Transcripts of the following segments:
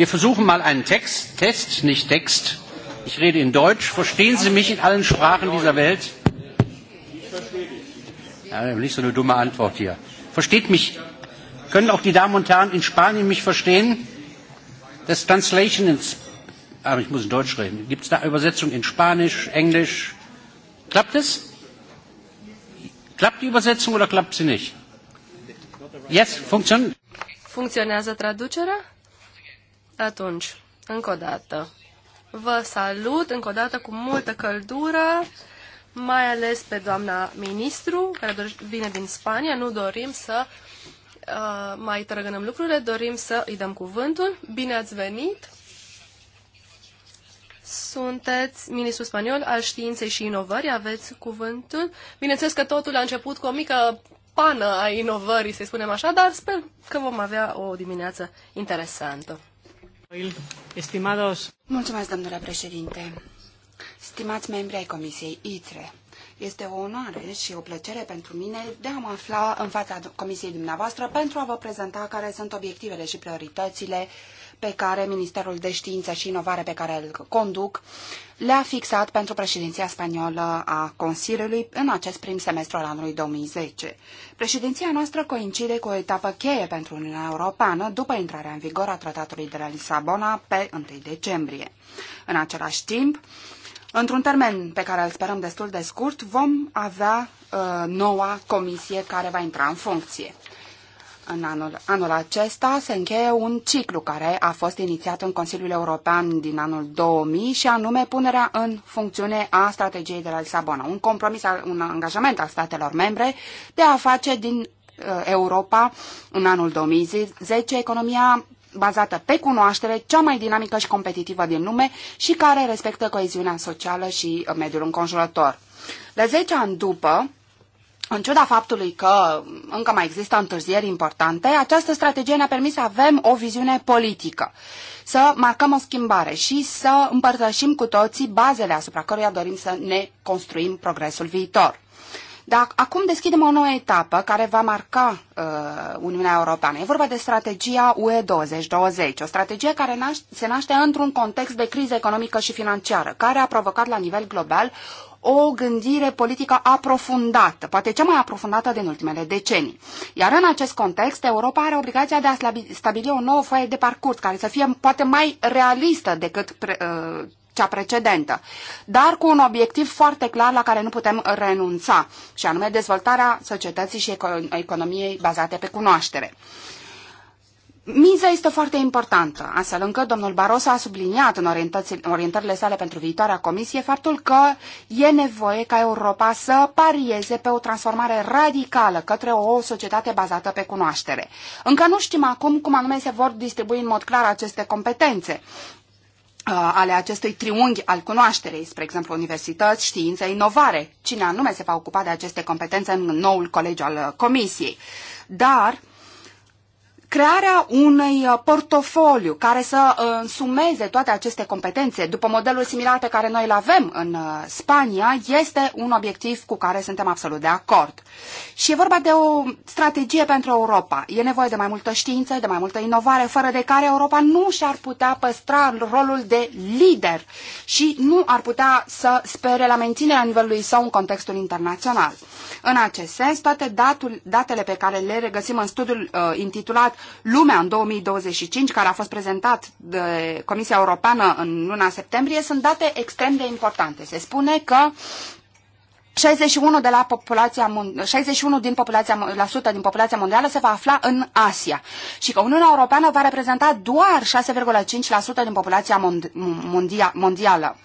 Wir versuchen mal einen Text, Test, nicht Text. Ich rede in Deutsch. Verstehen Sie mich in allen Sprachen dieser Welt? Ja, nicht so eine dumme Antwort hier. Versteht mich? Können auch die Damen und Herren in Spanien mich verstehen? Das Translation ins. Aber ah, ich muss in Deutsch reden. Gibt es da Übersetzung in Spanisch, Englisch? Klappt es? Klappt die Übersetzung oder klappt sie nicht? Yes, funktioniert. Funcționează traducerea? Atunci, încă o dată, vă salut încă o dată cu multă căldură, mai ales pe doamna ministru, care vine din Spania. Nu dorim să uh, mai trăgânăm lucrurile, dorim să îi dăm cuvântul. Bine ați venit! Sunteți ministru spaniol al științei și inovării, aveți cuvântul. Bineînțeles că totul a început cu o mică pană a inovării, să spunem așa, dar sper că vom avea o dimineață interesantă. Estimados. Mulțumesc, domnule președinte. Stimați membri ai Comisiei ITRE, este o onoare și o plăcere pentru mine de a mă afla în fața Comisiei dumneavoastră pentru a vă prezenta care sunt obiectivele și prioritățile uh, pe care Ministerul de Știință și Inovare pe care îl conduc le-a fixat pentru președinția spaniolă a Consiliului în acest prim semestru al anului 2010. Președinția noastră coincide cu o etapă cheie pentru Uniunea Europeană după intrarea în vigoare a Tratatului de la Lisabona pe 1 decembrie. În același timp, Într-un termen pe care îl sperăm destul de scurt, vom avea uh, noua comisie care va intra în funcție în anul, anul acesta se încheie un ciclu care a fost inițiat în Consiliul European din anul 2000 și anume punerea în funcțiune a strategiei de la Lisabona, un compromis, un angajament al statelor membre de a face din uh, Europa în anul 2010 economia bazată pe cunoaștere, cea mai dinamică și competitivă din lume și care respectă coeziunea socială și mediul înconjurător. La 10 ani după, în ciuda faptului că încă mai există întârzieri importante, această strategie ne-a permis să avem o viziune politică, să marcăm o schimbare și să împărtășim cu toții bazele asupra căruia dorim să ne construim progresul viitor. Dar acum deschidem o nouă etapă care va marca uh, Uniunea Europeană. E vorba de strategia UE 2020, o strategie care naș- se naște într-un context de criză economică și financiară, care a provocat la nivel global o gândire politică aprofundată, poate cea mai aprofundată din ultimele decenii. Iar în acest context, Europa are obligația de a stabili o nouă foaie de parcurs, care să fie poate mai realistă decât pre, uh, cea precedentă, dar cu un obiectiv foarte clar la care nu putem renunța, și anume dezvoltarea societății și economiei bazate pe cunoaștere. Miza este foarte importantă, astfel încât domnul Barroso a subliniat în orientările sale pentru viitoarea comisie faptul că e nevoie ca Europa să parieze pe o transformare radicală către o societate bazată pe cunoaștere. Încă nu știm acum cum anume se vor distribui în mod clar aceste competențe uh, ale acestui triunghi al cunoașterei, spre exemplu universități, știință, inovare, cine anume se va ocupa de aceste competențe în noul colegiu al uh, comisiei. Dar crearea unui uh, portofoliu care să uh, însumeze toate aceste competențe după modelul similar pe care noi îl avem în uh, Spania este un obiectiv cu care suntem absolut de acord. Și e vorba de o strategie pentru Europa. E nevoie de mai multă știință, de mai multă inovare, fără de care Europa nu și-ar putea păstra rolul de lider și nu ar putea să spere la menținerea nivelului său în contextul internațional. În acest sens, toate datul, datele pe care le regăsim în studiul uh, intitulat Lumea în 2025, care a fost prezentat de Comisia Europeană în luna septembrie, sunt date extrem de importante. Se spune că 61, de la populația, 61 din populația, la sută din populația mondială se va afla în Asia și că Uniunea Europeană va reprezenta doar 6,5% din populația mondia, mondială.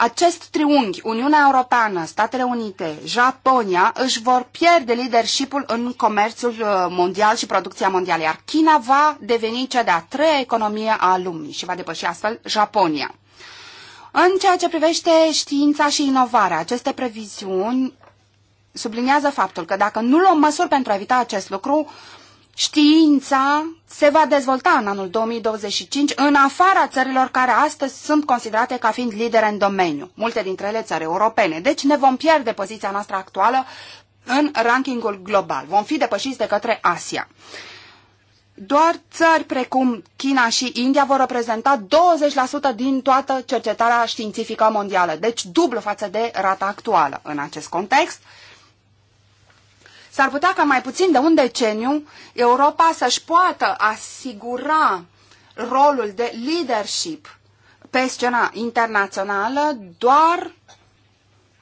Acest triunghi, Uniunea Europeană, Statele Unite, Japonia, își vor pierde leadershipul în comerțul uh, mondial și producția mondială, iar China va deveni cea de-a treia economie a lumii și va depăși astfel Japonia. În ceea ce privește știința și inovarea, aceste previziuni subliniază faptul că dacă nu luăm măsuri pentru a evita acest lucru, Știința se va dezvolta în anul 2025 în afara țărilor care astăzi sunt considerate ca fiind lidere în domeniu, multe dintre ele țări europene. Deci ne vom pierde poziția noastră actuală în rankingul global. Vom fi depășiți de către Asia. Doar țări precum China și India vor reprezenta 20% din toată cercetarea științifică mondială, deci dublu față de rata actuală. În acest context, S-ar putea ca mai puțin de un deceniu Europa să-și poată asigura rolul de leadership pe scena internațională doar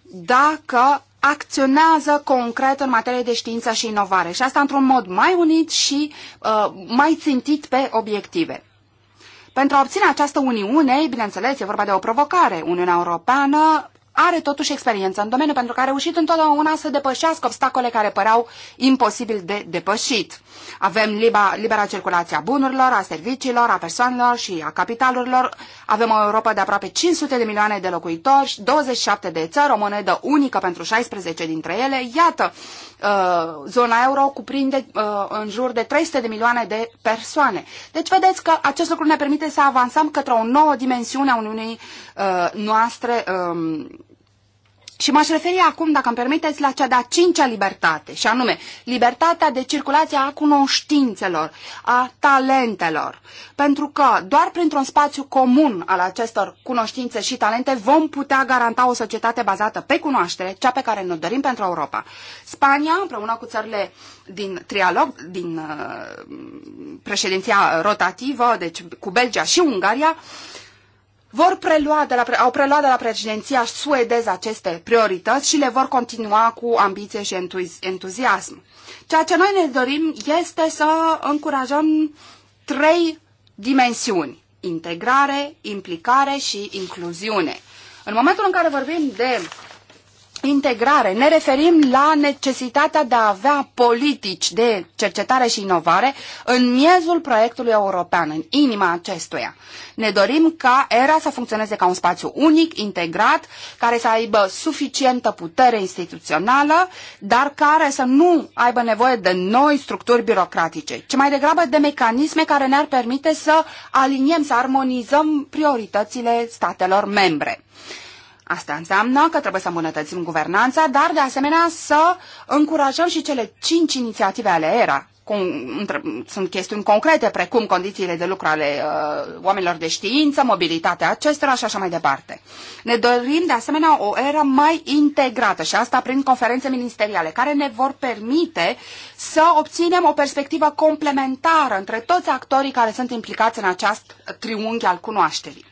dacă acționează concret în materie de știință și inovare și asta într-un mod mai unit și uh, mai țintit pe obiective. Pentru a obține această uniune, bineînțeles, e vorba de o provocare. Uniunea Europeană are totuși experiență în domeniu pentru că a reușit întotdeauna să depășească obstacole care păreau imposibil de depășit. Avem liba, libera circulație a bunurilor, a serviciilor, a persoanelor și a capitalurilor. Avem o Europa de aproape 500 de milioane de locuitori, 27 de țări, o monedă unică pentru 16 dintre ele. Iată, uh, zona euro cuprinde uh, în jur de 300 de milioane de persoane. Deci vedeți că acest lucru ne permite să avansăm către o nouă dimensiune a Uniunii uh, noastre um, și m-aș referi acum, dacă îmi permiteți, la cea de-a cincea libertate, și anume libertatea de circulație a cunoștințelor, a talentelor. Pentru că doar printr-un spațiu comun al acestor cunoștințe și talente vom putea garanta o societate bazată pe cunoaștere, cea pe care ne dorim pentru Europa. Spania, împreună cu țările din trialog, din uh, președinția rotativă, deci cu Belgia și Ungaria, uh, vor prelua de la, au preluat de la președinția suedeză aceste priorități și le vor continua cu ambiție și entuziasm. Ceea ce noi ne dorim este să încurajăm trei dimensiuni. Integrare, implicare și incluziune. În momentul în care vorbim de integrare. Ne referim la necesitatea de a avea politici de cercetare și inovare în miezul proiectului european, în inima acestuia. Ne dorim ca ERA să funcționeze ca un spațiu unic, integrat, care să aibă suficientă putere instituțională, dar care să nu aibă nevoie de noi structuri birocratice, ci mai degrabă de mecanisme care ne-ar permite să aliniem, să armonizăm prioritățile statelor membre. Asta înseamnă că trebuie să îmbunătățim guvernanța, dar de asemenea să încurajăm și cele cinci inițiative ale ERA. Sunt chestiuni concrete, precum condițiile de lucru ale uh, oamenilor de știință, mobilitatea acestora și așa mai departe. Ne dorim de asemenea o eră mai integrată și asta prin conferințe ministeriale, care ne vor permite să obținem o perspectivă complementară între toți actorii care sunt implicați în acest triunghi al cunoașterii.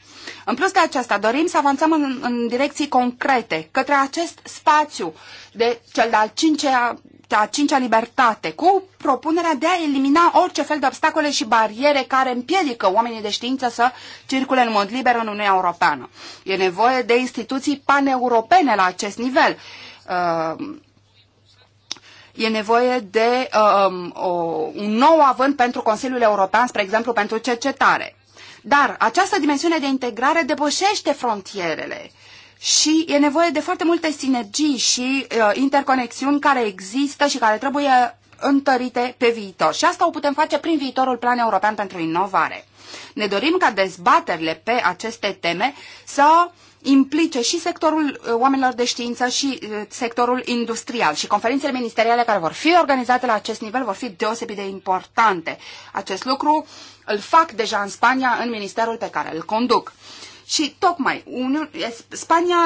În plus de aceasta, dorim să avansăm în, în direcții concrete, către acest spațiu de cel de-al cincea a cincea libertate, cu propunerea de a elimina orice fel de obstacole și bariere care împiedică oamenii de știință să circule în mod liber în Uniunea Europeană. E nevoie de instituții paneuropene la acest nivel. Uh, e nevoie de uh, um, o, un nou avânt pentru Consiliul European, spre exemplu, pentru cercetare. Dar această dimensiune de integrare depășește frontierele și e nevoie de foarte multe sinergii și uh, interconexiuni care există și care trebuie întărite pe viitor. Și asta o putem face prin viitorul Plan European pentru Inovare. Ne dorim ca dezbaterile pe aceste teme să implice și sectorul uh, oamenilor de știință și uh, sectorul industrial și conferințele ministeriale care vor fi organizate la acest nivel vor fi deosebit de importante. Acest lucru îl fac deja în Spania, în ministerul pe care îl conduc. Și tocmai Spania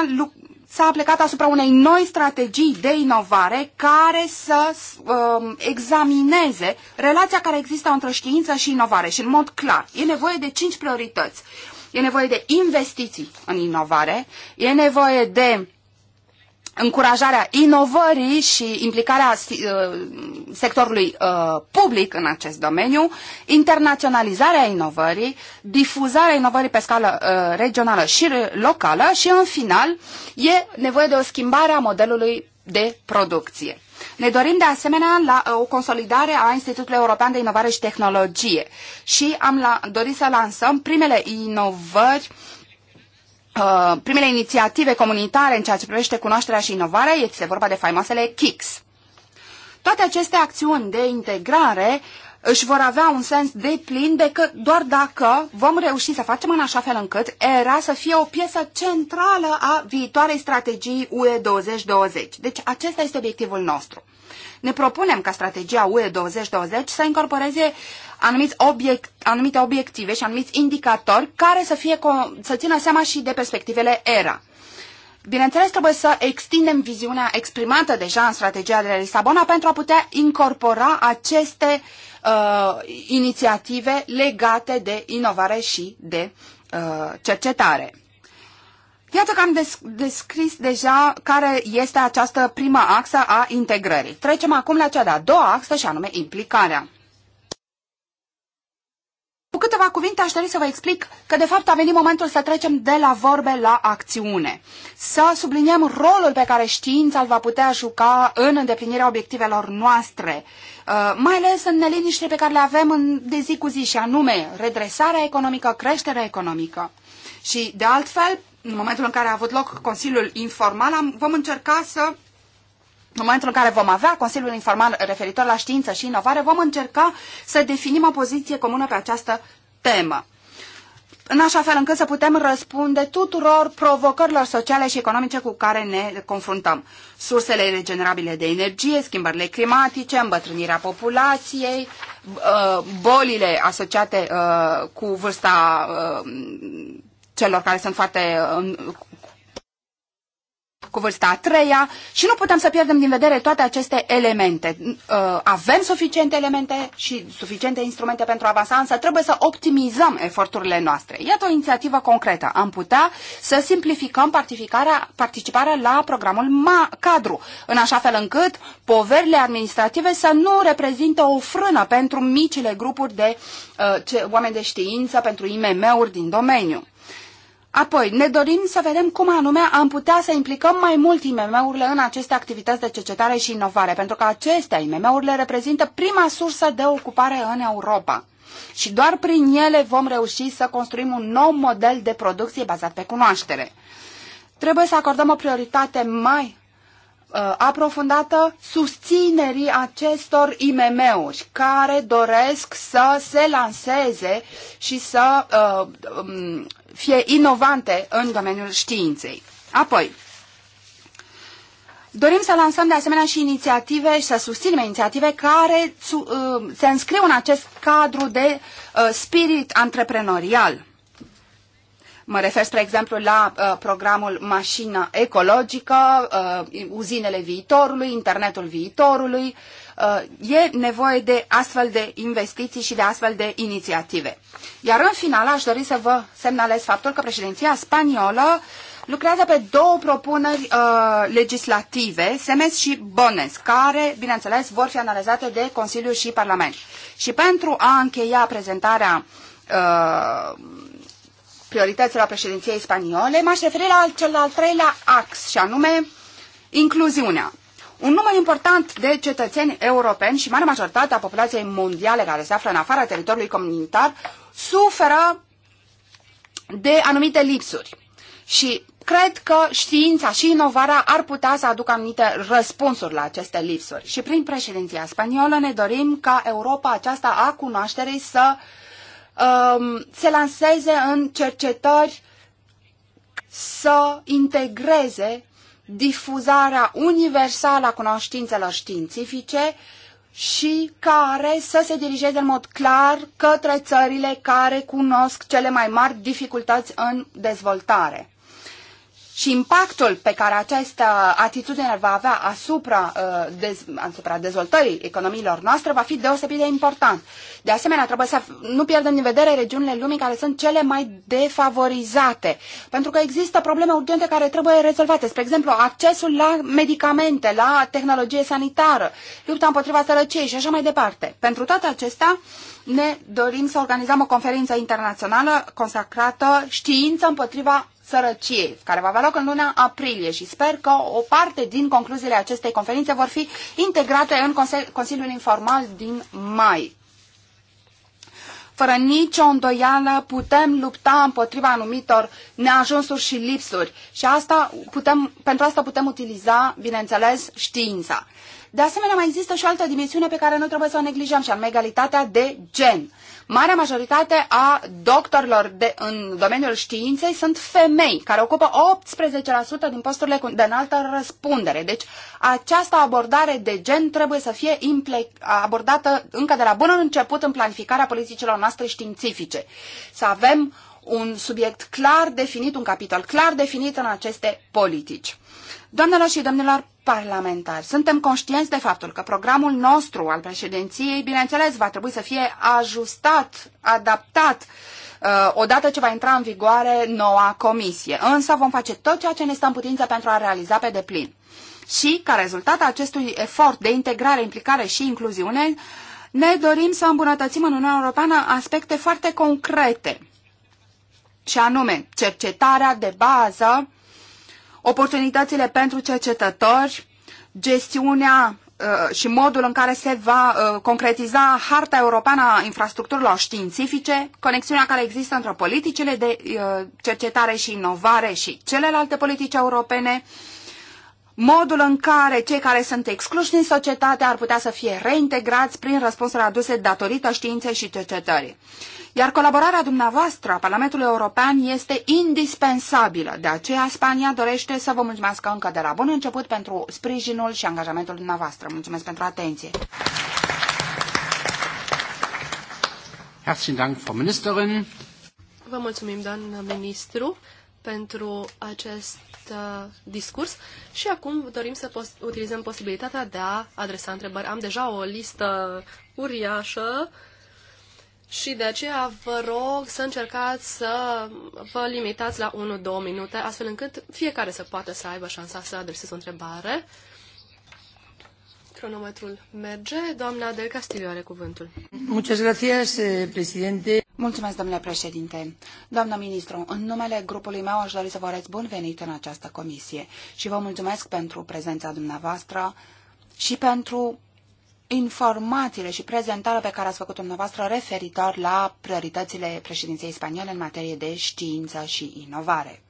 s-a plecat asupra unei noi strategii de inovare care să um, examineze relația care există între știință și inovare. Și în mod clar, e nevoie de cinci priorități. E nevoie de investiții în inovare, e nevoie de încurajarea inovării și implicarea uh, sectorului uh, public în acest domeniu, internaționalizarea inovării, difuzarea inovării pe scală uh, regională și locală și, în final, e nevoie de o schimbare a modelului de producție. Ne dorim de asemenea la o consolidare a Institutului European de Inovare și Tehnologie și am la, dorit să lansăm primele inovări Uh, primele inițiative comunitare în ceea ce privește cunoașterea și inovarea, este vorba de faimoasele KICS. Toate aceste acțiuni de integrare își vor avea un sens de plin decât doar dacă vom reuși să facem în așa fel încât era să fie o piesă centrală a viitoarei strategii UE 2020. Deci acesta este obiectivul nostru. Ne propunem ca strategia UE 2020 să incorporeze obiect, anumite obiective și anumiți indicatori care să, fie, să țină seama și de perspectivele ERA. Bineînțeles, trebuie să extindem viziunea exprimată deja în strategia de la Lisabona pentru a putea incorpora aceste uh, inițiative legate de inovare și de uh, cercetare. Iată că am descris deja care este această prima axă a integrării. Trecem acum la cea de-a doua axă și anume implicarea. Cu câteva cuvinte aș dori să vă explic că de fapt a venit momentul să trecem de la vorbe la acțiune. Să subliniem rolul pe care știința îl va putea juca în îndeplinirea obiectivelor noastre, uh, mai ales în neliniște pe care le avem de zi cu zi și anume redresarea economică, creșterea economică. Și de altfel, în momentul în care a avut loc Consiliul Informal, am, vom încerca să în momentul în care vom avea Consiliul Informal referitor la știință și inovare, vom încerca să definim o poziție comună pe această temă în așa fel încât să putem răspunde tuturor provocărilor sociale și economice cu care ne confruntăm. Sursele regenerabile de energie, schimbările climatice, îmbătrânirea populației, uh, bolile asociate uh, cu vârsta uh, celor care sunt foarte um, cu vârsta a treia și nu putem să pierdem din vedere toate aceste elemente. Uh, avem suficiente elemente și suficiente instrumente pentru a avansa, însă trebuie să optimizăm eforturile noastre. Iată o inițiativă concretă. Am putea să simplificăm participarea, participarea la programul MA, cadru, în așa fel încât poverile administrative să nu reprezinte o frână pentru micile grupuri de uh, ce, oameni de știință, pentru IMM-uri din domeniu. Apoi, ne dorim să vedem cum anume am putea să implicăm mai mult IMM-urile în aceste activități de cercetare și inovare, pentru că acestea, IMM-urile, reprezintă prima sursă de ocupare în Europa. Și doar prin ele vom reuși să construim un nou model de producție bazat pe cunoaștere. Trebuie să acordăm o prioritate mai uh, aprofundată susținerii acestor IMM-uri care doresc să se lanseze și să uh, um, fie inovante în domeniul științei. Apoi, Dorim să lansăm de asemenea și inițiative și să susținem inițiative care uh, se înscriu în acest cadru de uh, spirit antreprenorial. Mă refer, spre exemplu, la uh, programul Mașina Ecologică, Uzinele Viitorului, Internetul Viitorului, Uh, e nevoie de astfel de investiții și de astfel de inițiative. Iar în final aș dori să vă semnalez faptul că președinția spaniolă lucrează pe două propuneri uh, legislative, SEMES și BONES, care, bineînțeles, vor fi analizate de Consiliu și Parlament. Și pentru a încheia prezentarea uh, priorităților președinției spaniole, m-aș referi la cel al treilea ax, și anume incluziunea un număr important de cetățeni europeni și mare majoritate a populației mondiale care se află în afara teritoriului comunitar suferă de anumite lipsuri. Și cred că știința și inovarea ar putea să aducă anumite răspunsuri la aceste lipsuri. Și prin președinția spaniolă ne dorim ca Europa aceasta a cunoașterii să um, se lanseze în cercetări, să integreze difuzarea universală a cunoștințelor științifice și care să se dirigeze în mod clar către țările care cunosc cele mai mari dificultăți în dezvoltare și impactul pe care această atitudine va avea asupra, uh, dez, asupra dezvoltării economiilor noastre va fi deosebit de important. De asemenea, trebuie să nu pierdem din vedere regiunile lumii care sunt cele mai defavorizate, pentru că există probleme urgente care trebuie rezolvate, spre exemplu, accesul la medicamente, la tehnologie sanitară, lupta împotriva sărăciei și așa mai departe. Pentru toate acestea, ne dorim să organizăm o conferință internațională consacrată știință împotriva sărăciei, care va avea loc în luna aprilie și sper că o parte din concluziile acestei conferințe vor fi integrate în Consiliul Informal din mai. Fără nicio îndoială putem lupta împotriva anumitor neajunsuri și lipsuri și asta putem, pentru asta putem utiliza, bineînțeles, știința. De asemenea, mai există și o altă dimensiune pe care nu trebuie să o neglijăm, și anume egalitatea de gen. Marea majoritate a doctorilor de, în domeniul științei sunt femei, care ocupă 18% din posturile de înaltă răspundere. Deci, această abordare de gen trebuie să fie abordată încă de la bun început în planificarea politicilor noastre științifice. Să avem un subiect clar definit, un capitol clar definit în aceste politici. Doamnelor și domnilor parlamentari, suntem conștienți de faptul că programul nostru al președinției, bineînțeles, va trebui să fie ajustat, adaptat uh, odată ce va intra în vigoare noua comisie. Însă vom face tot ceea ce ne stă în putință pentru a realiza pe deplin. Și, ca rezultat a acestui efort de integrare, implicare și incluziune, ne dorim să îmbunătățim în Uniunea Europeană aspecte foarte concrete, și anume cercetarea de bază oportunitățile pentru cercetători, gestiunea uh, și modul în care se va uh, concretiza harta europeană a infrastructurilor științifice, conexiunea care există între politicile de uh, cercetare și inovare și celelalte politici europene, modul în care cei care sunt excluși din societate ar putea să fie reintegrați prin răspunsuri aduse datorită științei și cercetării. Iar colaborarea dumneavoastră a Parlamentului European este indispensabilă. De aceea, Spania dorește să vă mulțumesc încă de la bun început pentru sprijinul și angajamentul dumneavoastră. Mulțumesc pentru atenție. Herzlichen Dank, Frau Ministerin. Vă mulțumim, doamnă ministru pentru acest uh, discurs și acum dorim să pos- utilizăm posibilitatea de a adresa întrebări. Am deja o listă uriașă și de aceea vă rog să încercați să vă limitați la 1-2 minute, astfel încât fiecare să poată să aibă șansa să adreseze o întrebare. Cronometrul merge. Doamna Del Castillo are cuvântul. Muchas gracias, eh, presidente. Mulțumesc, domnule președinte. Doamna ministru, în numele grupului meu aș dori să vă urez bun venit în această comisie și vă mulțumesc pentru prezența dumneavoastră și pentru informațiile și prezentarea pe care ați făcut-o dumneavoastră referitor la prioritățile președinției spaniole în materie de știință și inovare.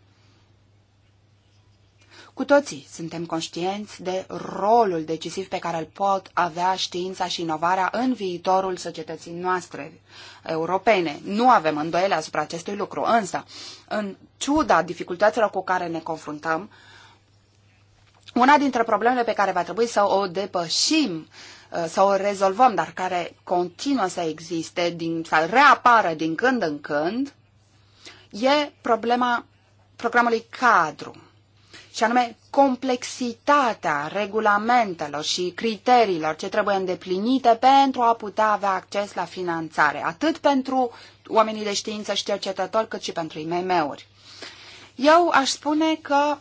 Cu toții suntem conștienți de rolul decisiv pe care îl pot avea știința și inovarea în viitorul societății noastre europene. Nu avem îndoiele asupra acestui lucru, însă, în ciuda dificultăților cu care ne confruntăm, una dintre problemele pe care va trebui să o depășim să o rezolvăm, dar care continuă să existe, din, să reapară din când în când, e problema programului cadru și anume complexitatea regulamentelor și criteriilor ce trebuie îndeplinite pentru a putea avea acces la finanțare, atât pentru oamenii de știință și cercetători, cât și pentru IMM-uri. Eu aș spune că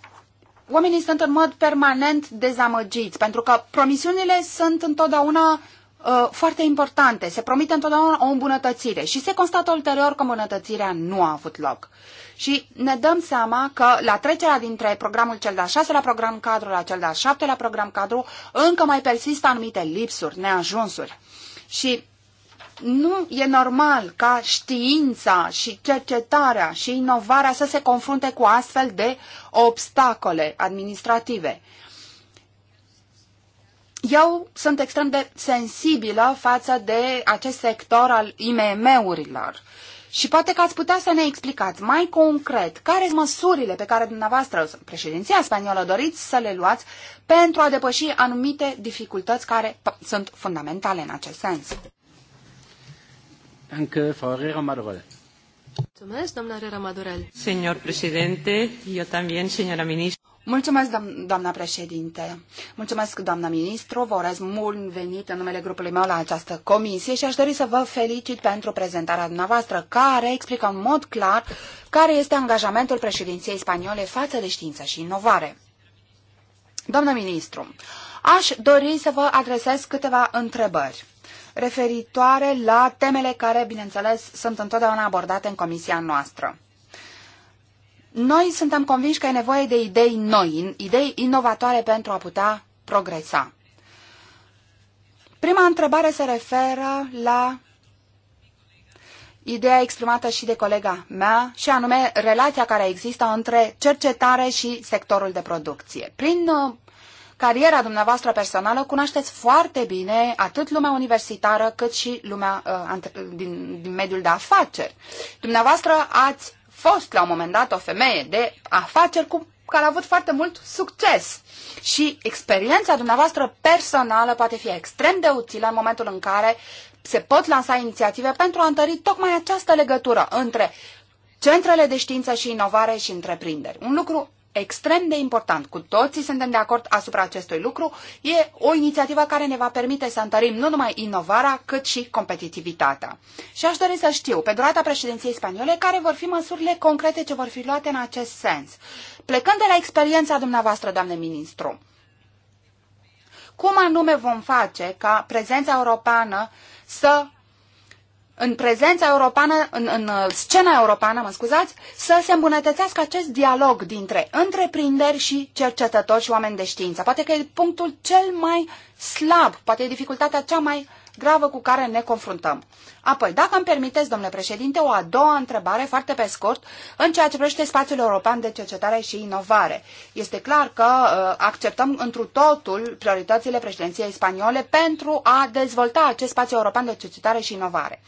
oamenii sunt în mod permanent dezamăgiți, pentru că promisiunile sunt întotdeauna Uh, foarte importante. Se promite întotdeauna o îmbunătățire și se constată ulterior că îmbunătățirea nu a avut loc. Și ne dăm seama că la trecerea dintre programul cel de-al șaselea program cadru la cel de-al șaptelea program cadru încă mai persistă anumite lipsuri, neajunsuri. Și nu e normal ca știința și cercetarea și inovarea să se confrunte cu astfel de obstacole administrative. Eu sunt extrem de sensibilă față de acest sector al IMM-urilor. Și poate că ați putea să ne explicați mai concret care sunt măsurile pe care dumneavoastră, președinția spaniolă, doriți să le luați pentru a depăși anumite dificultăți care sunt fundamentale în acest sens. Încă Ferreira Madurel. Mulțumesc, domnule Ramadurel. Madurel. Señor președinte, eu también, señora ministra. Mulțumesc, doamna președinte. Mulțumesc, doamna ministru. Vă urez mult venit în numele grupului meu la această comisie și aș dori să vă felicit pentru prezentarea dumneavoastră, care explică în mod clar care este angajamentul președinției spaniole față de știință și inovare. Doamna ministru, aș dori să vă adresez câteva întrebări referitoare la temele care, bineînțeles, sunt întotdeauna abordate în comisia noastră. Noi suntem convinși că e nevoie de idei noi, idei inovatoare pentru a putea progresa. Prima întrebare se referă la ideea exprimată și de colega mea, și anume relația care există între cercetare și sectorul de producție. Prin uh, cariera dumneavoastră personală cunoașteți foarte bine atât lumea universitară cât și lumea uh, din, din mediul de afaceri. Dumneavoastră ați fost la un moment dat o femeie de afaceri cu care a avut foarte mult succes. Și experiența dumneavoastră personală poate fi extrem de utilă în momentul în care se pot lansa inițiative pentru a întări tocmai această legătură între centrele de știință și inovare și întreprinderi. Un lucru extrem de important. Cu toții suntem de acord asupra acestui lucru. E o inițiativă care ne va permite să întărim nu numai inovarea, cât și competitivitatea. Și aș dori să știu, pe durata președinției spaniole, care vor fi măsurile concrete ce vor fi luate în acest sens. Plecând de la experiența dumneavoastră, doamne ministru, cum anume vom face ca prezența europeană să în prezența europeană, în, în uh, scena europeană, mă scuzați, să se îmbunătățească acest dialog dintre întreprinderi și cercetători și oameni de știință. Poate că e punctul cel mai slab, poate e dificultatea cea mai gravă cu care ne confruntăm. Apoi, dacă îmi permiteți, domnule președinte, o a doua întrebare, foarte pe scurt, în ceea ce privește spațiul european de cercetare și inovare. Este clar că uh, acceptăm întru totul prioritățile președinției spaniole pentru a dezvolta acest spațiu european de cercetare și inovare.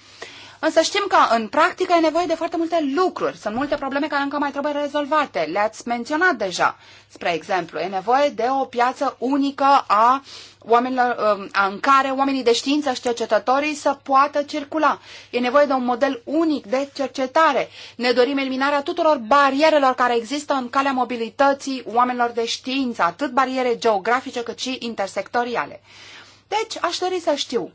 Însă știm că în practică e nevoie de foarte multe lucruri. Sunt multe probleme care încă mai trebuie rezolvate. Le-ați menționat deja. Spre exemplu, e nevoie de o piață unică a oamenilor, um, în care oamenii de știință și cercetătorii să poată circula. E nevoie de un model unic de cercetare. Ne dorim eliminarea tuturor barierelor care există în calea mobilității oamenilor de știință, atât bariere geografice cât și intersectoriale. Deci, aș dori să știu,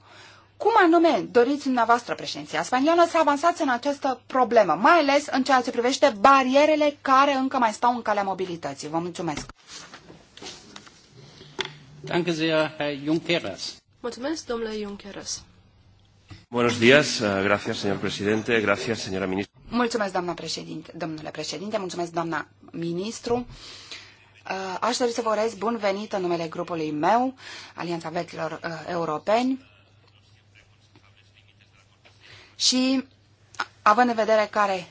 cum anume doriți dumneavoastră președinția spaniolă să avansați în această problemă, mai ales în ceea ce privește barierele care încă mai stau în calea mobilității? Vă mulțumesc! Danke sehr, Herr Junqueras. Mulțumesc, domnule Junqueras. Buenos días, eh, gracias, señor presidente, gracias, señora ministra. Mulțumesc, doamna președinte, domnule președinte, mulțumesc, doamna ministru. Eh, aș dori să vă urez bun venit în numele grupului meu, Alianța Vetilor eh, Europeni. Și având în vedere care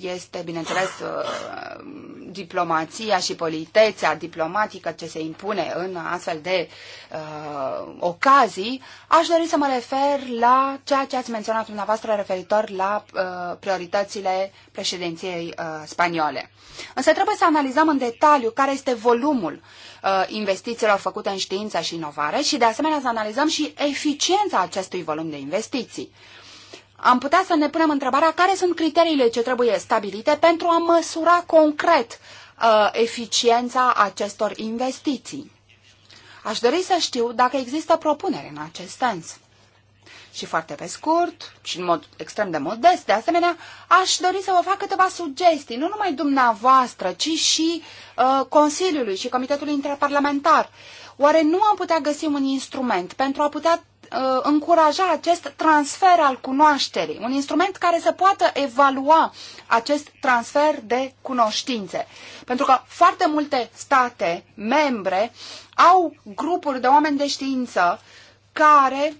este, bineînțeles, uh, diplomația și politețea diplomatică ce se impune în astfel de uh, ocazii, aș dori să mă refer la ceea ce ați menționat dumneavoastră referitor la uh, prioritățile președinției uh, spaniole. Însă trebuie să analizăm în detaliu care este volumul uh, investițiilor făcute în știință și inovare și, de asemenea, să analizăm și eficiența acestui volum de investiții. Uh, am putea să ne punem întrebarea care sunt criteriile ce trebuie stabilite pentru a măsura concret uh, eficiența acestor investiții. Aș dori să știu dacă există propunere în acest sens. Și foarte pe scurt, și în mod extrem de modest, de asemenea, aș dori să vă fac câteva sugestii, nu numai dumneavoastră, ci și uh, Consiliului și Comitetului Interparlamentar. Oare nu am putea găsi un instrument pentru a putea uh, încuraja acest transfer al cunoașterii, un instrument care să poată evalua acest transfer de cunoștințe. Pentru că foarte multe state membre au grupuri de oameni de știință care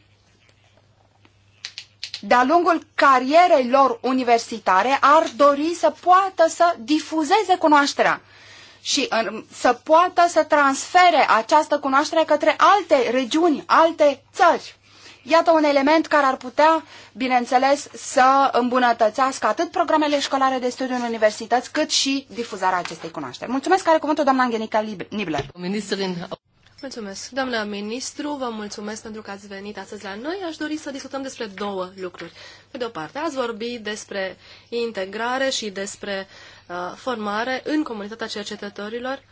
de-a lungul carierei lor universitare ar dori să poată să difuzeze cunoașterea și să poată să transfere această cunoaștere către alte regiuni, alte țări. Iată un element care ar putea, bineînțeles, să îmbunătățească atât programele școlare de studiu în universități, cât și difuzarea acestei cunoașteri. Mulțumesc, care cuvântul doamna Angelica Nibler. Ministerin... Mulțumesc. Doamna ministru, vă mulțumesc pentru că ați venit astăzi la noi. Aș dori să discutăm despre două lucruri. Pe de o parte, ați vorbit despre integrare și despre uh, formare în comunitatea cercetătorilor.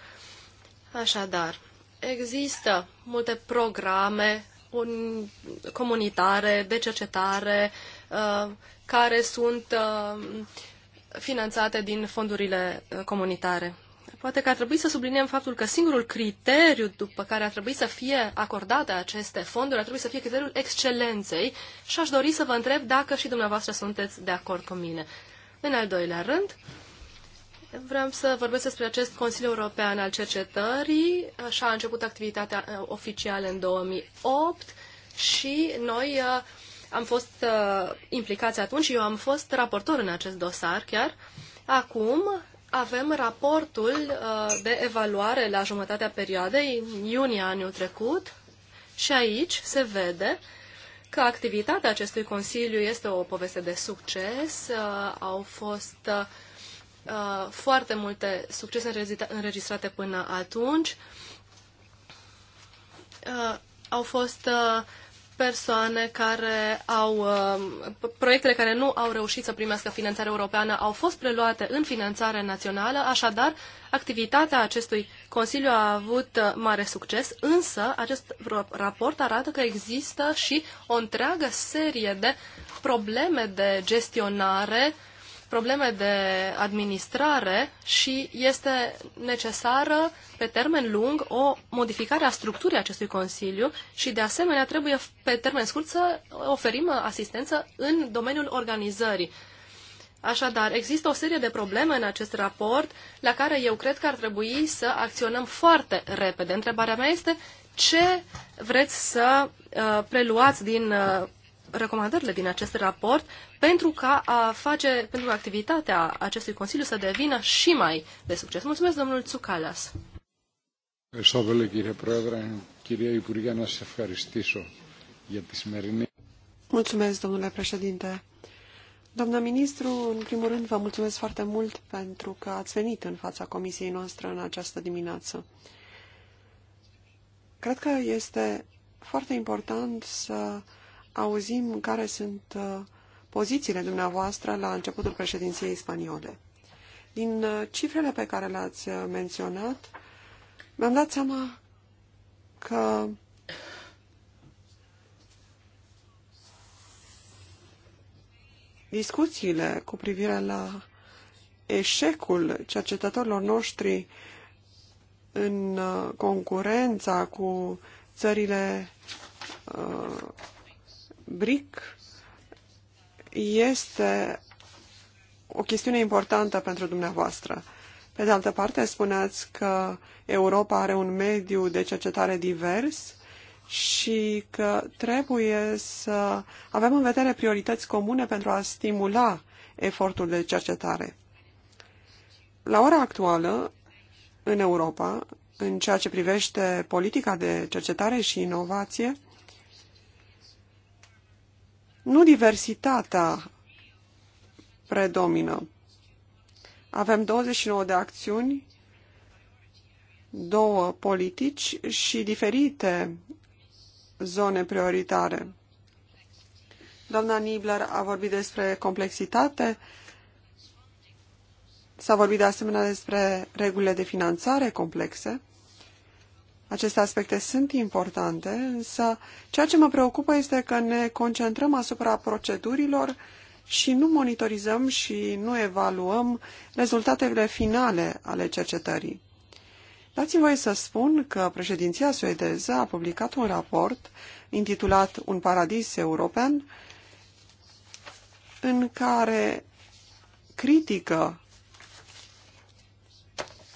Așadar, există multe programe un, comunitare de cercetare uh, care sunt uh, finanțate din fondurile uh, comunitare. Poate că ar trebui să subliniem faptul că singurul criteriu după care ar trebui să fie acordate aceste fonduri ar trebui să fie criteriul excelenței și aș dori să vă întreb dacă și dumneavoastră sunteți de acord cu mine. În al doilea rând, Vreau să vorbesc despre acest Consiliu European al Cercetării. Așa a început activitatea uh, oficială în 2008 și noi uh, am fost uh, implicați atunci, eu am fost raportor în acest dosar chiar. Acum avem raportul de evaluare la jumătatea perioadei, în iunie anul trecut, și aici se vede că activitatea acestui Consiliu este o poveste de succes. Au fost Uh, foarte multe succese înregistrate până atunci. Uh, au fost uh, persoane care au, uh, proiectele care nu au reușit să primească finanțare europeană au fost preluate în finanțare națională, așadar activitatea acestui Consiliu a avut uh, mare succes, însă acest raport arată că există și o întreagă serie de probleme de gestionare probleme de administrare și este necesară pe termen lung o modificare a structurii acestui Consiliu și de asemenea trebuie pe termen scurt să oferim asistență în domeniul organizării. Așadar, există o serie de probleme în acest raport la care eu cred că ar trebui să acționăm foarte repede. Întrebarea mea este ce vreți să uh, preluați din uh, recomandările din acest raport pentru ca a face, pentru activitatea acestui Consiliu să devină și mai de succes. Mulțumesc, domnul Tsukalas. Mulțumesc, domnule președinte. Doamna ministru, în primul rând vă mulțumesc foarte mult pentru că ați venit în fața comisiei noastre în această dimineață. Cred că este foarte important să auzim care sunt uh, pozițiile dumneavoastră la începutul președinției spaniole. Din uh, cifrele pe care le-ați uh, menționat, mi-am dat seama că discuțiile cu privire la eșecul cercetătorilor noștri în concurența cu țările BRIC este o chestiune importantă pentru dumneavoastră. Pe de altă parte, spuneați că Europa are un mediu de cercetare divers și că trebuie să avem în vedere priorități comune pentru a stimula efortul de cercetare. La ora actuală, în Europa, în ceea ce privește politica de cercetare și inovație, nu diversitatea predomină. Avem 29 de acțiuni, două politici și diferite zone prioritare. Doamna Nibler a vorbit despre complexitate, s-a vorbit de asemenea despre regulile de finanțare complexe. Aceste aspecte sunt importante, însă ceea ce mă preocupă este că ne concentrăm asupra procedurilor și nu monitorizăm și nu evaluăm rezultatele finale ale cercetării. Dați-mi voie să spun că președinția suedeză a publicat un raport intitulat Un paradis european, în care critică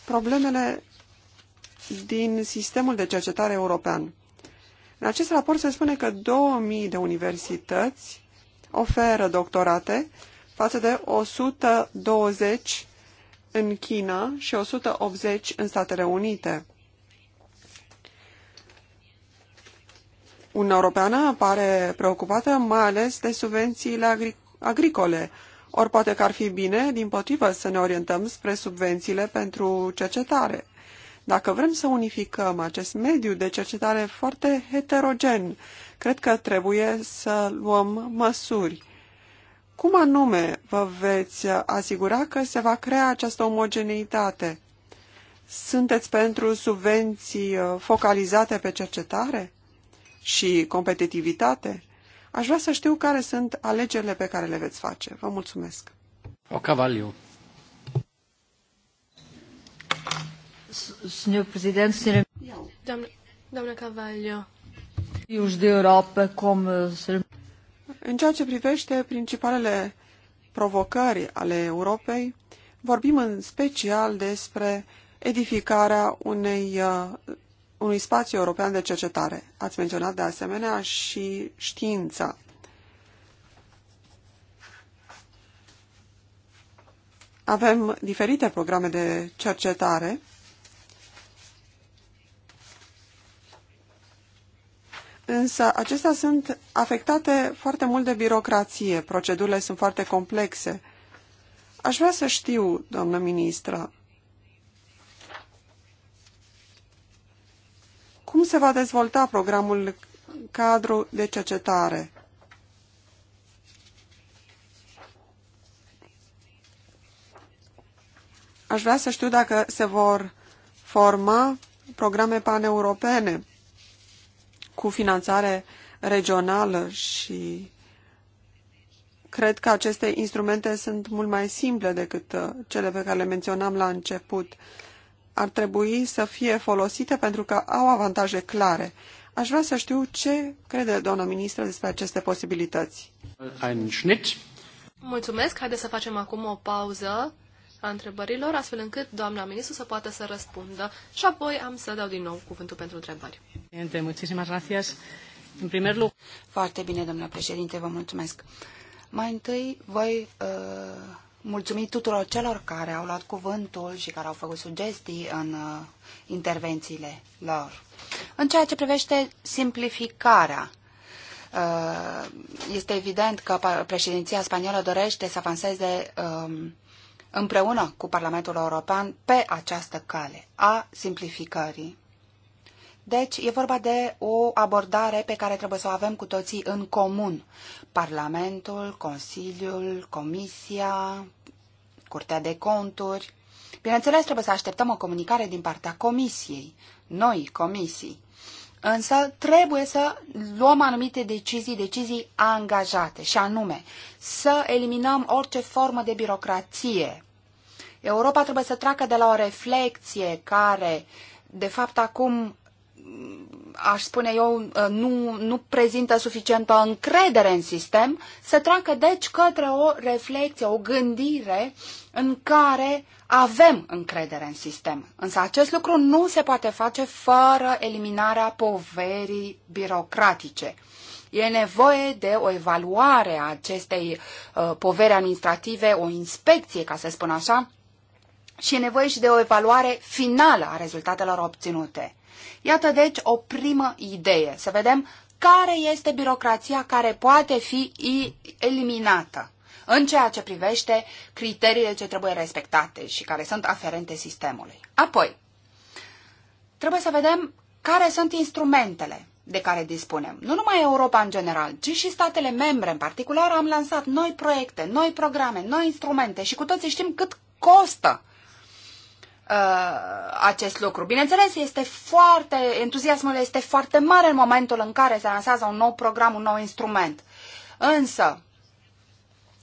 problemele din sistemul de cercetare european. În acest raport se spune că 2000 de universități oferă doctorate față de 120 în China și 180 în Statele Unite. Uniunea Europeană pare preocupată mai ales de subvențiile agricole, ori poate că ar fi bine, din potrivă, să ne orientăm spre subvențiile pentru cercetare. Dacă vrem să unificăm acest mediu de cercetare foarte heterogen, cred că trebuie să luăm măsuri. Cum anume vă veți asigura că se va crea această omogeneitate? Sunteți pentru subvenții uh, focalizate pe cercetare și competitivitate? Aș vrea să știu care sunt alegerile pe care le veți face. Vă mulțumesc. O cavaliu. Senhor Presidente, de Europa, cum? În ceea ce privește principalele provocări ale Europei, vorbim în special despre edificarea unei, uh, unui spațiu european de cercetare. Ați menționat de asemenea și știința. Avem diferite programe de cercetare Însă acestea sunt afectate foarte mult de birocrație, procedurile sunt foarte complexe. Aș vrea să știu, doamnă ministră, cum se va dezvolta programul cadru de cercetare? Aș vrea să știu dacă se vor forma programe paneuropene cu finanțare regională și cred că aceste instrumente sunt mult mai simple decât uh, cele pe care le menționam la început. Ar trebui să fie folosite pentru că au avantaje clare. Aș vrea să știu ce crede doamna ministră despre aceste posibilități. Mulțumesc. Haideți să facem acum o pauză a întrebărilor, astfel încât doamna ministru să poată să răspundă și apoi am să dau din nou cuvântul pentru întrebări. În primer loc, Foarte bine, domnule președinte, vă mulțumesc. Mai întâi voi uh, mulțumi tuturor celor care au luat cuvântul și care au făcut sugestii în uh, intervențiile lor. În ceea ce privește simplificarea, uh, este evident că președinția spaniolă dorește să avanseze um, împreună cu Parlamentul European pe această cale a simplificării. Deci e vorba de o abordare pe care trebuie să o avem cu toții în comun. Parlamentul, Consiliul, Comisia, Curtea de Conturi. Bineînțeles, trebuie să așteptăm o comunicare din partea Comisiei, noi comisii. Însă trebuie să luăm anumite decizii, decizii angajate, și anume să eliminăm orice formă de birocrație Europa trebuie să treacă de la o reflexie care, de fapt, acum mm, aș spune eu, uh, nu, nu prezintă suficientă încredere în sistem, să treacă deci către o reflexie, o gândire în care avem încredere în sistem. Însă acest lucru nu se poate face fără eliminarea poverii birocratice. E nevoie de o evaluare a acestei uh, poveri administrative, o inspecție, ca să spun așa, și e nevoie și de o evaluare finală a rezultatelor obținute. Iată deci o primă idee, să vedem care este birocrația care poate fi eliminată în ceea ce privește criteriile ce trebuie respectate și care sunt aferente sistemului. Apoi, trebuie să vedem care sunt instrumentele de care dispunem. Nu numai Europa în general, ci și statele membre în particular am lansat noi proiecte, noi programe, noi instrumente și cu toții știm cât costă Uh, acest lucru. Bineînțeles, este foarte, entuziasmul este foarte mare în momentul în care se lansează un nou program, un nou instrument. Însă,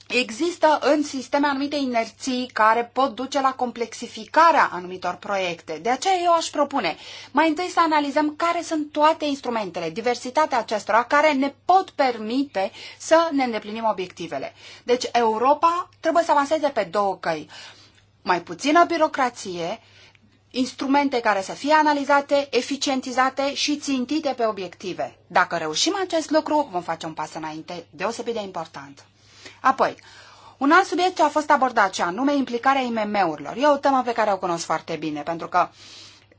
există în sisteme anumite inerții care pot duce la complexificarea anumitor proiecte. De aceea eu aș propune mai întâi să analizăm care sunt toate instrumentele, diversitatea acestora, care ne pot permite să ne îndeplinim obiectivele. Deci Europa trebuie să avanseze pe două căi. Uh, mai puțină birocrație, instrumente care să fie analizate, eficientizate și țintite pe obiective. Dacă reușim acest lucru, vom face un pas înainte deosebit de important. Apoi, un alt subiect ce a fost abordat, ce anume implicarea IMM-urilor. E o temă pe care o cunosc foarte bine, pentru că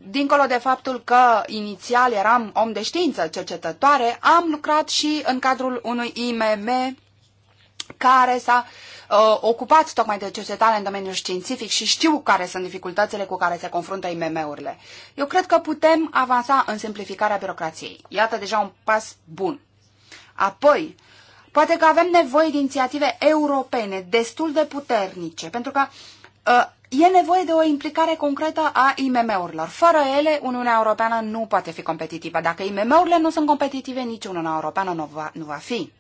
Dincolo de faptul că inițial eram om de știință, cercetătoare, am lucrat și în cadrul unui IMM care s-a uh, uh, ocupați tocmai de cercetare în domeniul științific și știu care sunt dificultățile cu care se confruntă IMM-urile. Eu cred că putem avansa în simplificarea birocrației. Iată deja un pas bun. Apoi, poate că avem nevoie de inițiative europene destul de puternice, pentru că uh, e nevoie de o implicare concretă a IMM-urilor. Fără ele, Uniunea Europeană nu poate fi competitivă. Dacă IMM-urile nu sunt competitive, nici Uniunea Europeană nu va, nu va fi.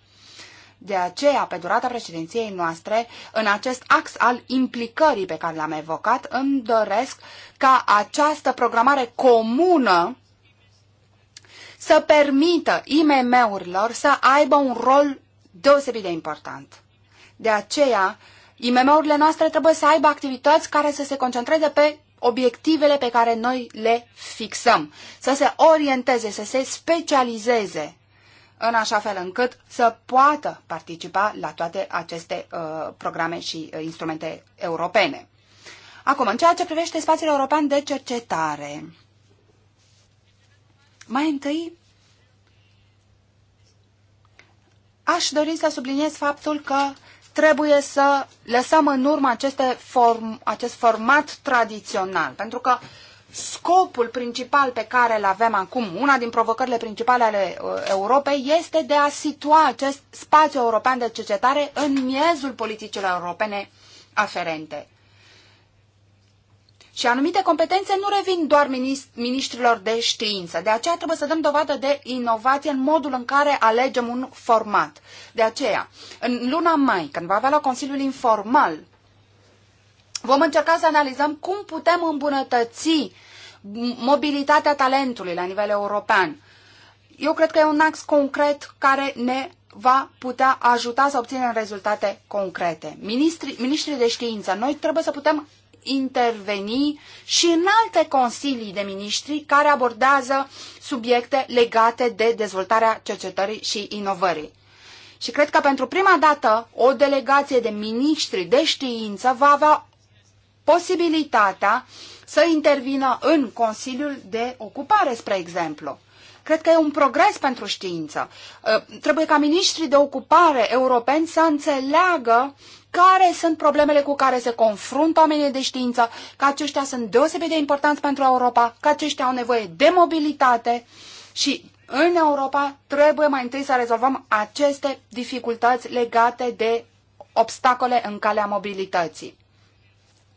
De aceea, pe durata președinției noastre, în acest ax al implicării pe care l-am evocat, îmi doresc ca această programare comună să permită IMM-urilor să aibă un rol deosebit de important. De aceea, IMM-urile noastre trebuie să aibă activități care să se concentreze pe obiectivele pe care noi le fixăm, să se orienteze, să se specializeze în așa fel încât să poată participa la toate aceste uh, programe și uh, instrumente europene. Acum, în ceea ce privește spațiul european de cercetare, mai întâi aș dori să subliniez faptul că trebuie să lăsăm în urmă aceste form, acest format tradițional, pentru că uh, scopul principal pe care îl avem acum, una din provocările principale ale uh, Europei, este de a situa acest spațiu european de cercetare în miezul politicilor europene aferente. Și anumite competențe nu revin doar ministrilor de știință. De aceea trebuie să dăm dovadă de inovație în modul în care alegem un format. De aceea, în luna mai, când va avea la Consiliul Informal Vom încerca să analizăm cum putem îmbunătăți mobilitatea talentului la nivel european. Eu cred că e un ax concret care ne va putea ajuta să obținem rezultate concrete. Ministri, ministrii de știință, noi trebuie să putem interveni și în alte consilii de ministri care abordează subiecte legate de dezvoltarea cercetării și inovării. Și cred că pentru prima dată o delegație de ministri de știință va avea posibilitatea să intervină în Consiliul de Ocupare, spre exemplu. Cred că e un progres pentru știință. Uh, trebuie ca ministrii de ocupare europeni să înțeleagă care sunt problemele cu care se confruntă oamenii de știință, că aceștia sunt deosebit de importanți pentru Europa, că aceștia au nevoie de mobilitate și în Europa trebuie mai întâi să rezolvăm aceste dificultăți legate de obstacole în calea mobilității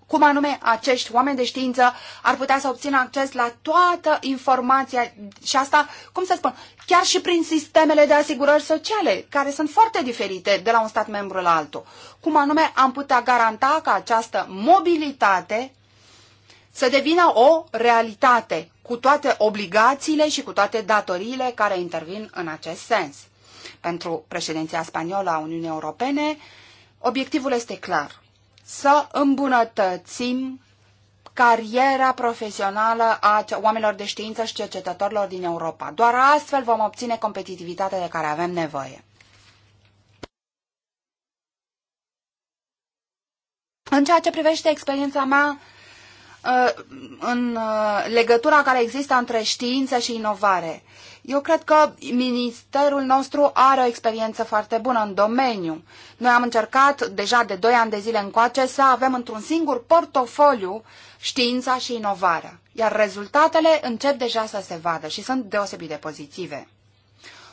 cum anume acești oameni de știință ar putea să obțină acces la toată informația și asta, cum să spun, chiar și prin sistemele de asigurări sociale, care sunt foarte diferite de la un stat membru la altul. Cum anume am putea garanta că această mobilitate să devină o realitate, cu toate obligațiile și cu toate datoriile care intervin în acest sens. Pentru președinția spaniolă a Uniunii Europene, obiectivul este clar – să îmbunătățim cariera profesională a oamenilor de știință și cercetătorilor din Europa. Doar astfel vom obține competitivitatea de care avem nevoie. În ceea ce privește experiența mea uh, în uh, legătura care există între știință și inovare, eu cred că ministerul nostru are o experiență foarte bună în domeniu. Noi am încercat deja de 2 ani de zile încoace să avem într-un singur portofoliu știința și inovarea, iar rezultatele încep deja să se vadă și sunt deosebit de pozitive.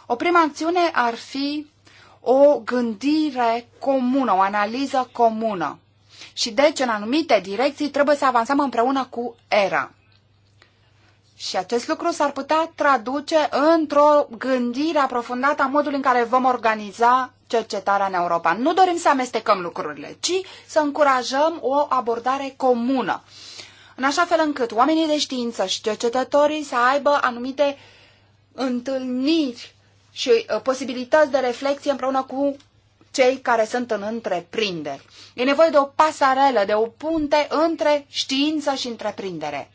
O prima acțiune ar fi o gândire comună, o analiză comună. Și deci, în anumite direcții, trebuie să avansăm împreună cu ERA. Și acest lucru s-ar putea traduce într-o gândire aprofundată a modului în care vom organiza cercetarea în Europa. Nu dorim să amestecăm lucrurile, ci să încurajăm o abordare comună, în așa fel încât oamenii de știință și cercetătorii să aibă anumite întâlniri și uh, posibilități de reflexie împreună cu cei care sunt în întreprinderi. E nevoie de o pasarelă, de o punte între știință și întreprindere.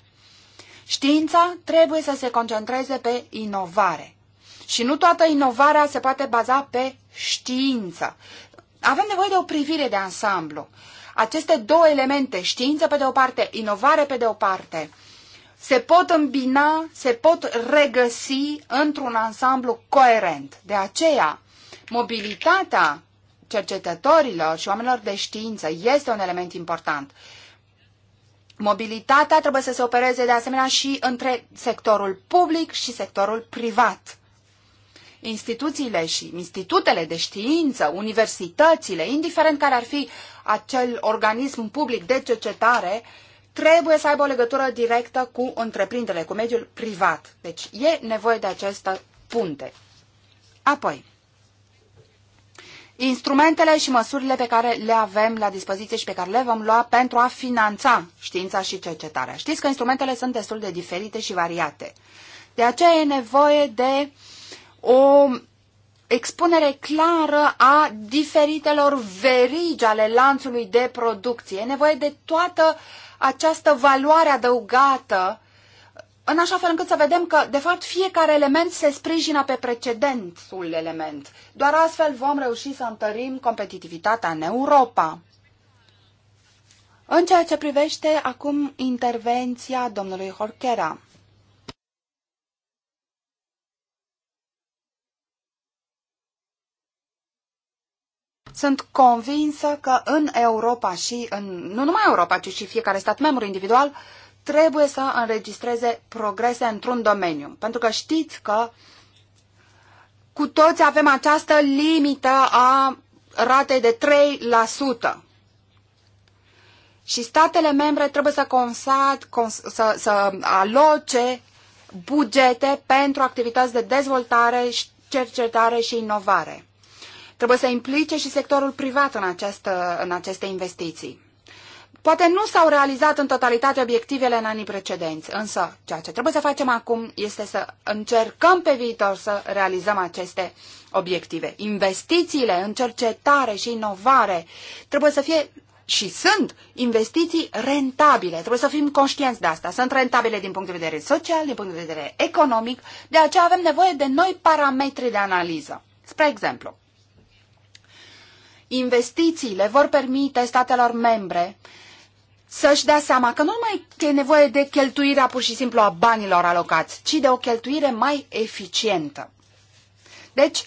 Știința trebuie să se concentreze pe inovare. Și nu toată inovarea se poate baza pe știință. Avem nevoie de o privire de ansamblu. Aceste două elemente, știință pe de o parte, inovare pe de o parte, se pot îmbina, se pot regăsi într-un ansamblu coerent. De aceea, mobilitatea cercetătorilor și oamenilor de știință este un element important. Mobilitatea trebuie să se opereze de asemenea și între sectorul public și sectorul privat. Instituțiile și institutele de știință, universitățile, indiferent care ar fi acel organism public de cercetare, trebuie să aibă o legătură directă cu întreprinderile, cu mediul privat. Deci e nevoie de această punte. Apoi, instrumentele și măsurile pe care le avem la dispoziție și pe care le vom lua pentru a finanța știința și cercetarea. Știți că instrumentele sunt destul de diferite și variate. De aceea e nevoie de o expunere clară a diferitelor verigi ale lanțului de producție. E nevoie de toată această valoare adăugată în așa fel încât să vedem că, de fapt, fiecare element se sprijină pe precedentul element. Doar astfel vom reuși să întărim competitivitatea în Europa. În ceea ce privește acum intervenția domnului Horchera. Sunt convinsă că în Europa și în, nu numai Europa, ci și fiecare stat membru individual, trebuie să înregistreze progrese într-un domeniu. Pentru că știți că cu toți avem această limită a ratei de 3%. Și statele membre trebuie să, consat, cons, să, să aloce bugete pentru activități de dezvoltare, cercetare și inovare. Trebuie să implice și sectorul privat în, această, în aceste investiții. Poate nu s-au realizat în totalitate obiectivele în anii precedenți, însă ceea ce trebuie să facem acum este să încercăm pe viitor să realizăm aceste obiective. Investițiile în cercetare și inovare trebuie să fie și sunt investiții rentabile. Trebuie să fim conștienți de asta. Sunt rentabile din punct de vedere social, din punct de vedere economic, de aceea avem nevoie de noi parametri de analiză. Spre exemplu, investițiile vor permite statelor membre să-și dea seama că nu numai că e nevoie de cheltuirea pur și simplu a banilor alocați, ci de o cheltuire mai eficientă. Deci,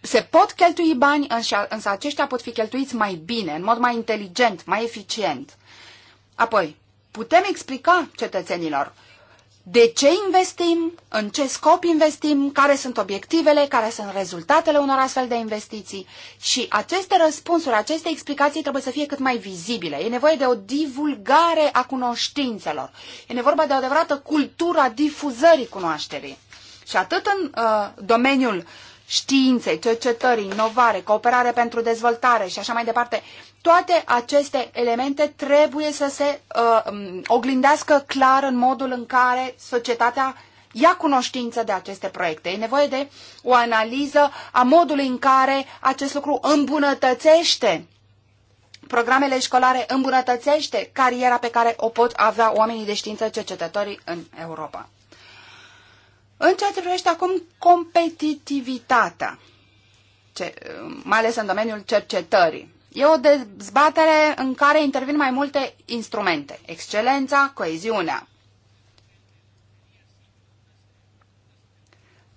se pot cheltui bani, însă aceștia pot fi cheltuiți mai bine, în mod mai inteligent, mai eficient. Apoi, putem explica cetățenilor de ce investim, în ce scop investim, care sunt obiectivele, care sunt rezultatele unor astfel de investiții. Și aceste răspunsuri, aceste explicații trebuie să fie cât mai vizibile. E nevoie de o divulgare a cunoștințelor. E nevoie de o adevărată cultură a difuzării cunoașterii. Și atât în uh, domeniul științei, cercetării, inovare, cooperare pentru dezvoltare și așa mai departe, uh, toate aceste elemente trebuie să se uh, um, oglindească clar în modul în care societatea ia cunoștință de aceste proiecte. E nevoie de o analiză a modului în care acest lucru îmbunătățește programele școlare, îmbunătățește cariera pe care o pot avea oamenii de știință cercetătorii în Europa. În ceea ce privește acum competitivitatea, ce, uh, mai ales în domeniul cercetării. E o dezbatere în care intervin mai multe instrumente. Excelența, coeziunea.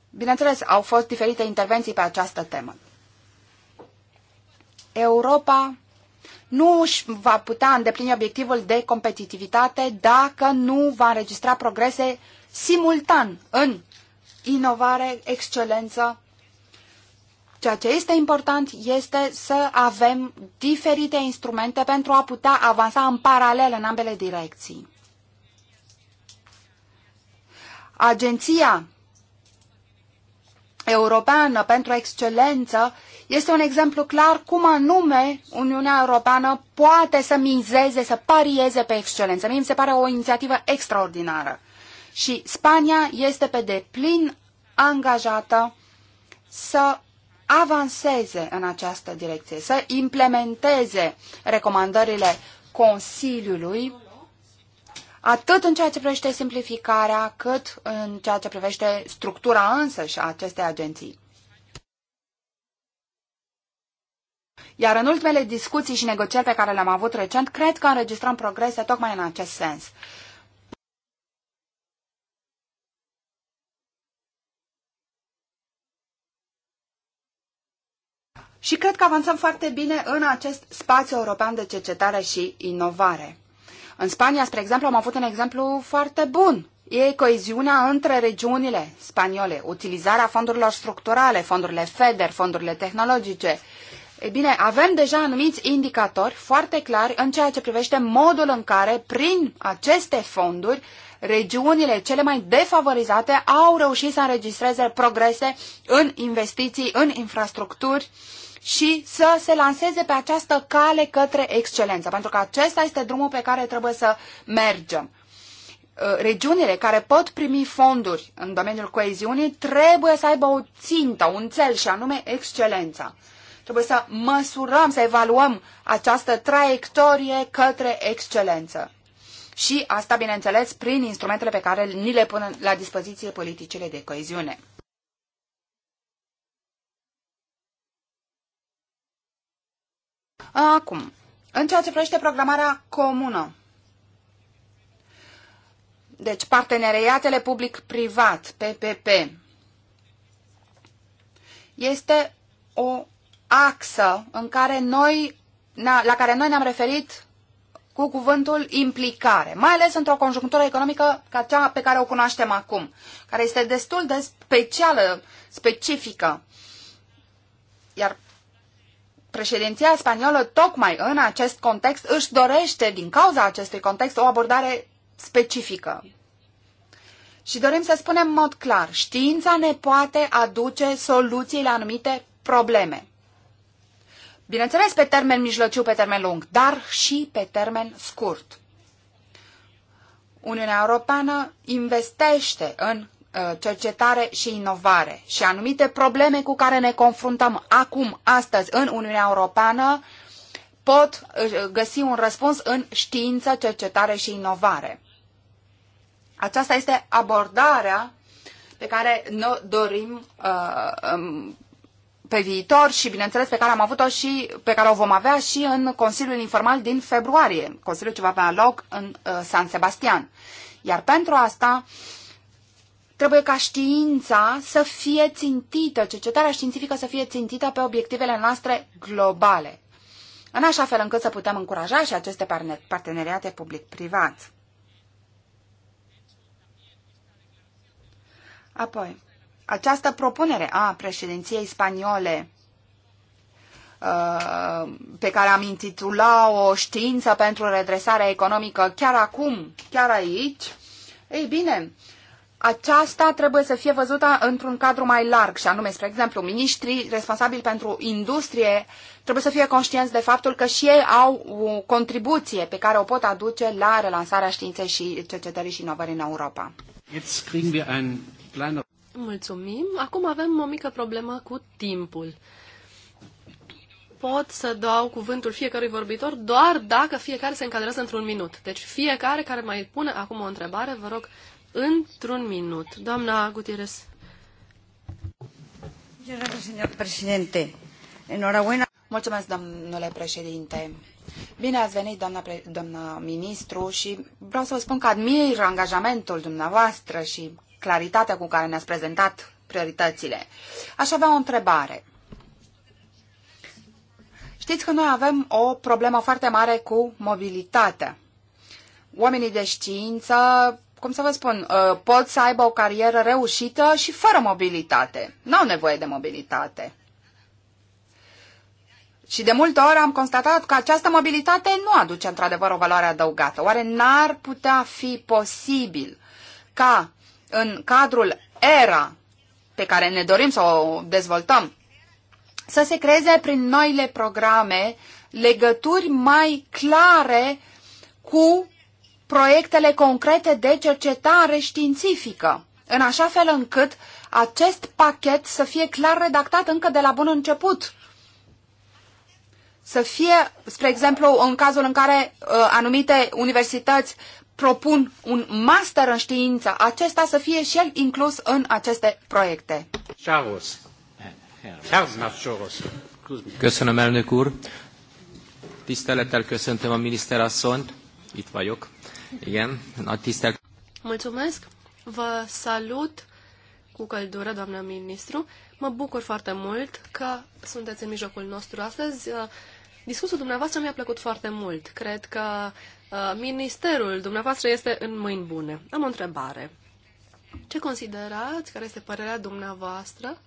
Bineînțeles, au fost diferite intervenții pe această temă. Europa nu își va putea îndeplini obiectivul de competitivitate dacă nu va înregistra progrese simultan în inovare, excelență Ceea ce este important este să avem diferite instrumente pentru a putea avansa în paralel în ambele direcții. Agenția Europeană pentru Excelență este un exemplu clar cum anume Uniunea Europeană poate să mizeze, să parieze pe excelență. Mie mi se pare o inițiativă extraordinară. Și Spania este pe deplin angajată să avanseze în această direcție, să implementeze recomandările Consiliului, atât în ceea ce privește simplificarea, cât în ceea ce privește structura însăși și a acestei agenții. Iar în ultimele discuții și negocieri pe care le-am avut recent, cred că înregistrăm progrese tocmai în acest sens. și cred că avansăm foarte bine în acest spațiu european de cercetare și inovare. În Spania, spre exemplu, am avut un exemplu foarte bun. E coeziunea între regiunile spaniole, utilizarea fondurilor structurale, fondurile FEDER, fondurile tehnologice. E bine, avem deja anumiți indicatori foarte clari în ceea ce privește modul în care, prin aceste fonduri, regiunile cele mai defavorizate au reușit să înregistreze progrese în investiții, în infrastructuri, uh, și să se lanseze pe această cale către excelență, pentru că acesta este drumul pe care trebuie să mergem uh, regiunile care pot primi fonduri în domeniul coeziunii trebuie să aibă o țintă, un cel și anume excelența. Trebuie să măsurăm, să evaluăm această traiectorie către excelență. Și asta, bineînțeles, prin instrumentele pe care ni le pun la dispoziție politicile de coeziune. Uh, acum, în ceea ce privește programarea comună, deci parteneriatele public-privat, PPP, este o axă în care noi, la care noi ne-am referit cu cuvântul implicare, mai ales într-o conjunctură economică ca cea pe care o cunoaștem acum, care este destul de specială, specifică. Iar Președinția spaniolă, tocmai în acest context, își dorește, din cauza acestui context, o abordare specifică. Și dorim să spunem în mod clar, știința ne poate aduce soluții la anumite probleme. Bineînțeles, pe termen mijlociu, pe termen lung, dar și pe termen scurt. Uniunea Europeană investește în Uh, cercetare și inovare și anumite probleme cu care ne confruntăm acum, astăzi, în Uniunea Europeană, pot uh, găsi un răspuns în știință, cercetare și inovare. Aceasta este abordarea pe care ne dorim uh, um, pe viitor și, bineînțeles, pe care am avut-o și pe care o vom avea și în Consiliul Informal din februarie, Consiliul ce va avea loc în uh, San Sebastian. Iar pentru asta Trebuie ca știința să fie țintită, cercetarea științifică să fie țintită pe obiectivele noastre globale, în așa fel încât să putem încuraja și aceste parteneriate public-privat. Apoi, această propunere a președinției spaniole uh, pe care am intitulat-o Știință pentru redresarea economică chiar acum, chiar aici, ei bine, aceasta trebuie să fie văzută într-un cadru mai larg și anume, spre exemplu, miniștrii responsabili pentru industrie trebuie să fie conștienți de faptul că și ei au o contribuție pe care o pot aduce la relansarea științei și cercetării și inovării în Europa. Mulțumim. Acum avem o mică problemă cu timpul. Pot să dau cuvântul fiecărui vorbitor doar dacă fiecare se încadrează într-un minut. Deci fiecare care mai pune acum o întrebare, vă rog într-un minut. Doamna Gutierrez. Mulțumesc, domnule președinte. Bine ați venit, doamna, pre- doamna ministru, și vreau să vă spun că admir angajamentul dumneavoastră și claritatea cu care ne-ați prezentat prioritățile. Aș avea o întrebare. Știți că noi avem o problemă foarte mare cu mobilitatea. Oamenii de știință cum să vă spun, uh, pot să aibă o carieră reușită și fără mobilitate. Nu au nevoie de mobilitate. Și de multe ori am constatat că această mobilitate nu aduce într-adevăr o valoare adăugată. Oare n-ar putea fi posibil ca în cadrul era pe care ne dorim să o dezvoltăm, să se creeze prin noile programe legături mai clare cu proiectele concrete de cercetare științifică, în așa fel încât acest pachet să fie clar redactat încă de la bun început. Să fie, spre exemplu, în cazul în care uh, anumite universități propun un master în știință, acesta să fie și el inclus în aceste proiecte. Charles. Charles Köszönöm, elnök úr. Tisztelettel köszöntöm a miniszterasszonyt. Itt vagyok. Igen, tisztelt... Mulțumesc! Vă salut cu căldură, doamnă ministru. Mă bucur foarte mult că sunteți în mijlocul nostru astăzi. Uh, discursul dumneavoastră mi-a plăcut foarte mult. Cred că uh, ministerul dumneavoastră este în mâini bune. Am o întrebare. Ce considerați, care este părerea dumneavoastră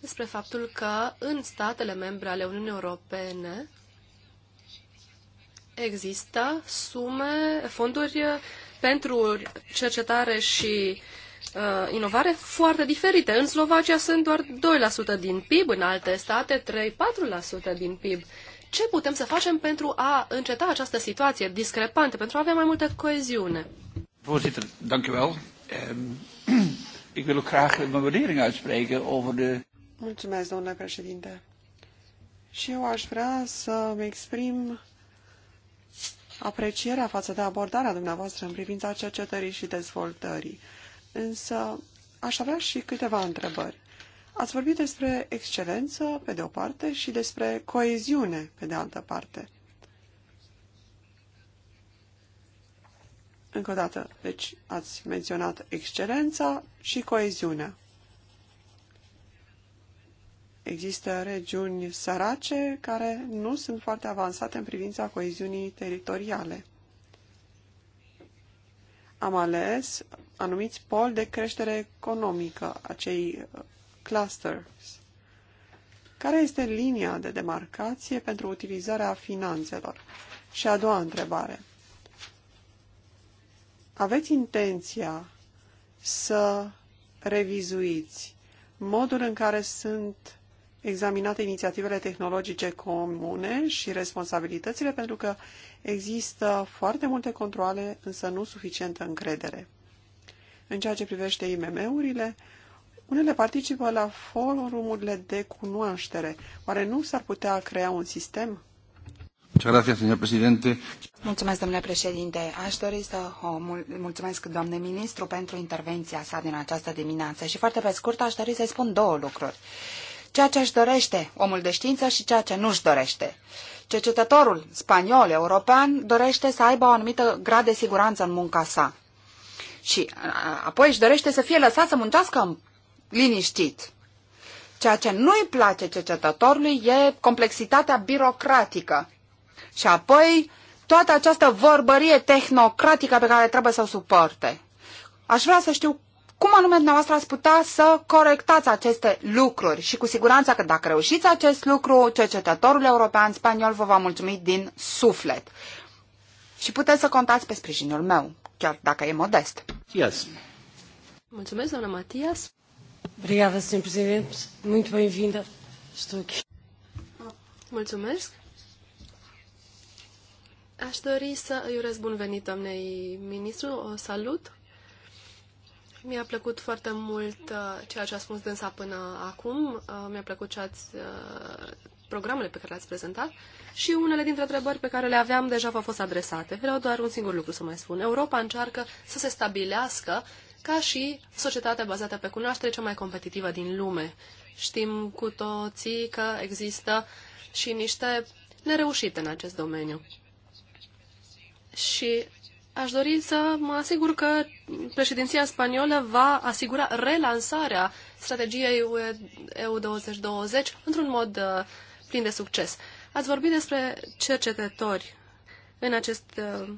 despre faptul că în statele membre ale Uniunii Europene exista sume, fonduri pentru cercetare și uh, inovare foarte diferite. În Slovacia sunt doar 2% din PIB, în alte state 3-4% din PIB. Ce putem să facem pentru a înceta această situație discrepantă, pentru a avea mai multă coeziune? Ehm, Mulțumesc, domnule președinte. Și eu aș vrea să-mi exprim aprecierea față de abordarea dumneavoastră în privința cercetării și dezvoltării. Însă aș avea și câteva întrebări. Ați vorbit despre excelență, pe de o parte, și despre coeziune, pe de altă parte. Încă o dată, deci ați menționat excelența și coeziunea. Există regiuni sărace care nu sunt foarte avansate în privința coeziunii teritoriale. Am ales anumiți poli de creștere economică, acei uh, clusters. Care este linia de demarcație pentru utilizarea finanțelor? Și a doua întrebare. Aveți intenția să revizuiți modul în care sunt examinate inițiativele tehnologice comune și responsabilitățile, pentru că există foarte multe controle, însă nu suficientă încredere. În ceea ce privește IMM-urile, unele participă la forumurile de cunoaștere. Oare nu s-ar putea crea un sistem? Mulțumesc, domnule președinte. Aș dori să o mulțumesc, doamne ministru, pentru intervenția sa din această dimineață și foarte pe scurt aș dori să-i spun două lucruri ceea ce își dorește omul de știință și ceea ce nu își dorește. Cercetătorul spaniol european dorește să aibă o anumită grad de siguranță în munca sa. Și apoi își dorește să fie lăsat să muncească liniștit. Ceea ce nu îi place cercetătorului e complexitatea birocratică. Și apoi toată această vorbărie tehnocratică pe care trebuie să o suporte. Aș vrea să știu cum anume dumneavoastră ați putea să corectați aceste lucruri? Și cu siguranță că dacă reușiți acest lucru, cercetătorul european spaniol vă va mulțumi din suflet. Și puteți să contați pe sprijinul meu, chiar dacă e modest. Yes. Mulțumesc, doamna Matias. Obrigada, Sr. Presidente. Muito bem-vinda. Estou aqui. Mulțumesc. Aș dori să îi urez bun venit, doamnei ministru. O salut mi-a plăcut foarte mult uh, ceea ce a spus dânsa până acum. Uh, mi-a plăcut ce ați, uh, programele pe care le-ați prezentat și unele dintre întrebări pe care le aveam deja v-au fost adresate. Vreau doar un singur lucru să mai spun. Europa încearcă să se stabilească ca și societatea bazată pe cunoaștere cea mai competitivă din lume. Știm cu toții că există și niște nereușite în acest domeniu. Și aș dori să mă asigur că președinția spaniolă va asigura relansarea strategiei EU 2020 într-un mod uh, plin de succes. Ați vorbit despre cercetători în acest uh,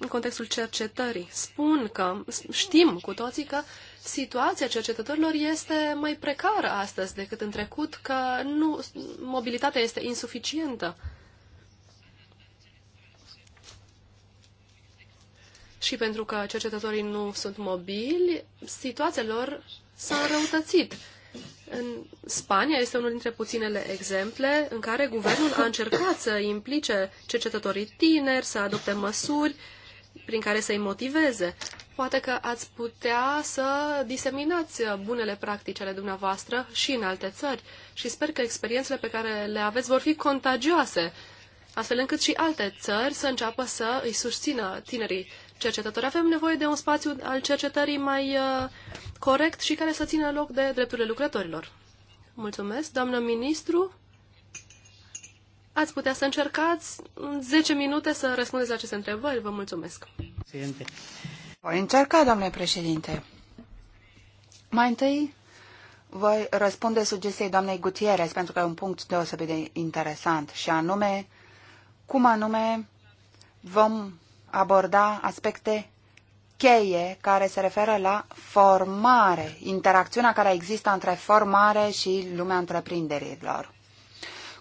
în contextul cercetării. Spun că știm cu toții că situația cercetătorilor este mai precară astăzi decât în trecut, că nu, mobilitatea este insuficientă. și pentru că cercetătorii nu sunt mobili, situația lor s-a înrăutățit. În Spania este unul dintre puținele exemple în care guvernul a încercat să implice cercetătorii tineri, să adopte măsuri prin care să-i motiveze. Poate că ați putea să diseminați bunele practici ale dumneavoastră și în alte țări și sper că experiențele pe care le aveți vor fi contagioase, astfel încât și alte țări să înceapă să îi susțină tinerii cercetători. Avem nevoie de un spațiu al cercetării mai uh, corect și care să țină loc de drepturile lucrătorilor. Mulțumesc, doamnă ministru. Ați putea să încercați în 10 minute să răspundeți la aceste întrebări. Vă mulțumesc. Presidente. Voi încerca, domnule președinte. Mai întâi voi răspunde sugestiei doamnei Gutierrez, pentru că e un punct deosebit de interesant, și anume cum anume vom aborda aspecte cheie care se referă la formare, interacțiunea care există între formare și lumea întreprinderilor.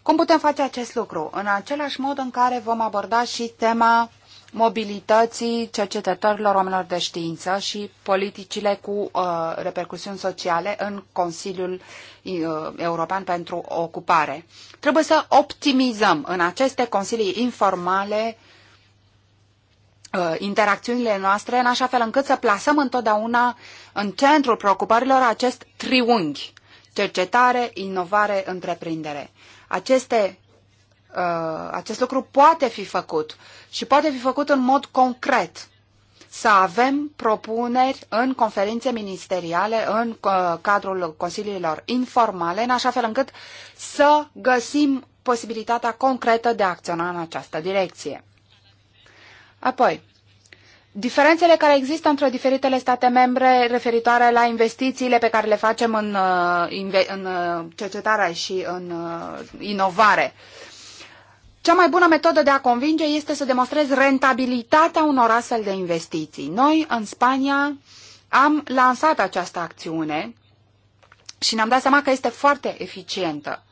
Cum putem face acest lucru? În același mod în care vom aborda și tema mobilității cercetătorilor, oamenilor de știință și politicile cu uh, repercusiuni sociale în Consiliul uh, European pentru Ocupare. Trebuie să optimizăm în aceste consilii informale Uh, interacțiunile noastre în așa fel încât să plasăm întotdeauna în centrul preocupărilor acest triunghi, cercetare, inovare, întreprindere. Aceste, uh, acest lucru poate fi făcut și poate fi făcut în mod concret. Să avem propuneri în conferințe ministeriale, în uh, cadrul consiliilor informale, în așa fel încât să găsim posibilitatea concretă de a acționa în această direcție. Apoi, diferențele care există între diferitele state membre referitoare la investițiile pe care le facem în, uh, în uh, cercetare și în uh, inovare. Cea mai bună metodă de a convinge este să demonstrezi rentabilitatea unor astfel de investiții. Noi, în Spania, am lansat această acțiune și ne-am dat seama că este foarte eficientă.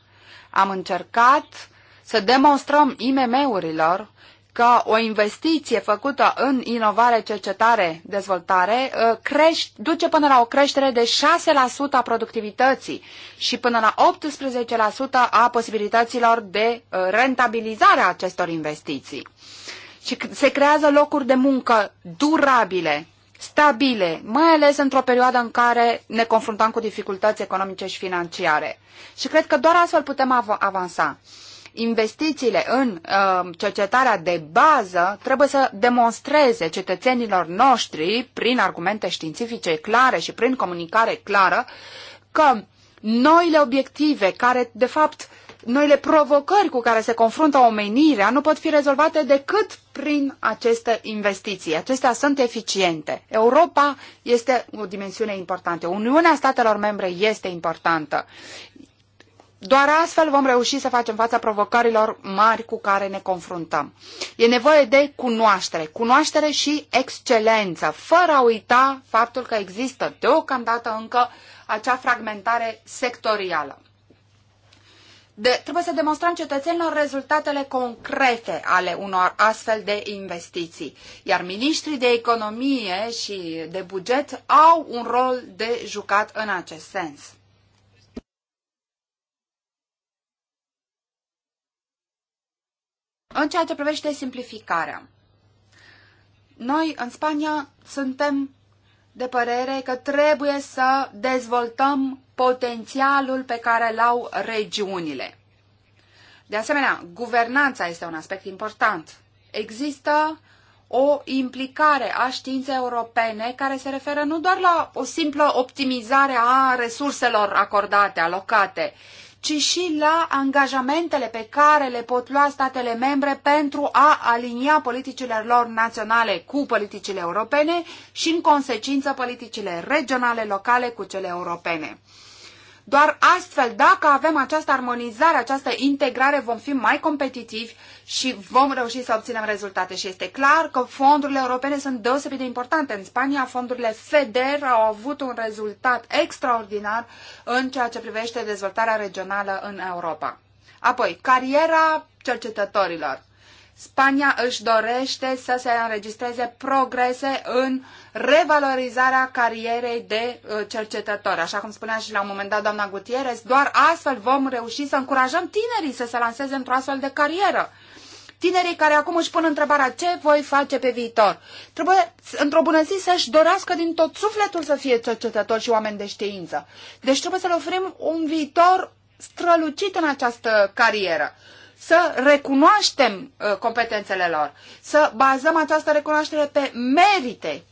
Am încercat să demonstrăm IMM-urilor că o investiție făcută în inovare, cercetare, dezvoltare uh, crește, duce până la o creștere de 6% a productivității și până la 18% a posibilităților de uh, rentabilizare a acestor investiții. Și se creează locuri de muncă durabile, stabile, mai ales într-o perioadă în care ne confruntăm cu dificultăți economice și financiare. Și cred că doar astfel putem av avansa investițiile în uh, cercetarea de bază trebuie să demonstreze cetățenilor noștri, prin argumente științifice clare și prin comunicare clară, că noile obiective care, de fapt, noile provocări cu care se confruntă omenirea nu pot fi rezolvate decât prin aceste investiții. Acestea sunt eficiente. Europa este o dimensiune importantă. Uniunea statelor membre este importantă. Doar astfel vom reuși să facem fața provocărilor mari cu care ne confruntăm. E nevoie de cunoaștere, cunoaștere și excelență, fără a uita faptul că există deocamdată încă acea fragmentare sectorială. De, trebuie să demonstrăm cetățenilor rezultatele concrete ale unor astfel de investiții. Iar ministrii de economie și de buget au un rol de jucat în acest sens. În ceea ce privește simplificarea, noi în Spania suntem de părere că trebuie să dezvoltăm potențialul pe care îl au regiunile. De asemenea, guvernanța este un aspect important. Există o implicare a științei europene care se referă nu doar la o simplă optimizare a resurselor acordate, alocate, ci și la angajamentele pe care le pot lua statele membre pentru a alinia politicile lor naționale cu politicile europene și, în consecință, politicile regionale, locale cu cele europene. Doar astfel, dacă avem această armonizare, această integrare, vom fi mai competitivi și vom reuși să obținem rezultate. Și este clar că fondurile europene sunt deosebit de importante. În Spania, fondurile FEDER au avut un rezultat extraordinar în ceea ce privește dezvoltarea regională în Europa. Apoi, cariera cercetătorilor. Spania își dorește să se înregistreze progrese în revalorizarea carierei de uh, cercetător. Așa cum spunea și la un moment dat doamna Gutierrez, doar astfel vom reuși să încurajăm tinerii să se lanseze într-o astfel de carieră. Tinerii care acum își pun întrebarea ce voi face pe viitor. Trebuie într-o bună zi să-și dorească din tot sufletul să fie cercetător și oameni de știință. Deci trebuie să le oferim un viitor strălucit în această carieră să recunoaștem uh, competențele lor, să bazăm această recunoaștere pe merite.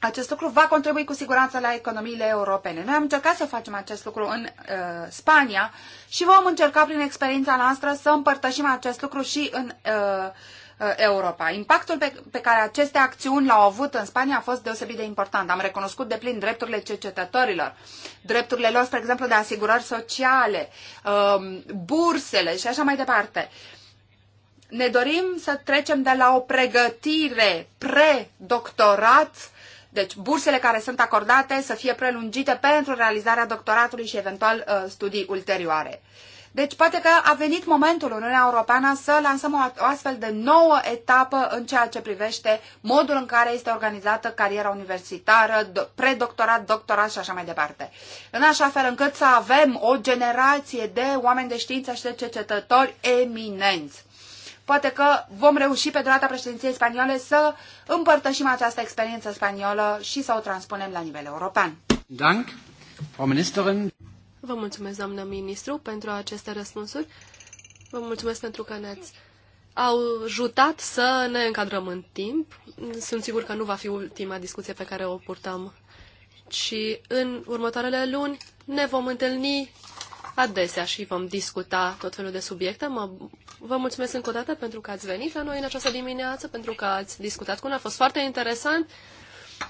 Acest lucru va contribui cu siguranță la economiile europene. Noi am încercat să facem acest lucru în uh, Spania și vom încerca prin experiența noastră să împărtășim acest lucru și în uh, Uh, Europa. Impactul pe, pe care aceste acțiuni l-au avut în Spania a fost deosebit de important. Am recunoscut de plin drepturile cercetătorilor, drepturile lor, spre exemplu, de asigurări sociale, um, bursele și așa mai departe ne dorim să trecem de la o pregătire pre-doctorat, deci bursele care sunt acordate să fie prelungite pentru realizarea doctoratului și eventual uh, studii ulterioare. Deci poate că a venit momentul în Uniunea Europeană să lansăm o astfel de nouă etapă în ceea ce privește modul în care este organizată cariera universitară, predoctorat, doctorat și așa mai departe. În așa fel încât să avem o generație de oameni de știință și de cercetători eminenți. Poate că vom reuși pe durata președinției spaniole să împărtășim această experiență spaniolă și să o transpunem la nivel european. Dank, Frau Ministerin. Vă mulțumesc, doamnă ministru, pentru aceste răspunsuri. Vă mulțumesc pentru că ne-ați au ajutat să ne încadrăm în timp. Sunt sigur că nu va fi ultima discuție pe care o purtăm, Și în următoarele luni ne vom întâlni adesea și vom discuta tot felul de subiecte. Mă, vă mulțumesc încă o dată pentru că ați venit la noi în această dimineață, pentru că ați discutat cu noi. A fost foarte interesant.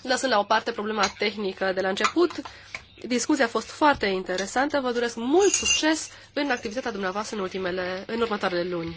Lăsând la o parte problema tehnică de la început, Discuția a fost foarte interesantă. Vă doresc mult succes în activitatea dumneavoastră în, ultimele, în următoarele luni.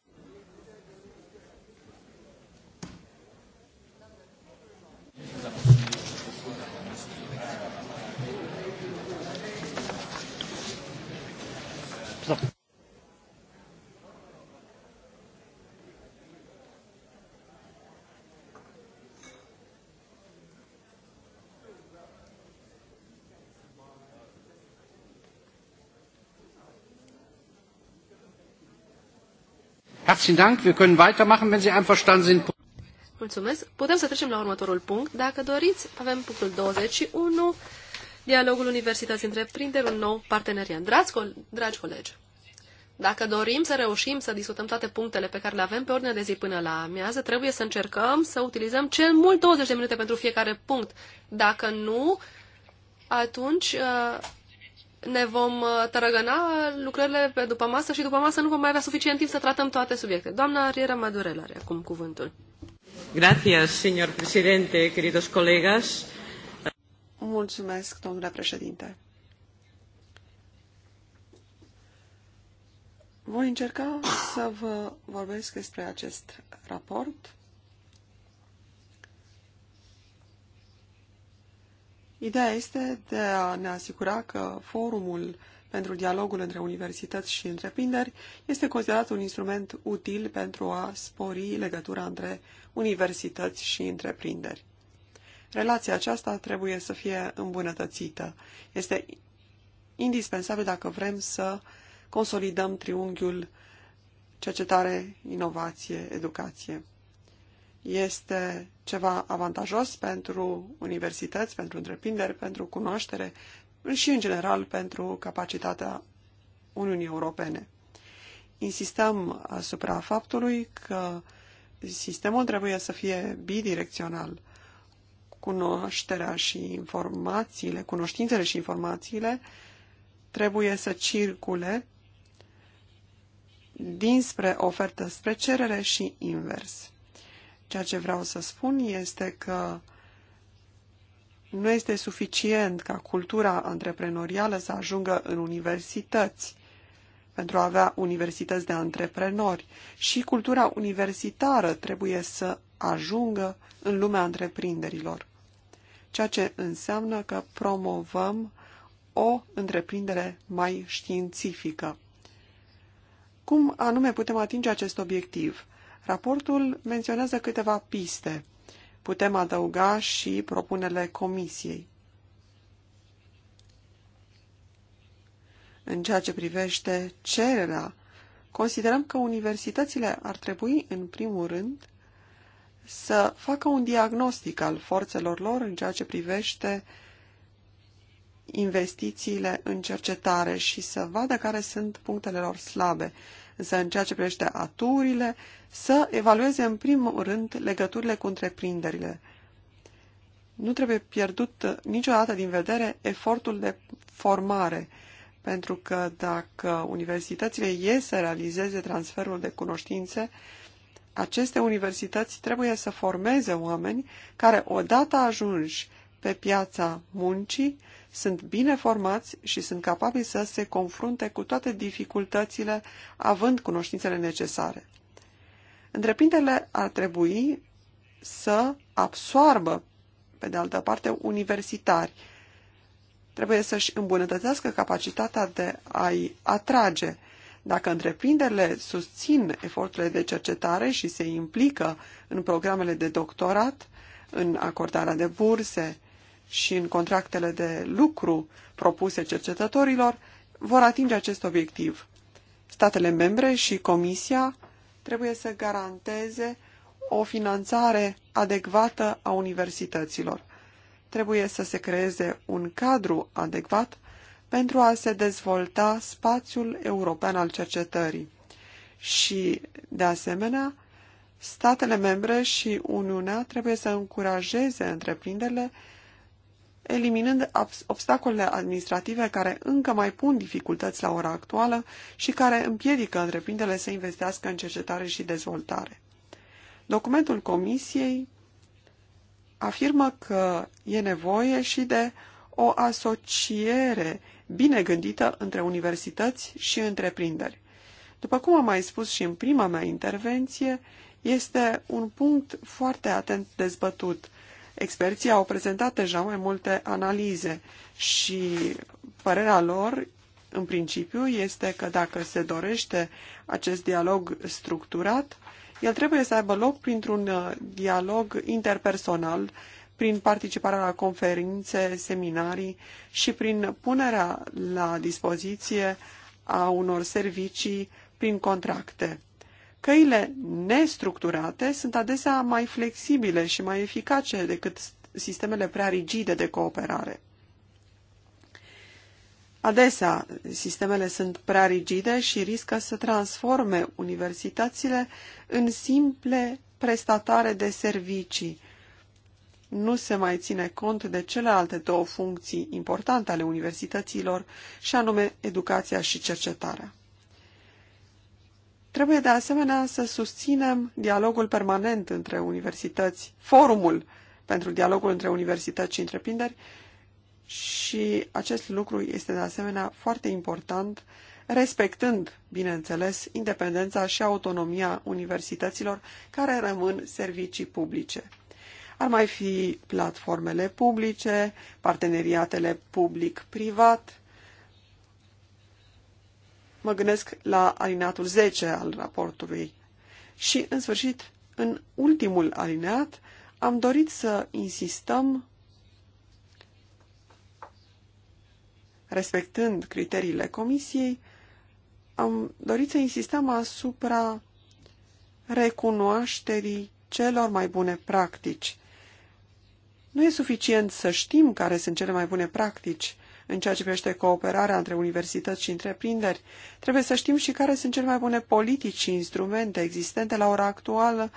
Herzlichen Dank. Wir können weitermachen, wenn Sie einverstanden sind. Mulțumesc. Putem să trecem la următorul punct. Dacă doriți, avem punctul 21, dialogul universității întreprinderi, un nou parteneriat. Dragi, co dragi colegi, dacă dorim să reușim să discutăm toate punctele pe care le avem pe ordinea de zi până la amiază, trebuie să încercăm să utilizăm cel mult 20 de minute pentru fiecare punct. Dacă nu, atunci uh, ne vom uh, tărăgăna lucrările pe după masă și după masă nu vom mai avea suficient timp să tratăm toate subiecte. Doamna Riera Madurel are acum cuvântul. Gracias, señor presidente, queridos colegas. Mulțumesc, domnule președinte. Voi încerca să vă vorbesc despre acest raport Ideea este de a ne asigura că forumul pentru dialogul între universități și întreprinderi este considerat un instrument util pentru a spori legătura între universități și întreprinderi. Relația aceasta trebuie să fie îmbunătățită. Este indispensabil dacă vrem să consolidăm triunghiul cercetare, inovație, educație este ceva avantajos pentru universități, pentru întreprinderi, pentru cunoaștere și, în general, pentru capacitatea Uniunii Europene. Insistăm asupra faptului că sistemul trebuie să fie bidirecțional. Cunoașterea și informațiile, cunoștințele și informațiile trebuie să circule dinspre ofertă spre cerere și invers. Ceea ce vreau să spun este că nu este suficient ca cultura antreprenorială să ajungă în universități pentru a avea universități de antreprenori și cultura universitară trebuie să ajungă în lumea întreprinderilor, ceea ce înseamnă că promovăm o întreprindere mai științifică. Cum anume putem atinge acest obiectiv? Raportul menționează câteva piste. Putem adăuga și propunele comisiei. În ceea ce privește cererea, considerăm că universitățile ar trebui, în primul rând, să facă un diagnostic al forțelor lor în ceea ce privește investițiile în cercetare și să vadă care sunt punctele lor slabe însă în ceea ce privește aturile, să evalueze în primul rând legăturile cu întreprinderile. Nu trebuie pierdut niciodată din vedere efortul de formare, pentru că dacă universitățile ies să realizeze transferul de cunoștințe, aceste universități trebuie să formeze oameni care, odată ajunși pe piața muncii, sunt bine formați și sunt capabili să se confrunte cu toate dificultățile, având cunoștințele necesare. Întreprinderile ar trebui să absoarbă, pe de altă parte, universitari. Trebuie să-și îmbunătățească capacitatea de a-i atrage. Dacă întreprinderile susțin eforturile de cercetare și se implică în programele de doctorat, în acordarea de burse, și în contractele de lucru propuse cercetătorilor vor atinge acest obiectiv. Statele membre și Comisia trebuie să garanteze o finanțare adecvată a universităților. Trebuie să se creeze un cadru adecvat pentru a se dezvolta spațiul european al cercetării. Și, de asemenea, statele membre și Uniunea trebuie să încurajeze întreprinderile eliminând obstacolele administrative care încă mai pun dificultăți la ora actuală și care împiedică întreprinderile să investească în cercetare și dezvoltare. Documentul Comisiei afirmă că e nevoie și de o asociere bine gândită între universități și întreprinderi. După cum am mai spus și în prima mea intervenție, este un punct foarte atent dezbătut Experții au prezentat deja mai multe analize și părerea lor, în principiu, este că dacă se dorește acest dialog structurat, el trebuie să aibă loc printr-un uh, dialog interpersonal, prin participarea la conferințe, seminarii și prin punerea la dispoziție a unor servicii prin contracte. Căile nestructurate sunt adesea mai flexibile și mai eficace decât sistemele prea rigide de cooperare. Adesea, sistemele sunt prea rigide și riscă să transforme universitățile în simple prestatare de servicii. Nu se mai ține cont de celelalte două funcții importante ale universităților, și anume educația și cercetarea. Trebuie de asemenea să susținem dialogul permanent între universități, forumul pentru dialogul între universități și întreprinderi și acest lucru este de asemenea foarte important, respectând, bineînțeles, independența și autonomia universităților care rămân servicii publice. Ar mai fi platformele publice, parteneriatele public-privat, Mă gândesc la alineatul 10 al raportului. Și, în sfârșit, în ultimul alineat, am dorit să insistăm, respectând criteriile comisiei, am dorit să insistăm asupra recunoașterii celor mai bune practici. Nu e suficient să știm care sunt cele mai bune practici, în ceea ce privește cooperarea între universități și întreprinderi, trebuie să știm și care sunt cele mai bune politici și instrumente existente la ora actuală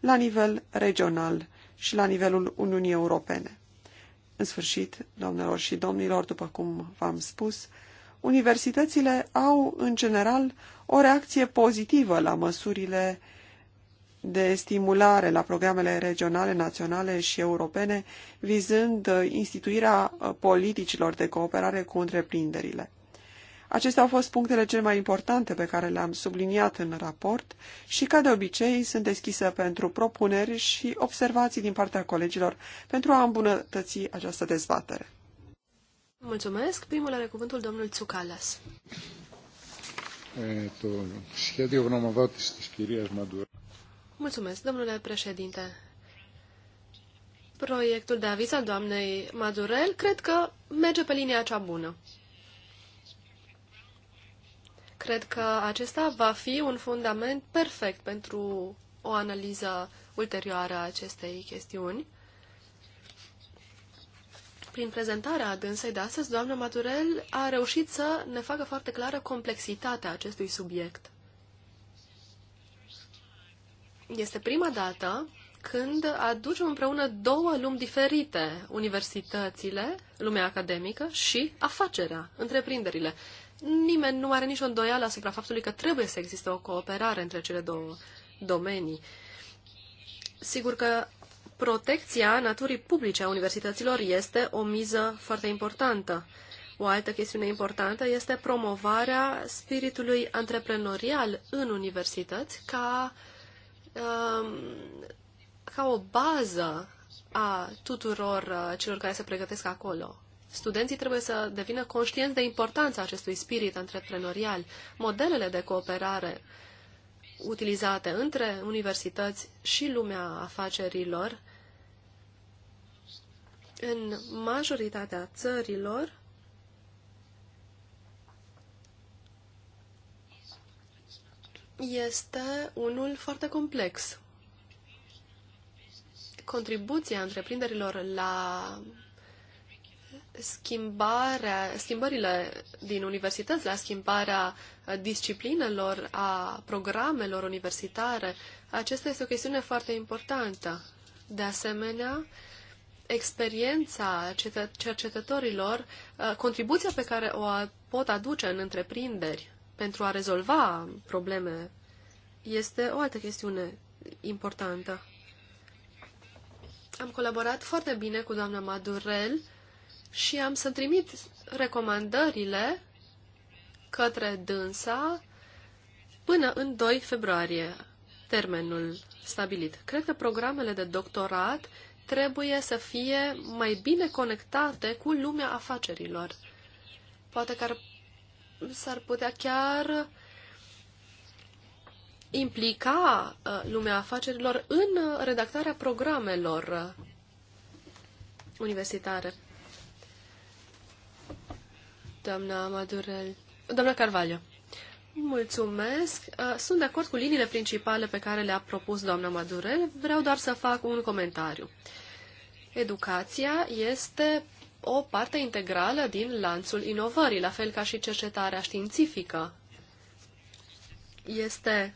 la nivel regional și la nivelul Uniunii Europene. În sfârșit, doamnelor și domnilor, după cum v-am spus, universitățile au, în general, o reacție pozitivă la măsurile de stimulare la programele regionale, naționale și europene, vizând uh, instituirea uh, politicilor de cooperare cu întreprinderile. Acestea au fost punctele cele mai importante pe care le-am subliniat în raport și, ca de obicei, sunt deschisă pentru propuneri și observații din partea colegilor pentru a îmbunătăți această dezbatere. Mulțumesc. Primul are cuvântul domnul Tsukalas. Ε, το σχέδιο γνωμοδότησης της κυρίας Mulțumesc, domnule președinte. Proiectul de aviz al doamnei Madurel cred că merge pe linia cea bună. Cred că acesta va fi un fundament perfect pentru o analiză ulterioară a acestei chestiuni. Prin prezentarea dânsei de astăzi, doamna Madurel a reușit să ne facă foarte clară complexitatea acestui subiect. Este prima dată când aducem împreună două lumi diferite, universitățile, lumea academică și afacerea, întreprinderile. Nimeni nu are nicio îndoială asupra faptului că trebuie să existe o cooperare între cele două domenii. Sigur că protecția naturii publice a universităților este o miză foarte importantă. O altă chestiune importantă este promovarea spiritului antreprenorial în universități ca uh, ca o bază a tuturor uh, celor care se pregătesc acolo. Studenții trebuie să devină conștienți de importanța acestui spirit antreprenorial. Modelele de cooperare utilizate între universități și lumea afacerilor în majoritatea țărilor este unul foarte complex. Contribuția întreprinderilor la schimbarea, schimbările din universități, la schimbarea uh, disciplinelor, a programelor universitare, aceasta este o chestiune foarte importantă. De asemenea, experiența cercetătorilor, uh, contribuția pe care o pot aduce în întreprinderi pentru a rezolva probleme este o altă chestiune importantă. Am colaborat foarte bine cu doamna Madurel și am să trimit recomandările către dânsa până în 2 februarie, termenul stabilit. Cred că programele de doctorat trebuie să fie mai bine conectate cu lumea afacerilor. Poate că ar s-ar putea chiar implica uh, lumea afacerilor în redactarea programelor uh, universitare. Doamna Madurel, doamna Carvalho, mulțumesc. Uh, sunt de acord cu liniile principale pe care le-a propus doamna Madurel. Vreau doar să fac un comentariu. Educația este o parte integrală din lanțul inovării, la fel ca și cercetarea științifică. Este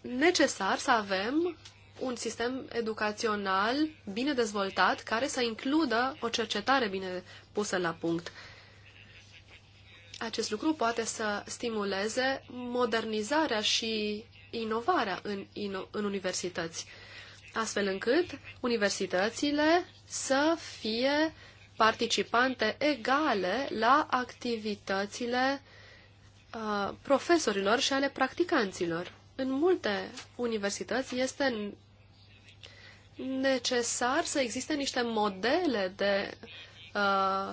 necesar să avem un sistem educațional bine dezvoltat care să includă o cercetare bine pusă la punct. Acest lucru poate să stimuleze modernizarea și inovarea în, in, în universități, astfel încât universitățile să fie participante egale la activitățile uh, profesorilor și ale practicanților. În multe universități este necesar să existe niște modele de uh,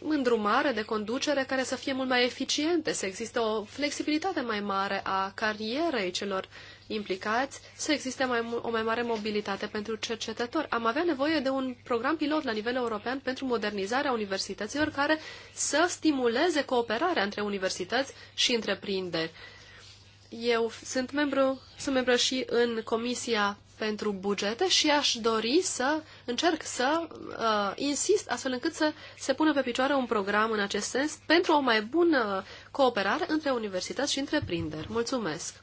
îndrumare, de conducere care să fie mult mai eficiente, să existe o flexibilitate mai mare a carierei celor implicați, să existe mai, o mai mare mobilitate pentru cercetători. Am avea nevoie de un program pilot la nivel european pentru modernizarea universităților care să stimuleze cooperarea între universități și întreprinderi. Eu sunt membru, sunt membru și în Comisia pentru bugete și aș dori să încerc să uh, insist astfel încât să se pună pe picioare un program în acest sens pentru o mai bună cooperare între universități și întreprinderi. Mulțumesc!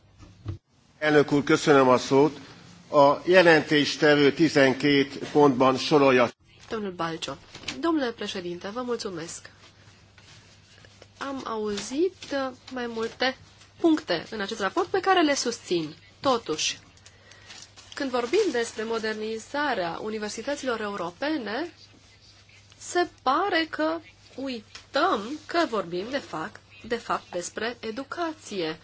Elnök úr, köszönöm a szót. A jelentéstevő 12 pontban sorolja. Domnul Balcio. Domnule președinte, vă mulțumesc. Am auzit mai multe puncte în acest raport pe care le susțin. Totuși, când vorbim despre modernizarea universităților europene, se pare că uităm că vorbim de fapt, de fapt despre educație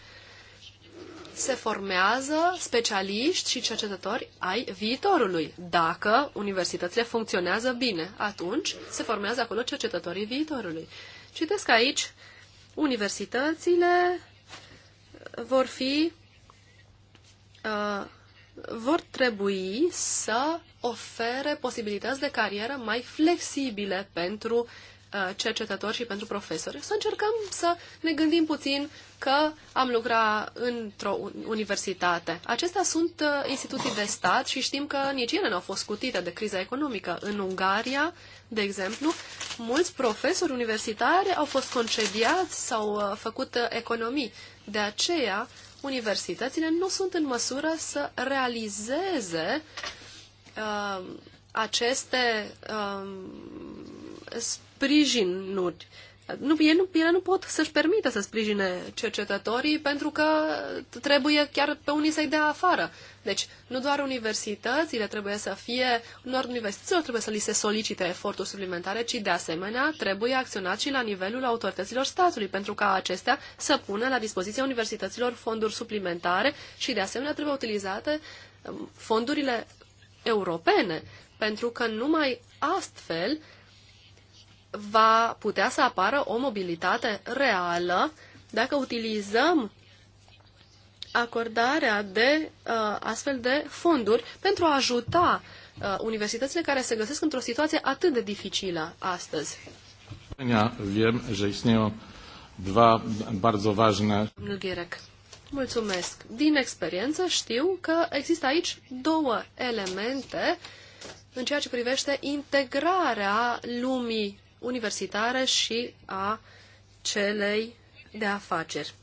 se formează specialiști și cercetători ai viitorului. Dacă universitățile funcționează bine, atunci se formează acolo cercetătorii viitorului. Citesc aici, universitățile vor fi uh, vor trebui să ofere posibilități de carieră mai flexibile pentru uh, cercetători și pentru profesori. Să încercăm să ne gândim puțin că am lucrat într-o universitate. Acestea sunt uh, instituții de stat și știm că nici ele nu au fost scutite de criza economică. În Ungaria, de exemplu, mulți profesori universitari au fost concediați sau uh, făcut uh, economii. De aceea, universitățile nu sunt în măsură să realizeze uh, aceste uh, sprijinuri. Uh, nu, ele, nu, ele nu pot să-și permită să sprijine cercetătorii pentru că trebuie chiar pe unii să-i dea afară. Deci, nu doar universitățile trebuie să fie, nu doar universităților trebuie să li se solicite eforturi suplimentare, ci de asemenea trebuie acționat și la nivelul autorităților statului, pentru ca acestea să pună la dispoziția universităților fonduri suplimentare și de asemenea trebuie utilizate um, fondurile europene, pentru că numai astfel uh, va putea să apară o mobilitate reală dacă utilizăm acordarea de uh, astfel de fonduri pentru a ajuta uh, universitățile care se găsesc într-o situație atât de dificilă astăzi. Mulțumesc. Din experiență știu că există aici două elemente în ceea ce privește integrarea lumii universitare și a celei de afaceri.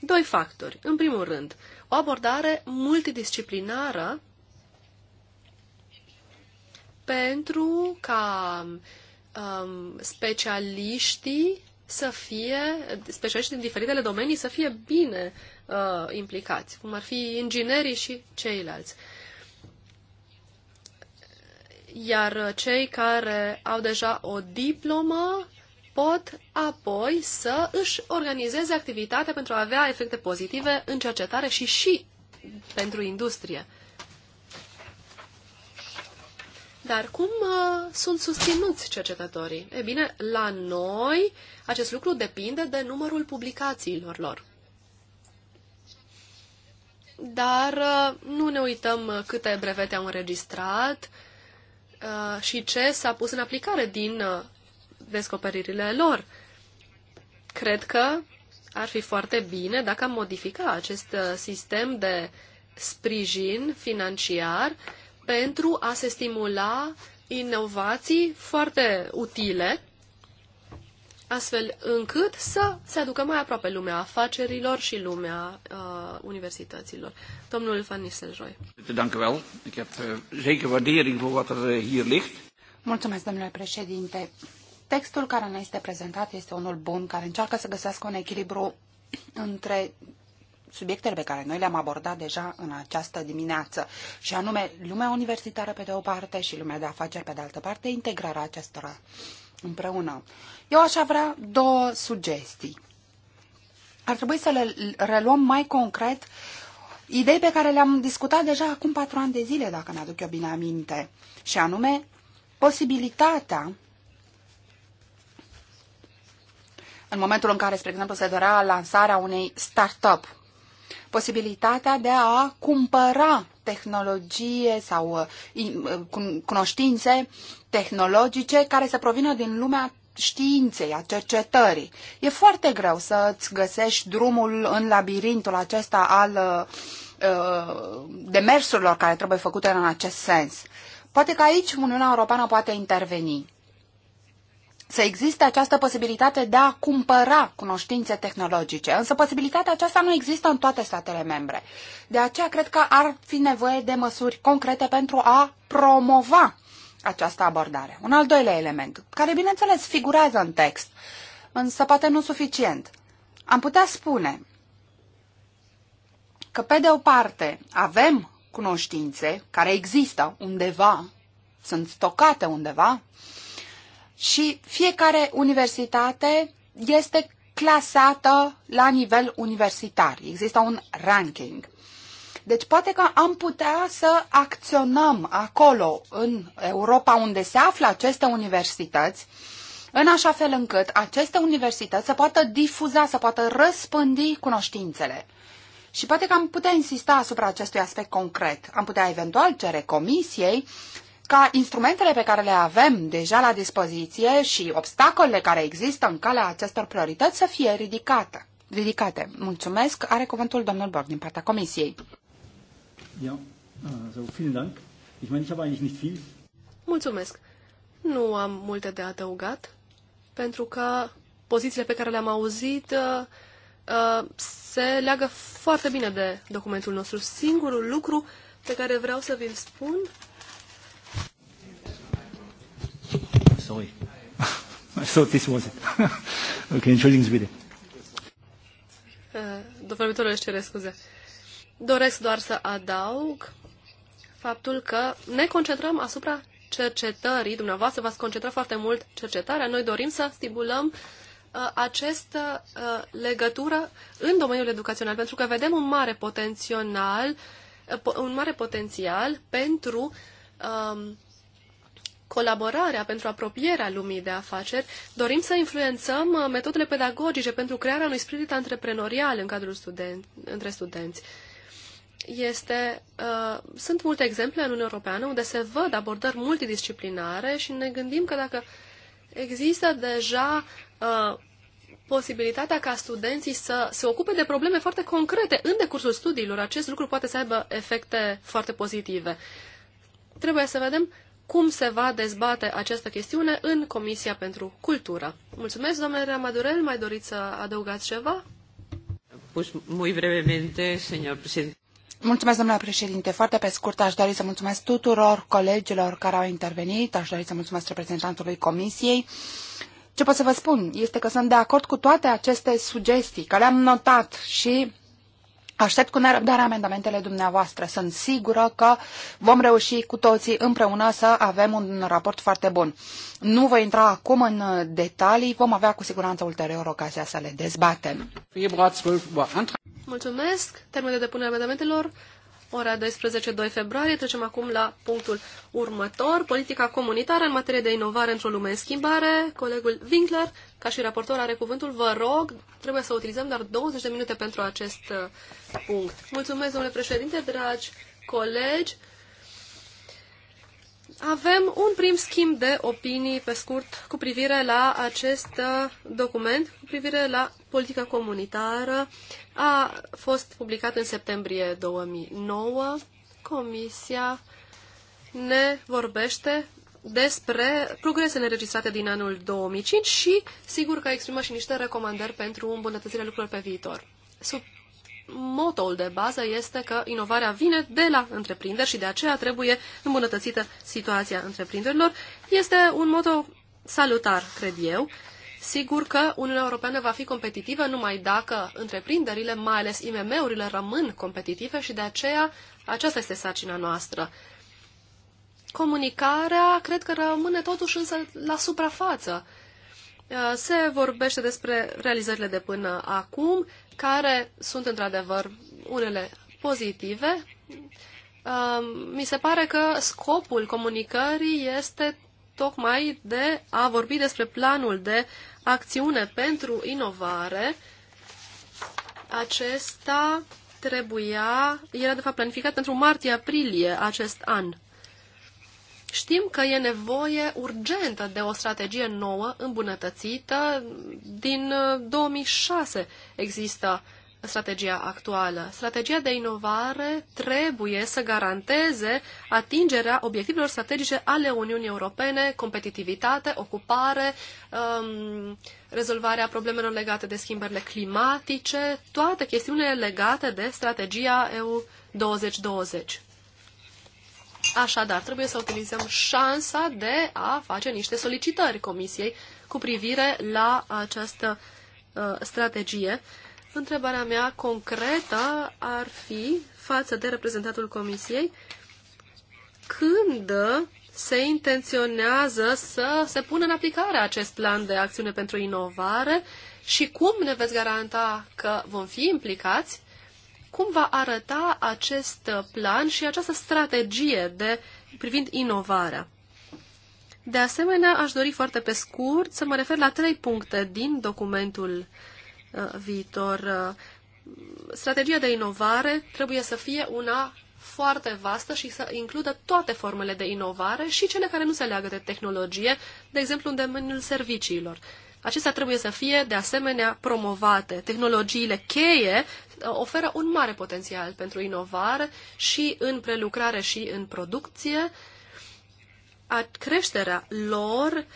Doi factori. În primul rând, o abordare multidisciplinară pentru ca um, specialiștii să fie, specialiștii din diferitele domenii să fie bine uh, implicați, cum ar fi inginerii și ceilalți iar cei care au deja o diplomă pot apoi să își organizeze activitatea pentru a avea efecte pozitive în cercetare și și pentru industrie. Dar cum uh, sunt susținuți cercetătorii? E bine, la noi acest lucru depinde de numărul publicațiilor lor. Dar uh, nu ne uităm câte brevete au înregistrat, uh, Uh, și ce s-a pus în aplicare din uh, descoperirile lor. Cred că ar fi foarte bine dacă am modifica acest uh, sistem de sprijin financiar pentru a se stimula inovații foarte utile astfel încât să se aducă mai aproape lumea afacerilor și lumea uh, universităților. Domnul Van Nistelrooy. Eh, er, eh, Mulțumesc, domnule președinte. Textul care ne este prezentat este unul bun, care încearcă să găsească un echilibru între subiectele pe care noi le-am abordat deja în această dimineață, și anume lumea universitară pe de o parte și lumea de afaceri pe de altă parte, integrarea acestora. Uh, împreună. Eu aș avea două sugestii. Ar trebui să le reluăm mai concret idei pe care le-am discutat deja acum patru ani de zile, dacă ne aduc eu bine aminte, și anume posibilitatea în momentul în care, spre exemplu, se dorea lansarea unei startup posibilitatea de a cumpăra tehnologie sau uh, uh, cunoștințe tehnologice care să provină din lumea științei, a cercetării. E foarte greu să-ți găsești drumul în labirintul acesta al uh, demersurilor care trebuie făcute în acest sens. Poate că aici Uniunea Europeană poate interveni să existe această posibilitate de a cumpăra cunoștințe tehnologice. Însă posibilitatea aceasta nu există în toate statele membre. De aceea cred că ar fi nevoie de măsuri concrete pentru a promova această abordare. Un al doilea element, care bineînțeles figurează în text, însă poate nu suficient. Am putea spune că pe de o parte avem cunoștințe care există undeva, sunt stocate undeva, și fiecare universitate este clasată la nivel universitar. Există un ranking. Deci poate că am putea să acționăm acolo, în Europa, unde se află aceste universități, în așa fel încât aceste universități să poată difuza, să poată răspândi cunoștințele. Și poate că am putea insista asupra acestui aspect concret. Am putea eventual cere comisiei ca instrumentele pe care le avem deja la dispoziție și obstacolele care există în calea acestor priorități să fie ridicate. ridicate. Mulțumesc. Are cuvântul domnul Borg din partea Comisiei. Ja, also, äh, vielen Dank. Ich meine, ich habe eigentlich nicht viel. Mulțumesc. Nu am multe de adăugat, pentru că pozițiile pe care le-am auzit uh, uh se leagă foarte bine de documentul nostru. Singurul lucru pe care vreau să vi-l spun sorry. I thought this was it. okay, entschuldigen Sie bitte. Domnul uh, își cere scuze. Doresc doar să adaug faptul că ne concentrăm asupra cercetării. Dumneavoastră v-ați concentrat foarte mult cercetarea. Noi dorim să stimulăm uh, această uh, legătură în domeniul educațional, pentru că vedem un mare potențial, uh, un mare potențial pentru um, colaborarea, pentru apropierea lumii de afaceri, dorim să influențăm uh, metodele pedagogice pentru crearea unui spirit antreprenorial în cadrul studen- între studenți. Este, uh, sunt multe exemple în Uniunea Europeană unde se văd abordări multidisciplinare și ne gândim că dacă există deja uh, posibilitatea ca studenții să se ocupe de probleme foarte concrete în decursul studiilor, acest lucru poate să aibă efecte foarte pozitive. Trebuie să vedem cum se va dezbate această chestiune în Comisia pentru Cultură. Mulțumesc, domnule Madurel. Mai doriți să adăugați ceva? Pus, muy brevemente, señor presidente. Mulțumesc, domnule președinte. Foarte pe scurt, aș dori să mulțumesc tuturor colegilor care au intervenit, aș dori să mulțumesc reprezentantului Comisiei. Ce pot să vă spun este că sunt de acord cu toate aceste sugestii, care le-am notat și Aștept cu nerăbdare amendamentele dumneavoastră. Sunt sigură că vom reuși cu toții împreună să avem un raport foarte bun. Nu voi intra acum în detalii, vom avea cu siguranță ulterior ocazia să le dezbatem. Mulțumesc! Termenul de depunere a amendamentelor ora 12, 2 februarie. Trecem acum la punctul următor, politica comunitară în materie de inovare într-o lume în schimbare. Colegul Winkler, ca și raportor, are cuvântul. Vă rog, trebuie să utilizăm doar 20 de minute pentru acest uh, punct. Mulțumesc, domnule președinte, dragi colegi. Avem un prim schimb de opinii pe scurt cu privire la acest uh, document, cu privire la politică comunitară a fost publicat în septembrie 2009. Comisia ne vorbește despre progresele înregistrate din anul 2005 și sigur că exprimă și niște recomandări pentru îmbunătățirea lucrurilor pe viitor. Sub motoul de bază este că inovarea vine de la întreprinderi și de aceea trebuie îmbunătățită situația întreprinderilor. Este un moto salutar, cred eu, Sigur că Uniunea Europeană va fi competitivă numai dacă întreprinderile, mai ales IMM-urile, rămân competitive și de aceea aceasta este sarcina noastră. Comunicarea cred că rămâne totuși însă la suprafață. Uh, se vorbește despre realizările de până acum, care sunt într-adevăr unele pozitive. Uh, mi se pare că scopul comunicării este tocmai de a vorbi despre planul de acțiune pentru inovare, acesta trebuia, era de fapt planificat pentru martie-aprilie acest an. Știm că e nevoie urgentă de o strategie nouă, îmbunătățită. Din 2006 uh, există strategia actuală. Strategia de inovare trebuie să garanteze atingerea obiectivelor strategice ale Uniunii Europene, competitivitate, ocupare, um, rezolvarea problemelor legate de schimbările climatice, toate chestiunile legate de strategia EU 2020. Așadar, trebuie să utilizăm șansa de a face niște solicitări Comisiei cu privire la această uh, strategie Întrebarea mea concretă ar fi, față de reprezentantul Comisiei, când se intenționează să se pună în aplicare acest plan de acțiune pentru inovare și cum ne veți garanta că vom fi implicați, cum va arăta acest plan și această strategie de privind inovarea. De asemenea, aș dori foarte pe scurt să mă refer la trei puncte din documentul Uh, viitor. Uh, strategia de inovare trebuie să fie una foarte vastă și să includă toate formele de inovare și cele care nu se leagă de tehnologie, de exemplu în domeniul serviciilor. Acestea trebuie să fie, de asemenea, promovate. Tehnologiile cheie uh, oferă un mare potențial pentru inovare și în prelucrare și în producție. A creșterea lor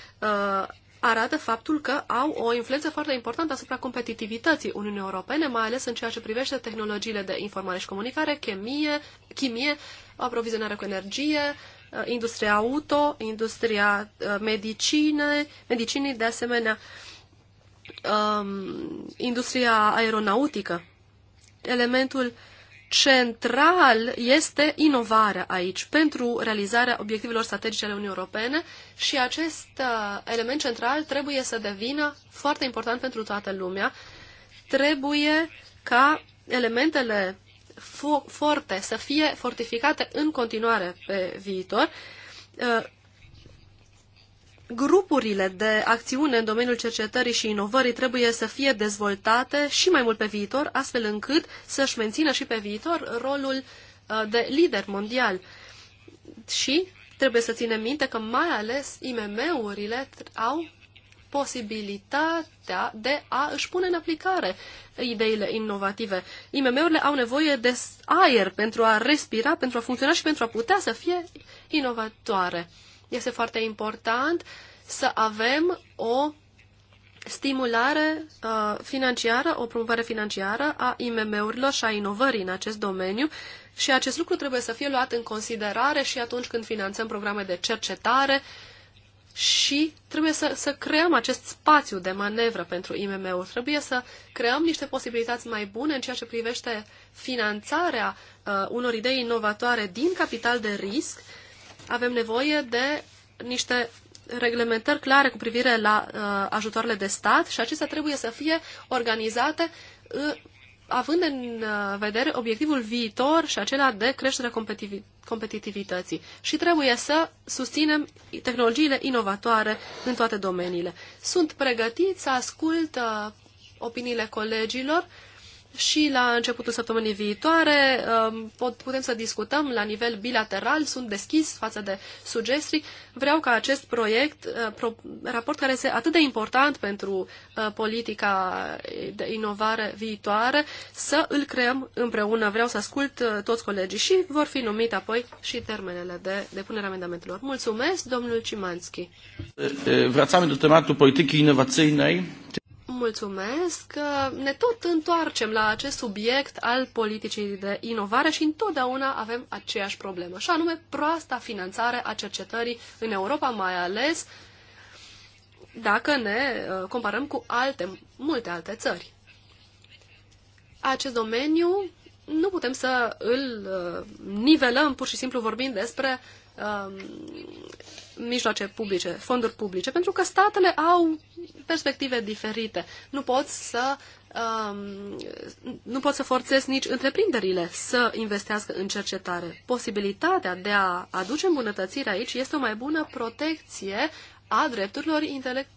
arată faptul că au o influență foarte importantă asupra competitivității Uniunii Europene, mai ales în ceea ce privește tehnologiile de informare și comunicare, chimie, chimie aprovizionare cu energie, uh, industria auto, industria uh, medicine, medicinii, de asemenea, um, industria aeronautică. Elementul central este inovarea aici pentru realizarea obiectivelor strategice ale Uniunii Europene și acest uh, element central trebuie să devină foarte important pentru toată lumea. Trebuie ca elementele forte să fie fortificate în continuare pe viitor. Uh, grupurile de acțiune în domeniul cercetării și inovării trebuie să fie dezvoltate și mai mult pe viitor, astfel încât să-și mențină și pe viitor rolul uh, de lider mondial. Și trebuie să ținem minte că mai ales IMM-urile au posibilitatea de a își pune în aplicare ideile inovative. IMM-urile au nevoie de aer pentru a respira, pentru a funcționa și pentru a putea să fie inovatoare. Este foarte important să avem o stimulare uh, financiară, o promovare financiară a IMM-urilor și a inovării în acest domeniu și acest lucru trebuie să fie luat în considerare și atunci când finanțăm programe de cercetare și trebuie să, să creăm acest spațiu de manevră pentru IMM-uri. Trebuie să creăm niște posibilități mai bune în ceea ce privește finanțarea uh, unor idei inovatoare din capital de risc avem nevoie de niște reglementări clare cu privire la uh, ajutoarele de stat și acestea trebuie să fie organizate uh, având în uh, vedere obiectivul viitor și acela de creștere competitiv- competitivității. Și trebuie să susținem tehnologiile inovatoare în toate domeniile. Sunt pregătiți să ascult uh, opiniile colegilor și la începutul săptămânii viitoare um, putem să discutăm la nivel bilateral, sunt deschis față de sugestii. Vreau ca acest proiect, uh, raport care este atât de important pentru uh, politica de inovare viitoare, să îl creăm împreună. Vreau să ascult uh, toți colegii și vor fi numite apoi și termenele de depunere amendamentelor. Mulțumesc, domnul Cimanski. să eh, eh, amintesc tematul politicii inovației Mulțumesc. Ne tot întoarcem la acest subiect al politicii de inovare și întotdeauna avem aceeași problemă, și anume proasta finanțare a cercetării în Europa, mai ales dacă ne uh, comparăm cu alte, multe alte țări. Acest domeniu nu putem să îl uh, nivelăm pur și simplu vorbind despre Um, mijloace publice, fonduri publice, pentru că statele au perspective diferite. Nu pot să um, nu pot să forțez nici întreprinderile să investească în cercetare. Posibilitatea de a aduce îmbunătățire aici este o mai bună protecție a drepturilor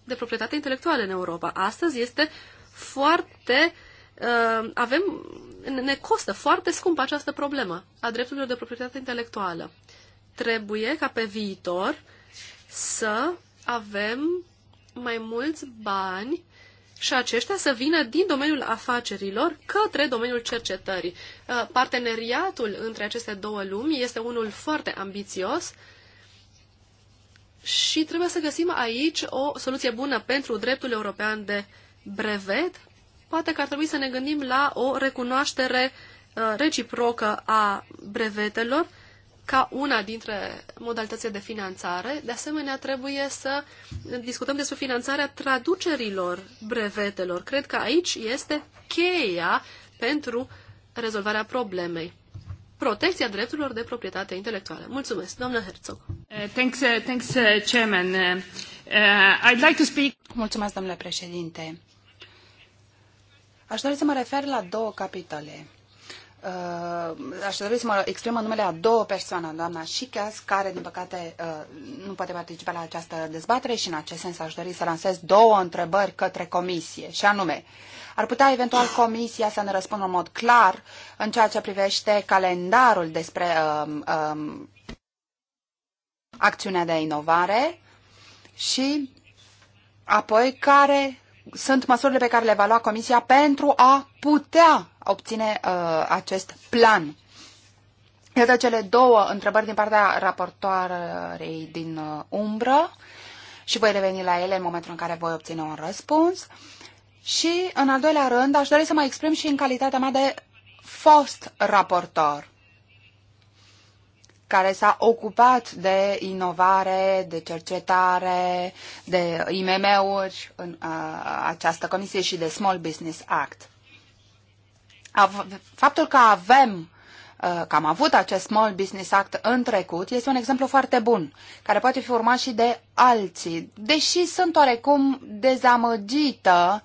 de proprietate intelectuală în Europa. Astăzi este foarte uh, avem ne costă foarte scump această problemă a drepturilor de proprietate intelectuală. Uh, trebuie ca pe viitor să avem mai mulți bani și aceștia să vină din domeniul afacerilor către domeniul cercetării. Uh, parteneriatul între aceste două lumi este unul foarte ambițios și trebuie să găsim aici o soluție bună pentru dreptul european de brevet. Poate că ar trebui să ne gândim la o recunoaștere uh, reciprocă a brevetelor ca una dintre modalitățile de finanțare. De asemenea, trebuie să discutăm despre finanțarea traducerilor brevetelor. Cred că aici este cheia pentru rezolvarea problemei. Protecția drepturilor de proprietate intelectuală. Mulțumesc, doamnă Herzog. Uh, thanks, uh, thanks, uh, Chairman. Uh, uh I'd like to speak... Mulțumesc, domnule președinte. Aș dori să mă refer la două capitole. Uh, aș dori să mă exprim în numele a două persoane, doamna Șicheas, care, din păcate, uh, nu poate participa la această dezbatere și, în acest sens, aș dori să lansez două întrebări către comisie, și anume, ar putea eventual comisia să ne răspundă în mod clar în ceea ce privește calendarul despre uh, uh, acțiunea de inovare și apoi care sunt măsurile pe care le va lua Comisia pentru a putea obține uh, acest plan. Iată cele două întrebări din partea raportoarei din uh, umbră și voi reveni la ele în momentul în care voi obține un răspuns. Și, în al doilea rând, aș dori să mă exprim și în calitatea mea de fost raportor care s-a ocupat de inovare, de cercetare, de IMM-uri în a, uh, această comisie și de Small Business Act faptul că avem uh, că am avut acest Small Business Act în trecut, este un exemplu foarte bun, care poate fi urmat și de alții, deși sunt oarecum dezamăgită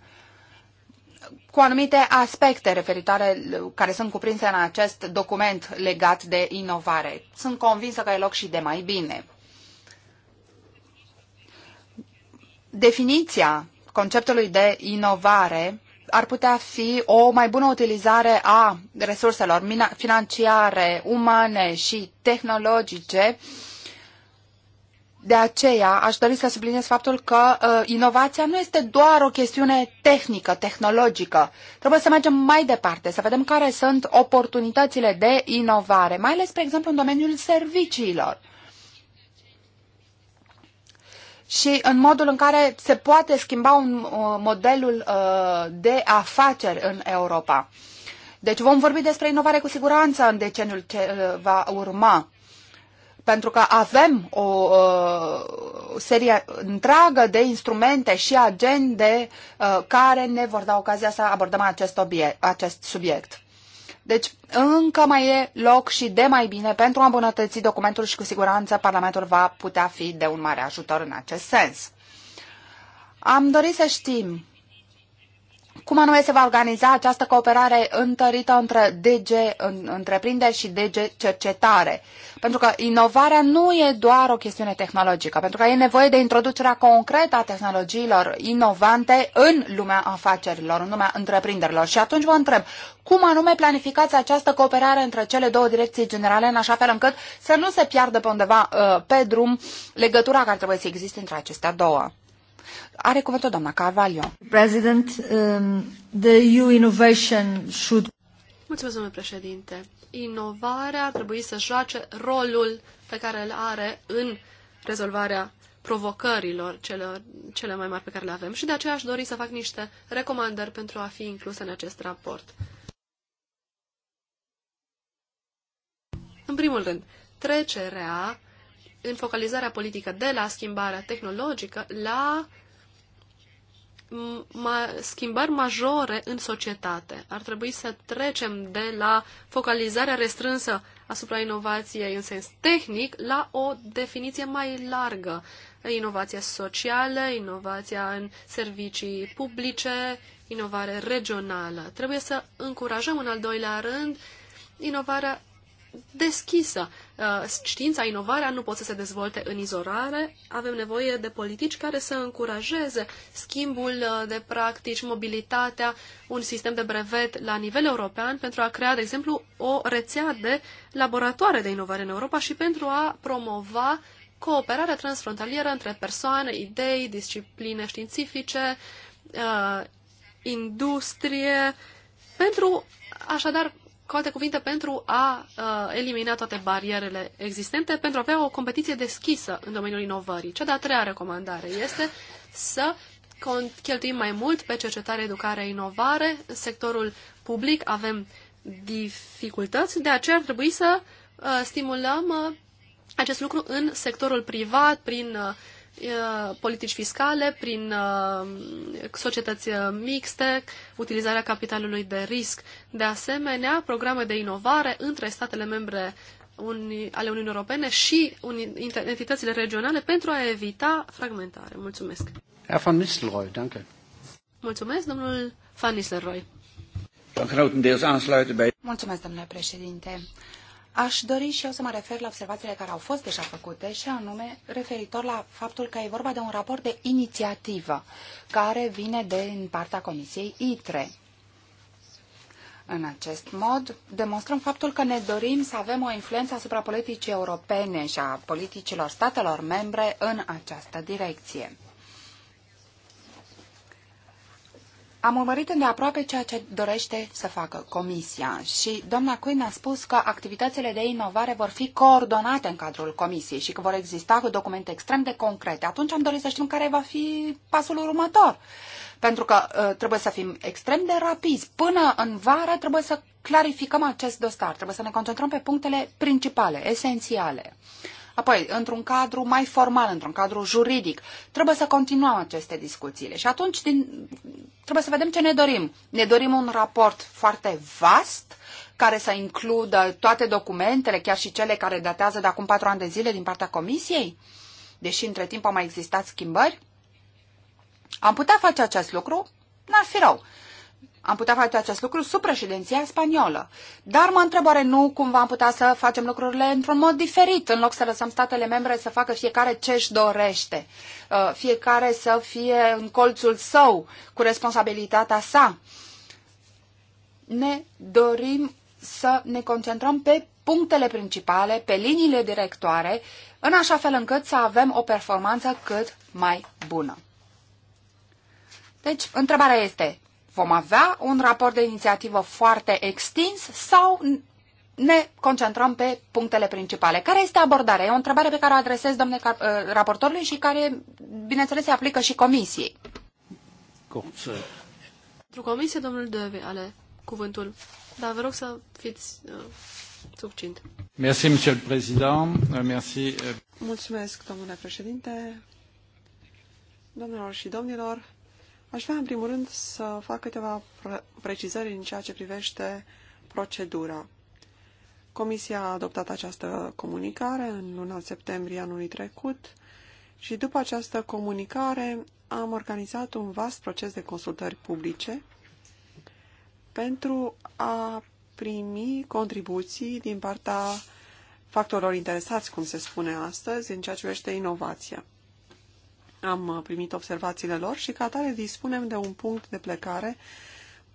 cu anumite aspecte referitoare care sunt cuprinse în acest document legat de inovare. Sunt convinsă că e loc și de mai bine. Definiția conceptului de inovare ar putea fi o mai bună utilizare a resurselor financiare, umane și tehnologice. De aceea aș dori să subliniez faptul că uh, inovația nu este doar o chestiune tehnică, tehnologică. Trebuie să mergem mai departe, să vedem care sunt oportunitățile de inovare, mai ales, pe exemplu, în domeniul serviciilor. Uh, și în modul în care se poate schimba un, uh, modelul uh, de afaceri în Europa. Deci vom vorbi despre inovare cu siguranță în deceniul ce uh, va urma pentru că avem o, o serie întreagă de instrumente și agende care ne vor da ocazia să abordăm acest, acest subiect. Deci încă mai e loc și de mai bine pentru a îmbunătăți documentul și cu siguranță Parlamentul va putea fi de un mare ajutor în acest sens. Am dorit să știm cum anume se va organiza această cooperare întărită între DG întreprinderi și DG cercetare? Pentru că inovarea nu e doar o chestiune tehnologică, pentru că e nevoie de introducerea concretă a tehnologiilor inovante în lumea afacerilor, în lumea întreprinderilor. Și atunci vă întreb, cum anume planificați această cooperare între cele două direcții generale, în așa fel încât să nu se piardă pe undeva uh, pe drum legătura care trebuie să existe între acestea două? Are cuvântul doamna Carvalho. President, um, the EU innovation should... Mulțumesc, domnule președinte. Inovarea trebuie să joace rolul pe care îl are în rezolvarea provocărilor celor, cele mai mari pe care le avem și de aceea aș dori să fac niște recomandări pentru a fi inclusă în acest raport. În primul rând, trecerea în focalizarea politică de la schimbarea tehnologică la ma, schimbări majore în societate. Ar trebui să trecem de la focalizarea restrânsă asupra inovației în sens tehnic la o definiție mai largă. Inovația socială, inovația în servicii publice, inovare regională. Trebuie să încurajăm în al doilea rând inovarea deschisă. Uh, știința, inovarea nu pot să se dezvolte în izolare. Avem nevoie de politici care să încurajeze schimbul uh, de practici, mobilitatea, un sistem de brevet la nivel european pentru a crea, de exemplu, o rețea de laboratoare de inovare în Europa și pentru a promova cooperarea transfrontalieră între persoane, idei, discipline științifice, uh, industrie, pentru așadar cu alte cuvinte, pentru a uh, elimina toate barierele existente, pentru a avea o competiție deschisă în domeniul inovării. Cea de-a treia recomandare este să cheltuim mai mult pe cercetare, educare, inovare. În sectorul public avem dificultăți, de aceea ar trebui să uh, stimulăm uh, acest lucru în sectorul privat, prin uh, Uh, politici fiscale, prin uh, societăți uh, mixte, utilizarea capitalului de risc. De asemenea, programe de inovare între statele membre ale Uniunii Europene și entitățile regionale pentru a evita fragmentare. Mulțumesc. Herr van Nistelrooy, danke. Mulțumesc, domnul van Nistelrooy. Mulțumesc, domnule președinte. Aș dori și eu să mă refer la observațiile care au fost deja făcute și anume referitor la faptul că e vorba de un raport de inițiativă care vine din partea Comisiei ITRE. În acest mod, demonstrăm faptul că ne dorim să avem o influență asupra politicii europene și a politicilor statelor membre în această direcție. Am urmărit îndeaproape ceea ce dorește să facă Comisia și doamna Quinn a spus că activitățile de inovare vor fi coordonate în cadrul Comisiei și că vor exista cu documente extrem de concrete. Atunci am dorit să știm care va fi pasul următor, pentru că uh, trebuie să fim extrem de rapizi. Până în vară trebuie să clarificăm acest dosar, trebuie să ne concentrăm pe punctele principale, esențiale. Uh, Apoi, într-un cadru mai formal, într-un cadru juridic, trebuie să continuăm aceste discuțiile. Și atunci din, trebuie să vedem ce ne dorim. Ne dorim un raport foarte vast, care să includă toate documentele, chiar și cele care datează de acum patru ani de zile din partea Comisiei, deși între timp au mai existat schimbări. Am putea face acest lucru, n-ar fi rău. Am putea face acest lucru sub președinția spaniolă. Dar mă întrebare nu cum am putea să facem lucrurile într-un mod diferit, în loc să lăsăm statele membre să facă fiecare ce își dorește, uh, fiecare să fie în colțul său, cu responsabilitatea sa. Ne dorim să ne concentrăm pe punctele principale, pe liniile directoare, în așa fel încât să avem o performanță cât mai bună. Deci, întrebarea este, Vom avea un raport de inițiativă foarte extins sau ne concentrăm pe punctele principale. Care este abordarea? E o întrebare pe care o adresez domnule uh, raportorului și care, bineînțeles, se aplică și comisiei. Pentru comisie, domnul Deve, ale cuvântul. Dar vă rog să fiți uh, succint. Merci, monsieur le président. Euh, merci. Euh. Mulțumesc, domnule președinte. Domnilor și domnilor, Aș vrea, în primul rând, să fac câteva precizări în ceea ce privește procedura. Comisia a adoptat această comunicare în luna septembrie anului trecut și după această comunicare am organizat un vast proces de consultări publice pentru a primi contribuții din partea factorilor interesați, cum se spune astăzi, în ceea ce privește inovația am uh, primit observațiile lor și ca atare dispunem de un punct de plecare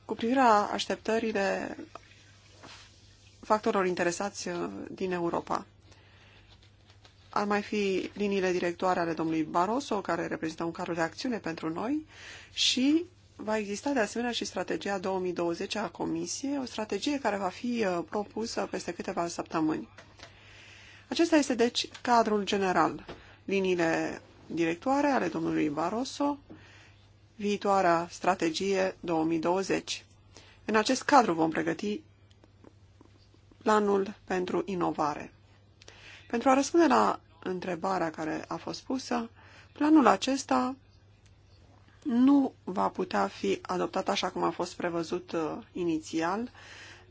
cu privire la așteptările factorilor interesați uh, din Europa. Ar mai fi liniile directoare ale domnului Barroso, care reprezintă un cadru de acțiune pentru noi și va exista de asemenea și strategia 2020 a Comisiei, o strategie care va fi uh, propusă peste câteva săptămâni. Acesta este, deci, cadrul general. Liniile directoare ale domnului Barroso, viitoarea strategie 2020. În acest cadru vom pregăti planul pentru inovare. Pentru a răspunde la întrebarea care a fost pusă, planul acesta nu va putea fi adoptat așa cum a fost prevăzut uh, inițial.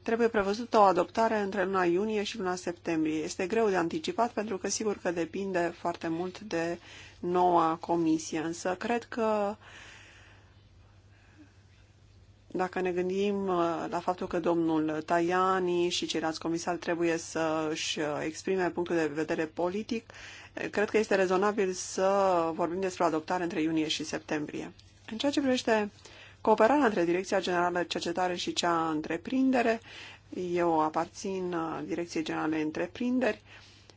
Trebuie prevăzută o adoptare între luna iunie și luna septembrie. Este greu de anticipat pentru că sigur că depinde foarte mult de noua comisie, însă cred că dacă ne gândim uh, la faptul că domnul Tajani și ceilalți comisari trebuie să își uh, exprime punctul de vedere politic, uh, cred că este rezonabil să vorbim despre adoptare între iunie și septembrie. În ceea ce privește cooperarea între Direcția Generală Cercetare și cea Întreprindere, eu aparțin Direcției Generale Întreprinderi,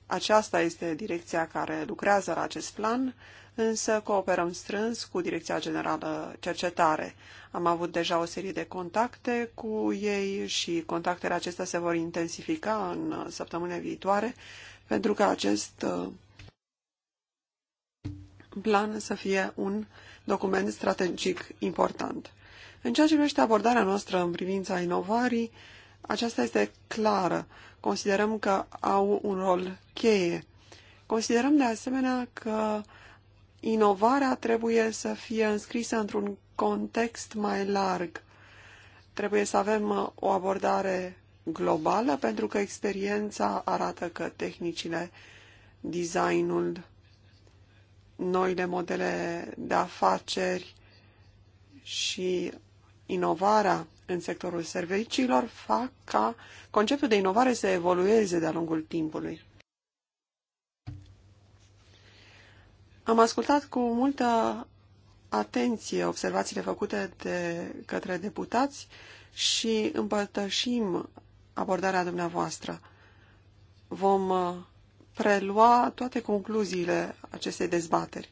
aceasta este direcția care lucrează la acest plan, însă cooperăm strâns cu Direcția Generală Cercetare. Am avut deja o serie de contacte cu ei și contactele acestea se vor intensifica în săptămâna viitoare pentru că acest uh, plan să fie un document strategic important. În ceea ce privește abordarea noastră în privința inovării, aceasta este clară considerăm că au un rol cheie. Considerăm de asemenea că inovarea trebuie să fie înscrisă într-un context mai larg. Trebuie să avem uh, o abordare globală pentru că experiența arată că tehnicile, designul, noile modele de afaceri și inovarea în sectorul serviciilor fac ca conceptul de inovare să evolueze de-a lungul timpului. Am ascultat cu multă atenție observațiile făcute de către deputați și împărtășim abordarea dumneavoastră. Vom uh, prelua toate concluziile acestei dezbateri.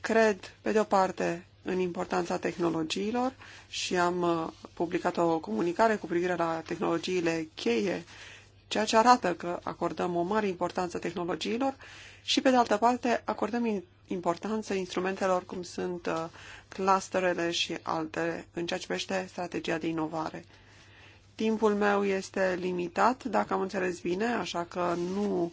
Cred, pe de o parte, în importanța tehnologiilor și am uh, publicat o comunicare cu privire la tehnologiile cheie, ceea ce arată că acordăm o mare importanță tehnologiilor și, pe de altă parte, acordăm importanță instrumentelor cum sunt uh, clusterele și altele în ceea ce privește strategia de inovare. Timpul meu este limitat, dacă am înțeles bine, așa că nu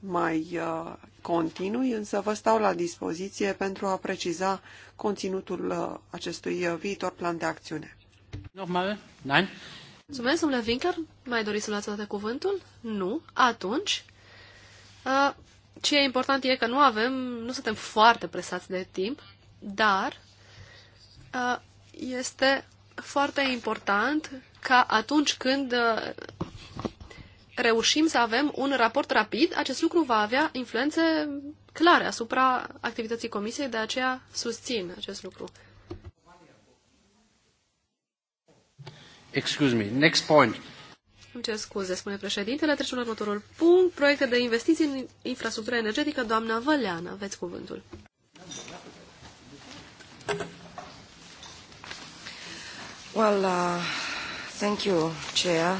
mai uh, continui, însă vă stau la dispoziție pentru a preciza conținutul uh, acestui uh, viitor plan de acțiune. Normal? Nein? Mulțumesc, domnule Winkler. Mai doriți să luați toate cuvântul? Nu. Atunci, ce e important e că nu avem, nu suntem foarte presați de timp, dar este foarte important ca atunci când reușim să avem un raport rapid, acest lucru va avea influențe clare asupra activității comisiei, de aceea susțin acest lucru. Excuse me, next point. Îmi cer scuze, spune președintele. Trecem la următorul punct. Proiecte de investiții în infrastructura energetică. Doamna Văleană, aveți cuvântul. Well, uh, thank you, Chair.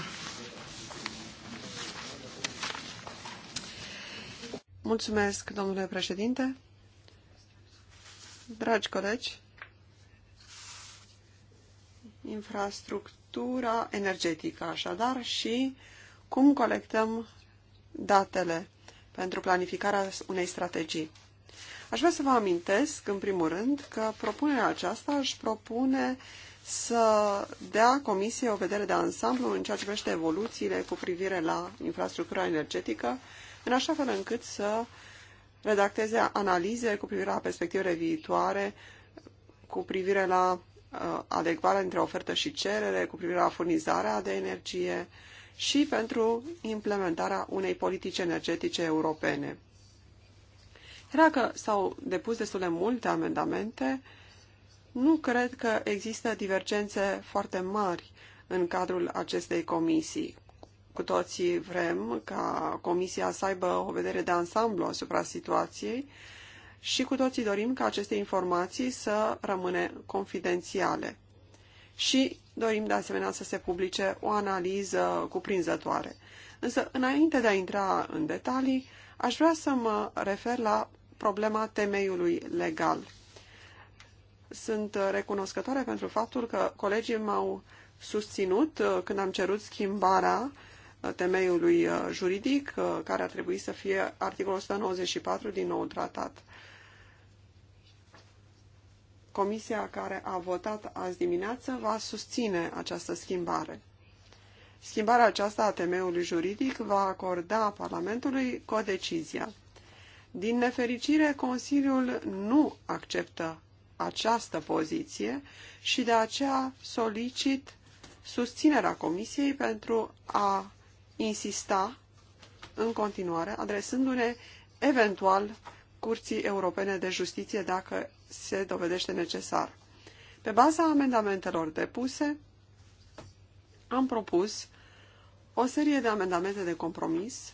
Mulțumesc, domnule președinte. Dragi colegi, infrastructura energetică, așadar, și cum colectăm datele pentru planificarea unei strategii. Aș vrea să vă amintesc, în primul rând, că propunerea aceasta își propune să dea Comisiei o vedere de ansamblu în ceea ce privește evoluțiile cu privire la infrastructura energetică, în așa fel încât să redacteze analize cu privire la perspectivele viitoare, cu privire la uh, adecvarea între ofertă și cerere, cu privire la furnizarea de energie și pentru implementarea unei politici energetice europene. Era că s-au depus destul de multe amendamente, nu cred că există divergențe foarte mari în cadrul acestei comisii cu toții vrem ca Comisia să aibă o vedere de ansamblu asupra situației și cu toții dorim ca aceste informații să rămâne confidențiale. Și dorim de asemenea să se publice o analiză cuprinzătoare. Însă, înainte de a intra în detalii, aș vrea să mă refer la problema temeiului legal. Sunt recunoscătoare pentru faptul că colegii m-au susținut uh, când am cerut schimbarea temeiului uh, juridic, uh, care ar trebui să fie articolul 194 din nou tratat. Comisia care a votat azi dimineață va susține această schimbare. Schimbarea aceasta a temeiului juridic va acorda Parlamentului codecizia. Din nefericire, Consiliul nu acceptă această poziție și de aceea solicit susținerea Comisiei pentru a insista în continuare, adresându-ne eventual Curții Europene de Justiție dacă se dovedește necesar. Pe baza amendamentelor depuse, am propus o serie de amendamente de compromis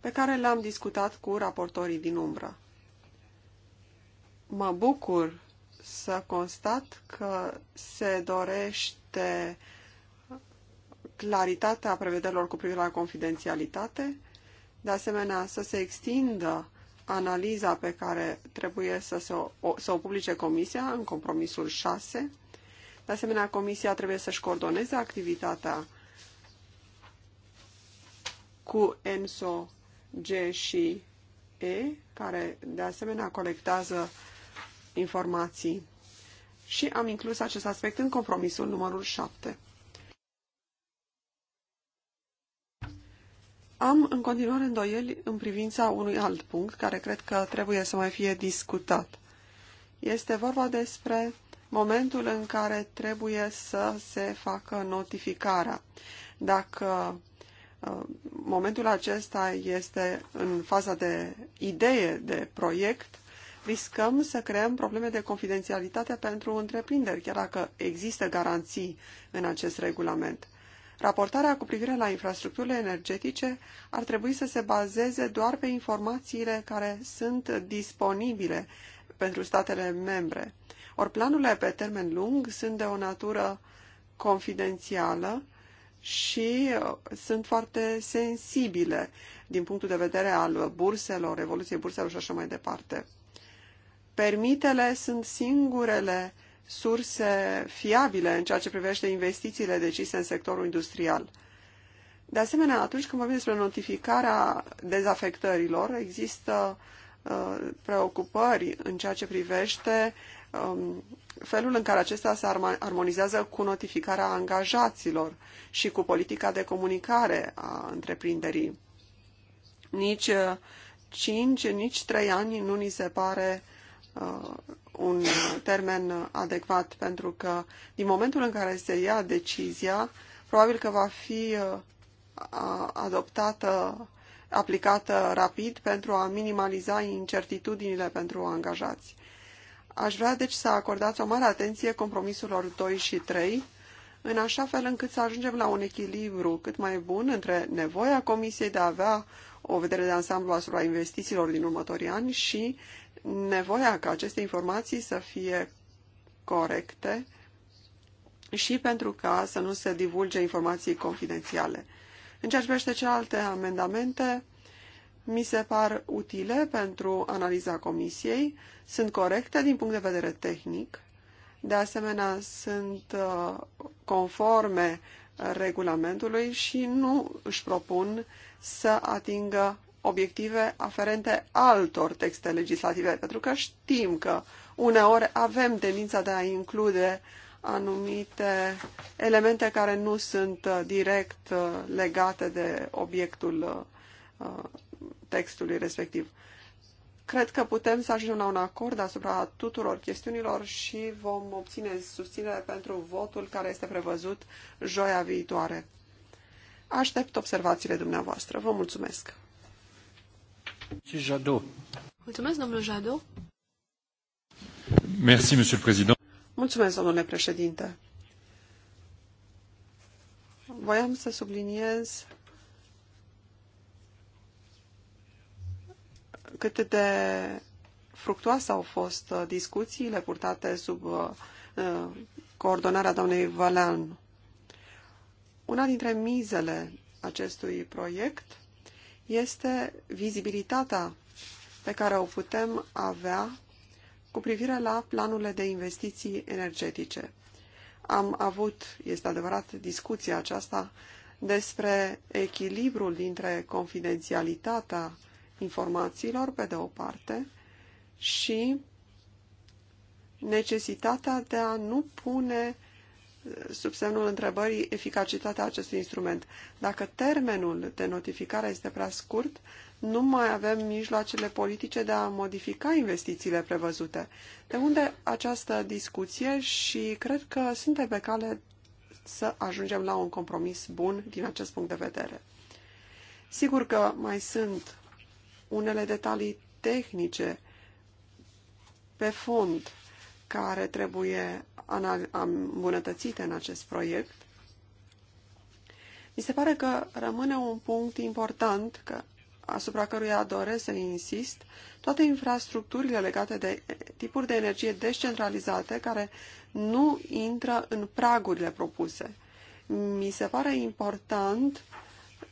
pe care le-am discutat cu raportorii din umbră. Mă bucur să constat că se dorește claritatea prevederilor cu privire la confidențialitate, de asemenea să se extindă analiza pe care trebuie să, se o, să o publice Comisia în compromisul 6. De asemenea, Comisia trebuie să-și coordoneze activitatea cu ENSO, G și E, care de asemenea colectează informații. Și am inclus acest aspect în compromisul numărul 7. Am în continuare îndoieli în privința unui alt punct care cred că trebuie să mai fie discutat. Este vorba despre momentul în care trebuie să se facă notificarea. Dacă uh, momentul acesta este în faza de idee de proiect, riscăm să creăm probleme de confidențialitate pentru întreprinderi, chiar dacă există garanții în acest regulament. Raportarea cu privire la infrastructurile energetice ar trebui să se bazeze doar pe informațiile care sunt disponibile pentru statele membre. Ori planurile pe termen lung sunt de o natură confidențială și uh, sunt foarte sensibile din punctul de vedere al burselor, evoluției burselor și așa mai departe. Permitele sunt singurele uh, surse fiabile în ceea ce privește investițiile decise în sectorul industrial. De asemenea, atunci când vorbim despre notificarea dezafectărilor, există uh, preocupări în ceea ce privește um, felul în care acesta se armonizează cu notificarea angajaților și cu politica de comunicare a întreprinderii. Nici 5, uh, nici 3 ani nu ni se pare uh, Uh, un termen adecvat, pentru că din momentul în care se ia decizia, probabil că va fi uh, adoptată, aplicată rapid pentru a minimaliza incertitudinile pentru angajați. Aș vrea deci să acordați o mare atenție compromisurilor 2 și 3, în așa fel încât să ajungem la un echilibru cât mai bun între nevoia Comisiei de a avea o vedere de ansamblu asupra investițiilor din următorii ani și nevoia ca aceste informații să fie corecte și pentru ca să nu se divulge informații confidențiale. În ceea ce privește celelalte amendamente, mi se par utile pentru analiza comisiei, sunt corecte din punct de vedere tehnic, de asemenea sunt uh, conforme regulamentului și nu își propun să atingă obiective aferente altor texte legislative, pentru că știm că uneori avem tendința de a include anumite elemente care nu sunt uh, direct uh, legate de obiectul uh, textului respectiv. Cred că putem să ajungem la un acord asupra tuturor chestiunilor și vom obține susținere pentru votul care este prevăzut joia viitoare. Aștept observațiile dumneavoastră. Vă mulțumesc! Jadot. Mulțumesc, domnul Jadot. Merci, monsieur le président. Mulțumesc, domnule președinte. Voiam să subliniez cât de fructoase au fost uh, discuțiile purtate sub uh, coordonarea doamnei Valean. Una dintre mizele acestui proiect este vizibilitatea pe care o putem avea cu privire la planurile de investiții energetice. Am avut, este adevărat, discuția aceasta despre echilibrul dintre confidențialitatea informațiilor, pe de o parte, și necesitatea de a nu pune sub semnul întrebării eficacitatea acestui instrument. Dacă termenul de notificare este prea scurt, nu mai avem mijloacele politice de a modifica investițiile prevăzute. De unde această discuție și cred că suntem pe cale să ajungem la un compromis bun din acest punct de vedere. Sigur că mai sunt unele detalii tehnice pe fond care trebuie îmbunătățite în acest proiect. Mi se pare că rămâne un punct important că, asupra căruia doresc să insist, toate infrastructurile legate de tipuri de energie descentralizate care nu intră în pragurile propuse. Mi se pare important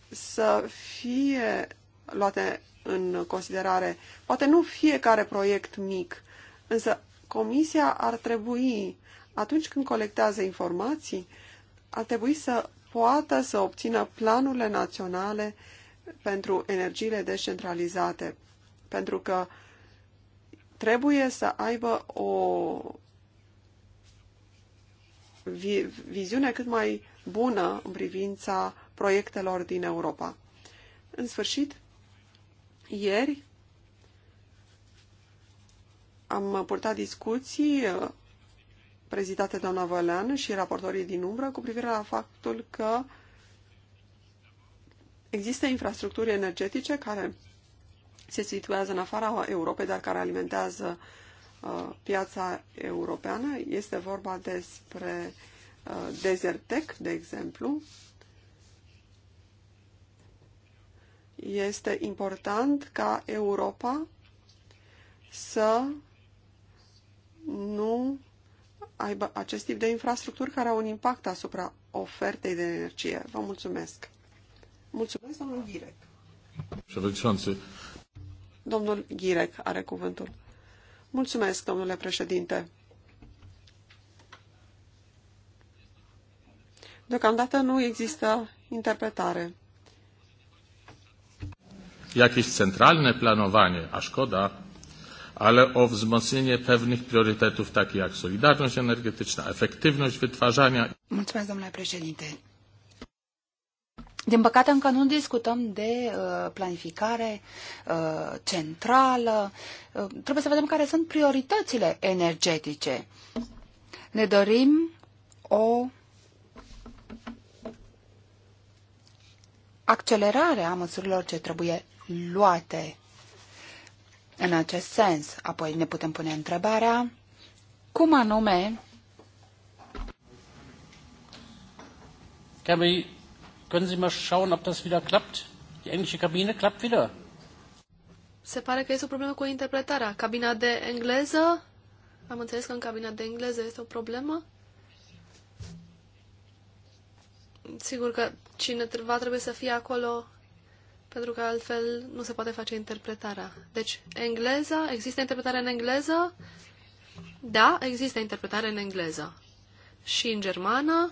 să fie luate în considerare, poate nu fiecare proiect mic, însă Comisia ar trebui, atunci când colectează informații, ar trebui să poată să obțină planurile naționale pentru energiile descentralizate, pentru că trebuie să aibă o vi viziune cât mai bună în privința proiectelor din Europa. În sfârșit, ieri am purtat discuții uh, prezidate doamna Vălean și raportorii din umbră cu privire la faptul că există infrastructuri energetice care se situează în afara Europei, dar care alimentează uh, piața europeană. Este vorba despre uh, Desertec, de exemplu. Este important ca Europa să nu aibă acest tip de infrastructuri care au un impact asupra ofertei de energie. Vă mulțumesc. Mulțumesc, domnul Ghirec. Domnul Ghirec are cuvântul. Mulțumesc, domnule președinte. Deocamdată nu există interpretare. Jakieś centralne planowanie, a szkoda, ale o wzmocnienie pewnych priorytetów, takich jak solidarność energetyczna, efektywność wytwarzania. Mulțumesc, domnule președinte. Din păcate încă nu discutăm de uh, planificare uh, centrală. Uh, trebuie să vedem care sunt prioritățile energetice. Ne dorim o accelerare a măsurilor ce trebuie luate în acest sens. Apoi ne putem pune întrebarea cum anume Gabi, können Sie mal schauen, ob das wieder klappt? Die englische Kabine klappt wieder. Se pare că este o problemă cu interpretarea. Cabina de engleză? Am înțeles că în cabina de engleză este o problemă? Sigur că cine va trebui să fie acolo pentru că altfel nu se poate face interpretarea. Deci, engleza, există interpretare în engleză? Da, există interpretare în engleză. Și în germană?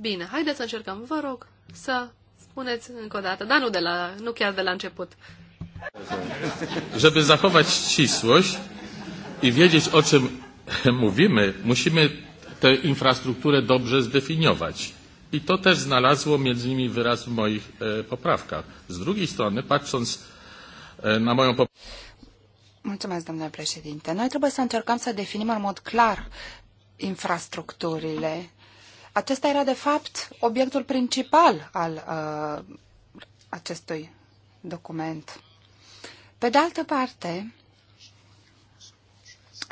Bine, haideți să încercăm, vă rog, să spuneți încă o dată, dar nu, de la, nu chiar de la început. Żeby zachować ścisłość i wiedzieć o czym mówimy, musimy tę infrastrukturę dobrze zdefiniować. I to też znalazło między innymi wyraz w moich e, poprawkach. Z drugiej strony, patrząc e, na moją poprawkę. Mulțumesc, domnule președinte. Noi trebuie să încercăm să definim în mod clar infrastructurile. Acesta era, de fapt, obiectul principal al uh, acestui document. Pe de altă parte,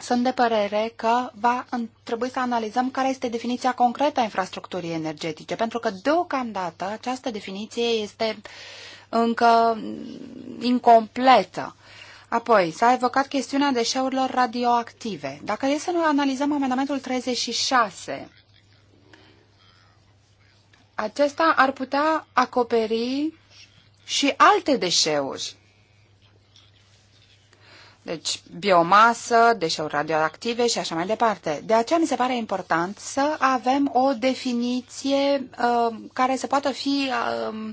sunt de părere că va trebui să analizăm care este definiția concretă a infrastructurii energetice, pentru că deocamdată această definiție este încă incompletă. Apoi, s-a evocat chestiunea deșeurilor radioactive. Dacă e să nu analizăm amendamentul 36, acesta ar putea acoperi și alte deșeuri deci biomasă, deșeuri radioactive și așa mai departe. De aceea mi se pare important să avem o definiție uh, care să poată fi uh,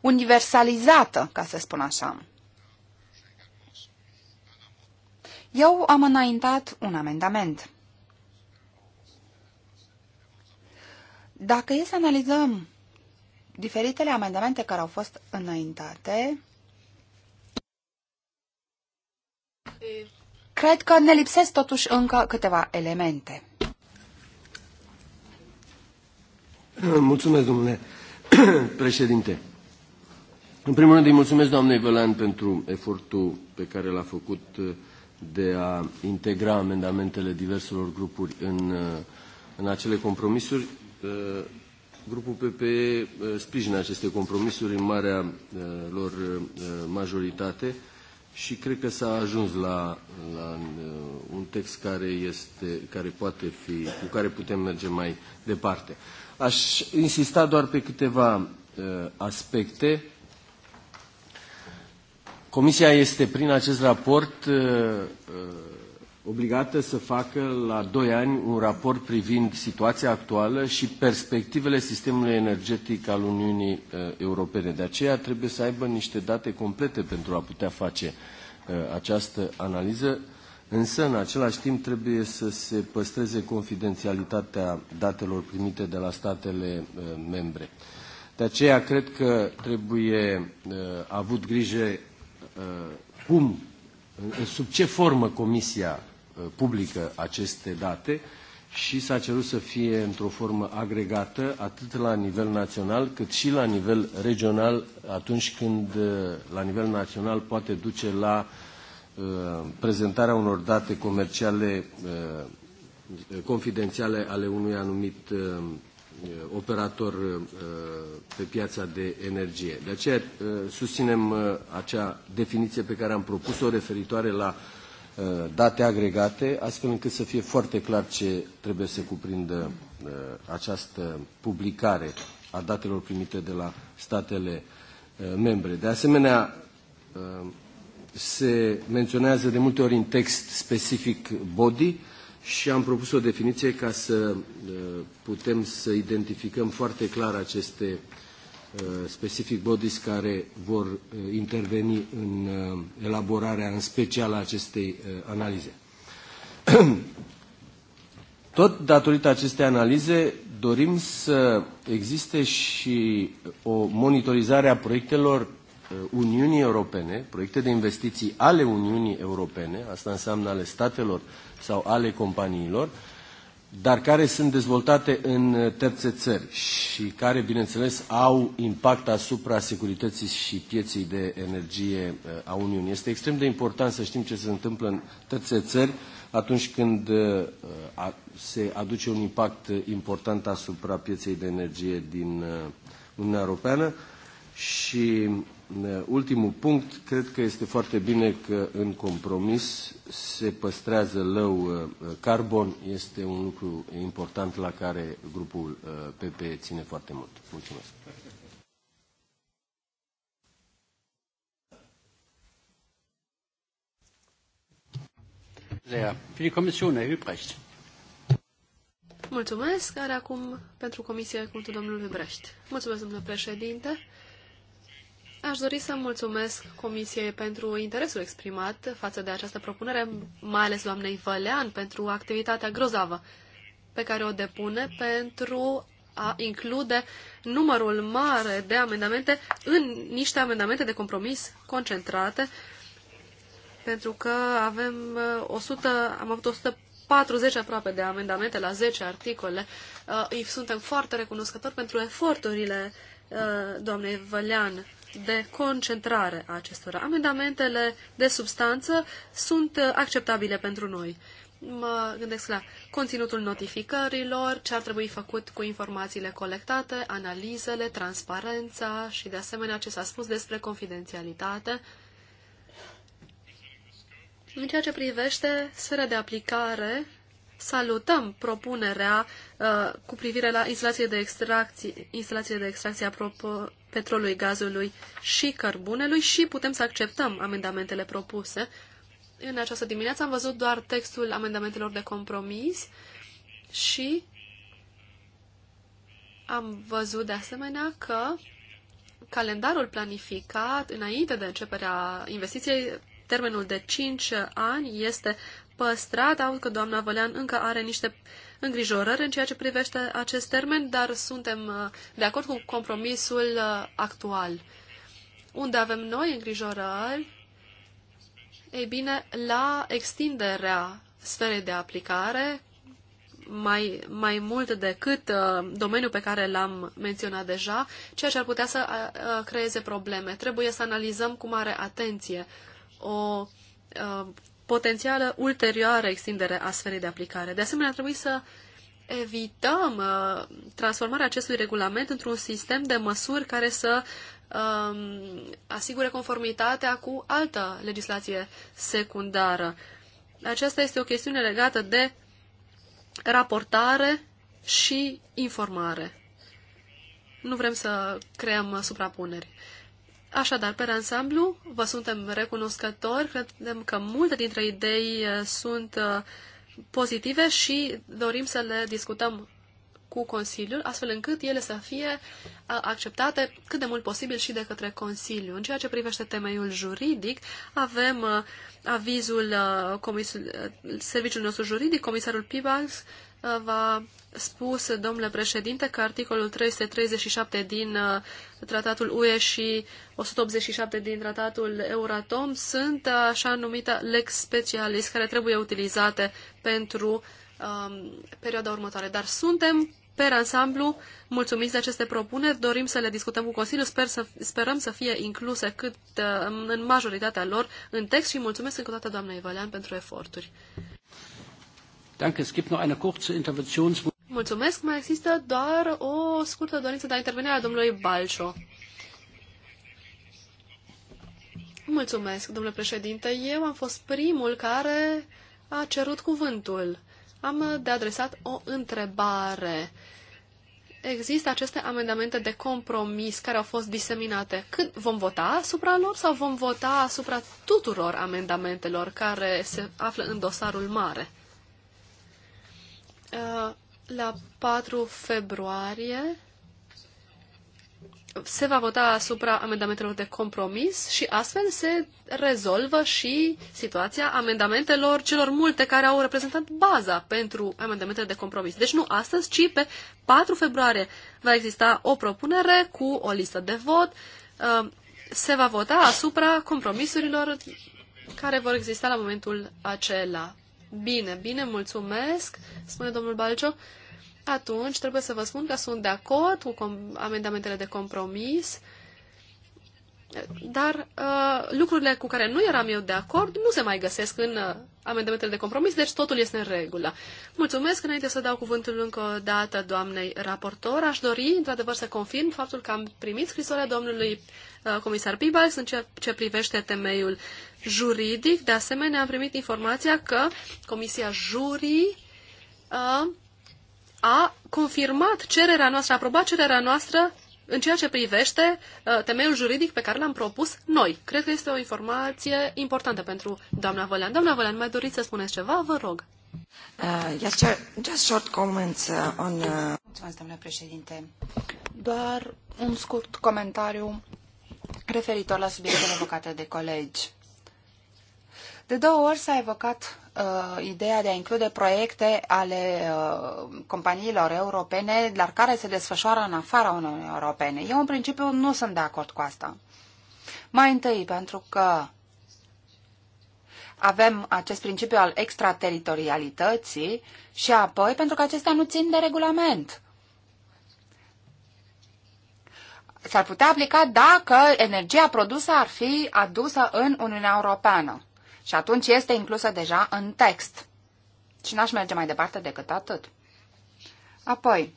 universalizată, ca să spun așa. Eu am înaintat un amendament. Dacă e să analizăm diferitele amendamente care au fost înaintate, Cred că ne lipsesc totuși încă câteva elemente. Mulțumesc, domnule președinte. În primul rând îi mulțumesc doamnei Vălan pentru efortul pe care l-a făcut uh, de a integra amendamentele diverselor grupuri în, uh, în acele compromisuri. Uh, grupul PPE sprijină aceste compromisuri în marea lor majoritate și cred că s-a ajuns la, la uh, un text care, este, care poate fi, cu care putem merge mai departe. Aș insista doar pe câteva uh, aspecte. Comisia este prin acest raport uh, uh obligată să facă la doi ani un raport privind situația actuală și perspectivele sistemului energetic al Uniunii uh, Europene. De aceea trebuie să aibă niște date complete pentru a putea face uh, această analiză, însă în același timp trebuie să se păstreze confidențialitatea datelor primite de la statele uh, membre. De aceea cred că trebuie avut grijă cum sub ce formă Comisia Uh, publică aceste date și s-a cerut să fie într-o formă agregată atât la nivel național cât și la nivel regional atunci când uh, la nivel național poate duce la uh, prezentarea unor date comerciale uh, confidențiale ale unui anumit uh, uh operator pe piața de energie. De aceea susținem acea definiție pe care am propus-o referitoare la Uh, date agregate, astfel încât să fie foarte clar ce trebuie să cuprindă uh, această publicare a datelor primite de la statele uh, membre. De asemenea, se menționează de multe ori în text specific body și am propus o definiție ca să putem să identificăm foarte clar aceste Uh, specific bodies care vor uh, interveni în uh, elaborarea în special a acestei analize. Tot datorită acestei analize dorim să existe și o monitorizare a proiectelor Uniunii Europene, proiecte de investiții ale Uniunii Europene, asta înseamnă ale statelor sau ale companiilor, dar care sunt dezvoltate în uh, terțe țări și care, bineînțeles, au impact asupra securității și pieței de energie uh, a Uniunii. Este extrem de important să știm ce se întâmplă în terțe țări atunci când uh, se aduce un impact important asupra pieței de energie din Uniunea Europeană și Uh, ultimul punct, cred că este foarte bine că în compromis se păstrează lău uh, carbon. Este un lucru important la care grupul PP uh, ține foarte mult. Mulțumesc. Mulțumesc. Are acum pentru Comisie cuvântul domnul Hübrecht. Mulțumesc, domnule președinte. Aș dori să mulțumesc Comisiei pentru interesul exprimat față de această propunere, mai ales doamnei Vălean pentru activitatea grozavă pe care o depune pentru a include numărul mare de amendamente în niște amendamente de compromis concentrate, pentru că avem 100, uh, am avut 140 aproape de amendamente la 10 articole. Uh, suntem foarte recunoscători pentru eforturile uh, doamnei Vălean de concentrare a acestora. Amendamentele de substanță sunt uh, acceptabile pentru noi. Mă gândesc la conținutul notificărilor, ce ar trebui făcut cu informațiile colectate, analizele, transparența și, de asemenea, ce s-a spus despre confidențialitate. În ceea ce privește sfera de aplicare, salutăm propunerea uh, cu privire la instalație de extracție, instalație de extracție apropo, petrolului, gazului și cărbunelui și putem să acceptăm amendamentele propuse. În această dimineață am văzut doar textul amendamentelor de compromis și am văzut de asemenea că calendarul planificat înainte de începerea investiției, termenul de 5 ani este păstrat. Aud că doamna Vălean încă are niște îngrijorări în ceea ce privește acest termen, dar suntem uh, de acord cu compromisul uh, actual. Unde avem noi îngrijorări? Ei bine, la extinderea sferei de aplicare, mai, mai mult decât uh, domeniul pe care l-am menționat deja, ceea ce ar putea să creeze probleme. Trebuie să analizăm cu mare atenție o potențială ulterioară extindere a sferei de aplicare. De asemenea, trebuie să evităm uh, transformarea acestui regulament într-un sistem de măsuri care să um, asigure conformitatea cu altă legislație secundară. Aceasta este o chestiune legată de raportare și informare. Nu vrem să creăm suprapuneri. Așadar, pe ansamblu, vă suntem recunoscători, credem că multe dintre idei uh, sunt uh, pozitive și dorim să le discutăm cu Consiliul, astfel încât ele să fie uh, acceptate cât de mult posibil și de către Consiliu. În ceea ce privește temeiul juridic, avem avizul serviciului nostru juridic, comisarul Pibals v-a spus, domnule președinte, că articolul 337 din uh, tratatul UE și 187 din tratatul Euratom sunt uh, așa numita lex specialis care trebuie utilizate pentru um, perioada următoare. Dar suntem pe ansamblu mulțumiți de aceste propuneri, dorim să le discutăm cu Consiliul, sper să, sperăm să fie incluse cât uh, în majoritatea lor în text și mulțumesc încă o dată doamnei Valean pentru eforturi. Danke, es gibt noch eine kurze Interventions... Mulțumesc, mai există doar o scurtă dorință de a interveni a domnului Balcio. Mulțumesc, domnule președinte. Eu am fost primul care a cerut cuvântul. Am de adresat o întrebare. Există aceste amendamente de compromis care au fost diseminate. Când vom vota asupra lor sau vom vota asupra tuturor amendamentelor care se află în dosarul mare? Uh, la 4 februarie se va vota asupra amendamentelor de compromis și astfel se rezolvă și situația amendamentelor celor multe care au reprezentat baza pentru amendamentele de compromis. Deci nu astăzi, ci pe 4 februarie va exista o propunere cu o listă de vot. Uh, se va vota asupra compromisurilor care vor exista la momentul acela. Bine, bine, mulțumesc, spune domnul Balcio. Atunci trebuie să vă spun că sunt de acord cu amendamentele de compromis, dar uh, lucrurile cu care nu eram eu de acord nu se mai găsesc în uh, amendamentele de compromis, deci totul este în regulă. Mulțumesc. Înainte să dau cuvântul încă o dată doamnei raportor, aș dori, într-adevăr, să confirm faptul că am primit scrisoarea domnului uh, comisar Pibals în ce privește temeiul juridic. De asemenea, am primit informația că Comisia Jurii uh, a confirmat cererea noastră, a aprobat cererea noastră în ceea ce privește uh, temeiul juridic pe care l-am propus noi. Cred că este o informație importantă pentru doamna Vălean. Doamna Vălean, mai doriți să spuneți ceva? Vă rog. Uh, yes, just short comments uh, on... Uh... Mulțumesc, domnule președinte. Doar un scurt comentariu referitor la subiectele evocate de colegi. De două ori s-a evocat uh, ideea de a include proiecte ale uh, companiilor europene, dar care se desfășoară în afara Uniunii Europene. Eu, în principiu, nu sunt de acord cu asta. Mai întâi, pentru că avem acest principiu al extraterritorialității și apoi pentru că acestea nu țin de regulament. S-ar putea aplica dacă energia produsă ar fi adusă în Uniunea Europeană. Și atunci este inclusă deja în text. Și n-aș merge mai departe decât atât. Apoi,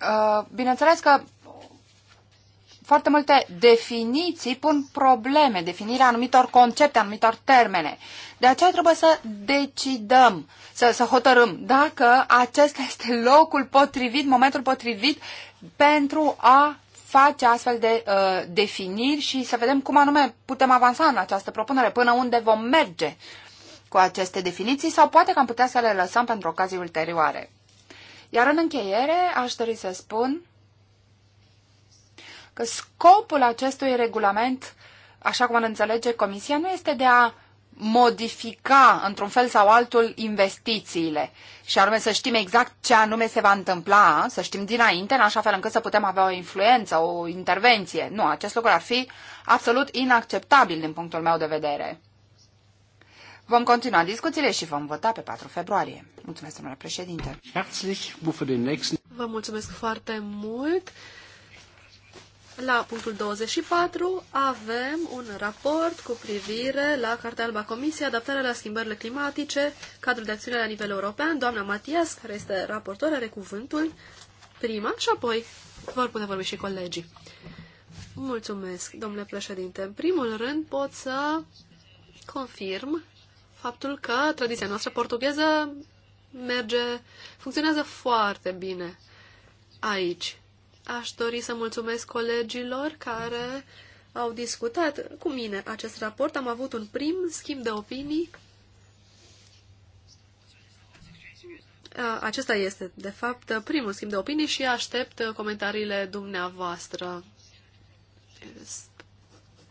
uh, bineînțeles că foarte multe definiții pun probleme, definirea anumitor concepte, anumitor termene. De aceea trebuie să decidăm, să, să hotărâm dacă acesta este locul potrivit, momentul potrivit pentru a face astfel de uh, definiri și să vedem cum anume putem avansa în această propunere, până unde vom merge cu aceste definiții sau poate că am putea să le lăsăm pentru ocazii ulterioare. Iar în încheiere aș dori să spun că scopul acestui regulament, așa cum îl înțelege Comisia, nu este de a modifica într-un fel sau altul investițiile și anume să știm exact ce anume se va întâmpla, să știm dinainte, în așa fel încât să putem avea o influență, o intervenție. Nu, acest lucru ar fi absolut inacceptabil din punctul meu de vedere. Vom continua discuțiile și vom vota pe 4 februarie. Mulțumesc, domnule președinte. Vă mulțumesc foarte mult. La punctul 24 avem un raport cu privire la Cartea Alba Comisiei, adaptarea la schimbările climatice, cadrul de acțiune la nivel european. Doamna Matias, care este raportor, are cuvântul prima și apoi vor putea vorbi și colegii. Mulțumesc, domnule președinte. În primul rând pot să confirm faptul că tradiția noastră portugheză merge, funcționează foarte bine aici. Aș dori să mulțumesc colegilor care au discutat cu mine acest raport. Am avut un prim schimb de opinii. Acesta este, de fapt, primul schimb de opinii și aștept comentariile dumneavoastră.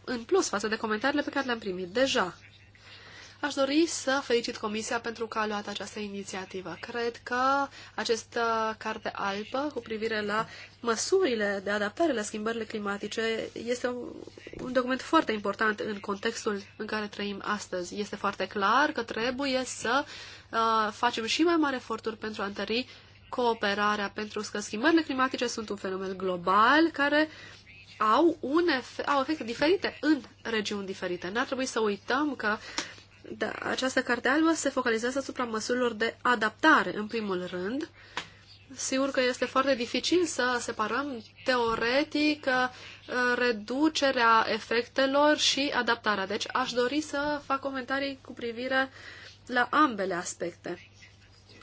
În plus față de comentariile pe care le-am primit deja. Aș dori să felicit Comisia pentru că a luat această inițiativă. Cred că această carte albă cu privire la măsurile de adaptare la schimbările climatice este un, document foarte important în contextul în care trăim astăzi. Este foarte clar că trebuie să uh, facem și mai mari eforturi pentru a întări cooperarea, pentru că schimbările climatice sunt un fenomen global care au, un efect, au efecte diferite în regiuni diferite. N-ar trebui să uităm că da, această carte albă se focalizează asupra măsurilor de adaptare, în primul rând. Sigur că este foarte dificil să separăm teoretic uh, reducerea efectelor și adaptarea. Deci aș dori să fac comentarii cu privire la ambele aspecte.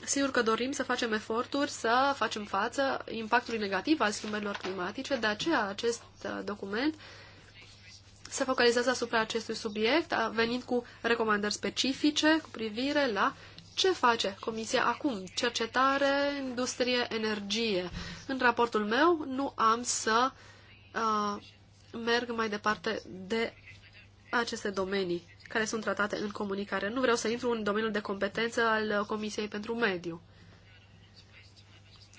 Sigur că dorim să facem eforturi să facem față impactului negativ al schimbărilor climatice, de aceea acest uh, document uh, se focalizează asupra acestui subiect, a venit cu recomandări specifice cu privire la ce face Comisia acum? Cercetare, industrie, energie. În raportul meu nu am să uh, merg mai departe de aceste domenii care sunt tratate în comunicare. Nu vreau să intru în domeniul de competență al Comisiei pentru Mediu.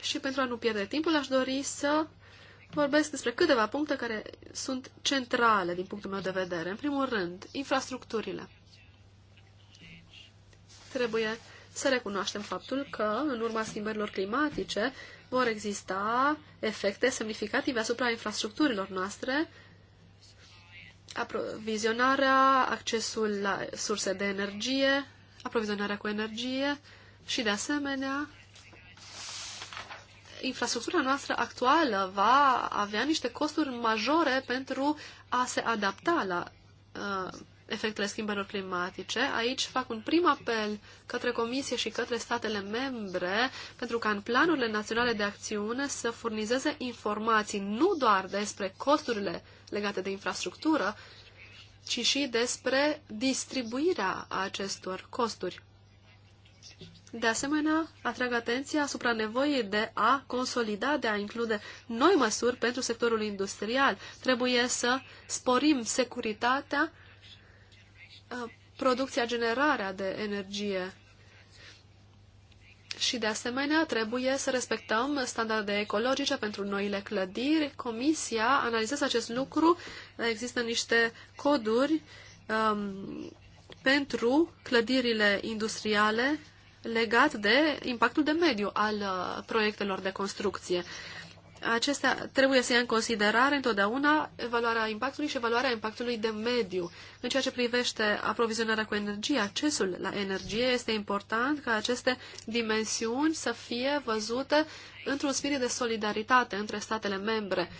Și pentru a nu pierde timpul, aș dori să vorbesc despre câteva puncte care sunt centrale din punctul meu de vedere. În primul rând, infrastructurile. Trebuie să recunoaștem faptul că, în urma schimbărilor climatice, vor exista efecte semnificative asupra infrastructurilor noastre, aprovizionarea, accesul la surse de energie, aprovizionarea cu energie și, de asemenea, infrastructura noastră actuală va avea niște costuri majore pentru a se adapta la uh, efectele schimbărilor climatice. Aici fac un prim apel către Comisie și către statele membre pentru ca în planurile naționale de acțiune să furnizeze informații nu doar despre costurile legate de infrastructură, ci și despre distribuirea acestor costuri. De asemenea, atrag atenția asupra nevoii de a consolida, de a include noi măsuri pentru sectorul industrial. Trebuie să sporim securitatea, uh, producția, generarea de energie. Și, de asemenea, trebuie să respectăm standarde ecologice pentru noile clădiri. Comisia analizează acest lucru. Există niște coduri um, pentru clădirile industriale legat de impactul de mediu al uh, proiectelor de construcție. Acestea trebuie să ia în considerare întotdeauna evaluarea impactului și evaluarea impactului de mediu. În ceea ce privește aprovizionarea cu energie, accesul la energie, este important ca aceste dimensiuni să fie văzute într-un spirit de solidaritate între statele membre.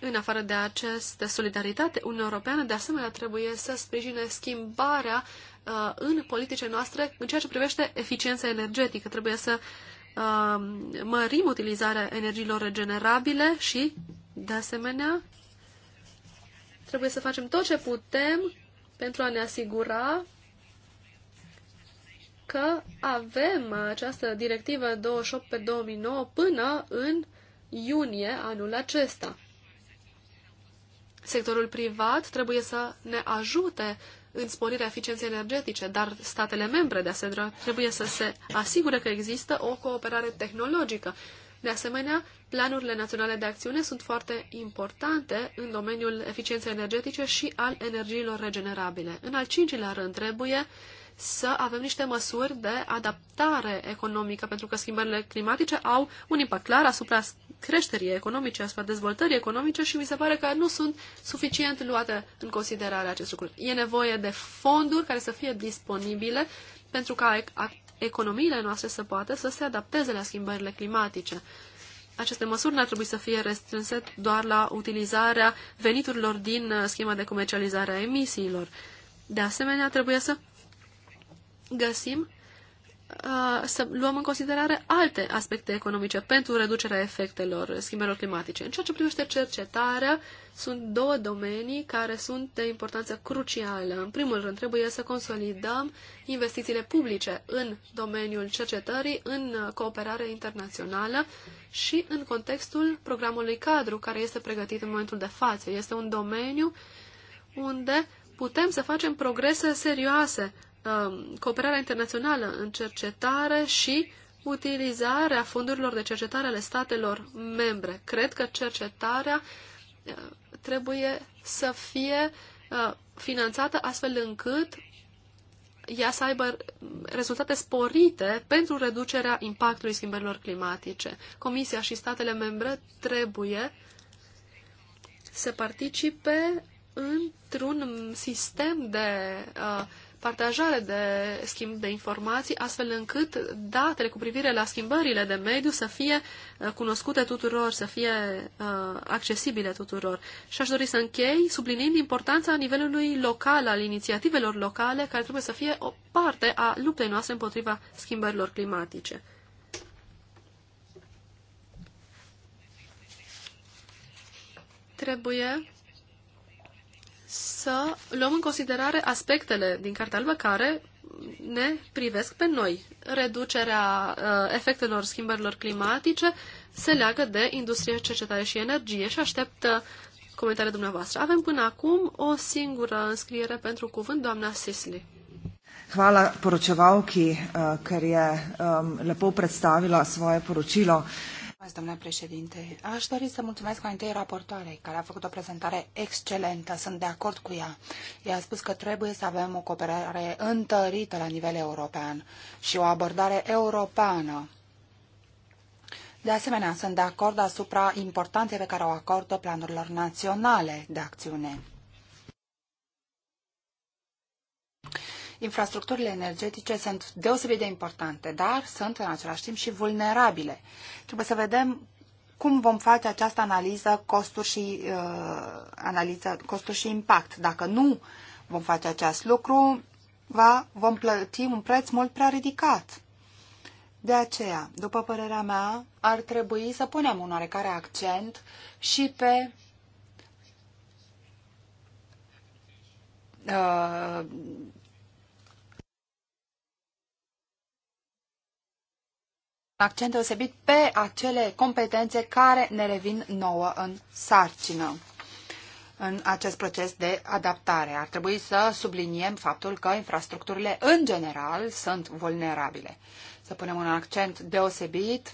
În afară de aceste solidaritate, Uniunea Europeană de asemenea trebuie să sprijine schimbarea uh, Uh, în politicile noastre în ceea ce privește eficiența energetică. Trebuie să uh, mărim utilizarea energiilor regenerabile și, de asemenea, trebuie să facem tot ce putem pentru a ne asigura că avem această directivă 28 pe 2009 până în iunie anul acesta. Sectorul privat trebuie să ne ajute în sporirea eficienței energetice, dar statele membre, de asemenea, trebuie să se asigure că există o cooperare tehnologică. De asemenea, planurile naționale de acțiune sunt foarte importante în domeniul eficienței energetice și al energiilor regenerabile. În al cincilea rând, trebuie uh, să avem niște măsuri de adaptare economică, pentru că schimbările climatice au un impact clar asupra creșterii economice, asupra dezvoltării economice și mi se pare că nu sunt suficient luate în considerare acest lucru. E nevoie de fonduri care să fie disponibile pentru ca economiile noastre să poată să se adapteze la schimbările climatice. Aceste măsuri nu ar trebui să fie restrânse doar la utilizarea veniturilor din uh, schema de comercializare a emisiilor. De asemenea, trebuie să găsim să luăm în considerare alte aspecte economice pentru reducerea efectelor schimbărilor climatice. În ceea ce privește cercetarea, sunt două domenii care sunt de importanță crucială. În primul rând, trebuie să consolidăm investițiile publice în domeniul cercetării, în cooperare internațională și în contextul programului cadru care este pregătit în momentul de față. Este un domeniu unde putem să facem progrese serioase Um, cooperarea internațională în cercetare și utilizarea fondurilor de cercetare ale statelor membre. Cred că cercetarea uh, trebuie să fie uh, finanțată astfel încât ea să aibă rezultate sporite pentru reducerea impactului schimbărilor climatice. Comisia și statele membre trebuie să participe într-un sistem de uh, partajare de schimb de informații, astfel încât datele cu privire la schimbările de mediu să fie uh, cunoscute tuturor, să fie uh, accesibile tuturor. Și aș dori să închei sublinind importanța nivelului local al inițiativelor locale, care trebuie să fie o parte a luptei noastre împotriva schimbărilor climatice. Trebuie să luăm în considerare aspectele din Cartea Albă care ne privesc pe noi. Reducerea uh, efectelor schimbărilor climatice se leagă de industrie, cercetare și energie și aștept uh, comentariile dumneavoastră. Avem până acum o singură înscriere pentru cuvânt, doamna Sisli. Hvala poročevalki, uh, ker je um, lepo predstavila svoje poročilo. Mulțumesc, domnule președinte. Aș dori să mulțumesc mai întâi raportoarei, care a făcut o prezentare excelentă. Sunt de acord cu ea. Ea a spus că trebuie să avem o cooperare întărită la nivel european și o abordare europeană. De asemenea, sunt de acord asupra importanței pe care o acordă planurilor naționale de acțiune infrastructurile energetice sunt deosebit de importante, dar sunt în același timp și vulnerabile. Trebuie să vedem cum vom face această analiză costuri și, uh, analiză, costuri și impact. Dacă nu vom face acest lucru, va, vom plăti un preț mult prea ridicat. De aceea, după părerea mea, ar trebui să punem un oarecare accent și pe uh, accent deosebit pe acele competențe care ne revin nouă în sarcină în acest proces de adaptare. Ar trebui să subliniem faptul că infrastructurile în general sunt vulnerabile. Să punem un accent deosebit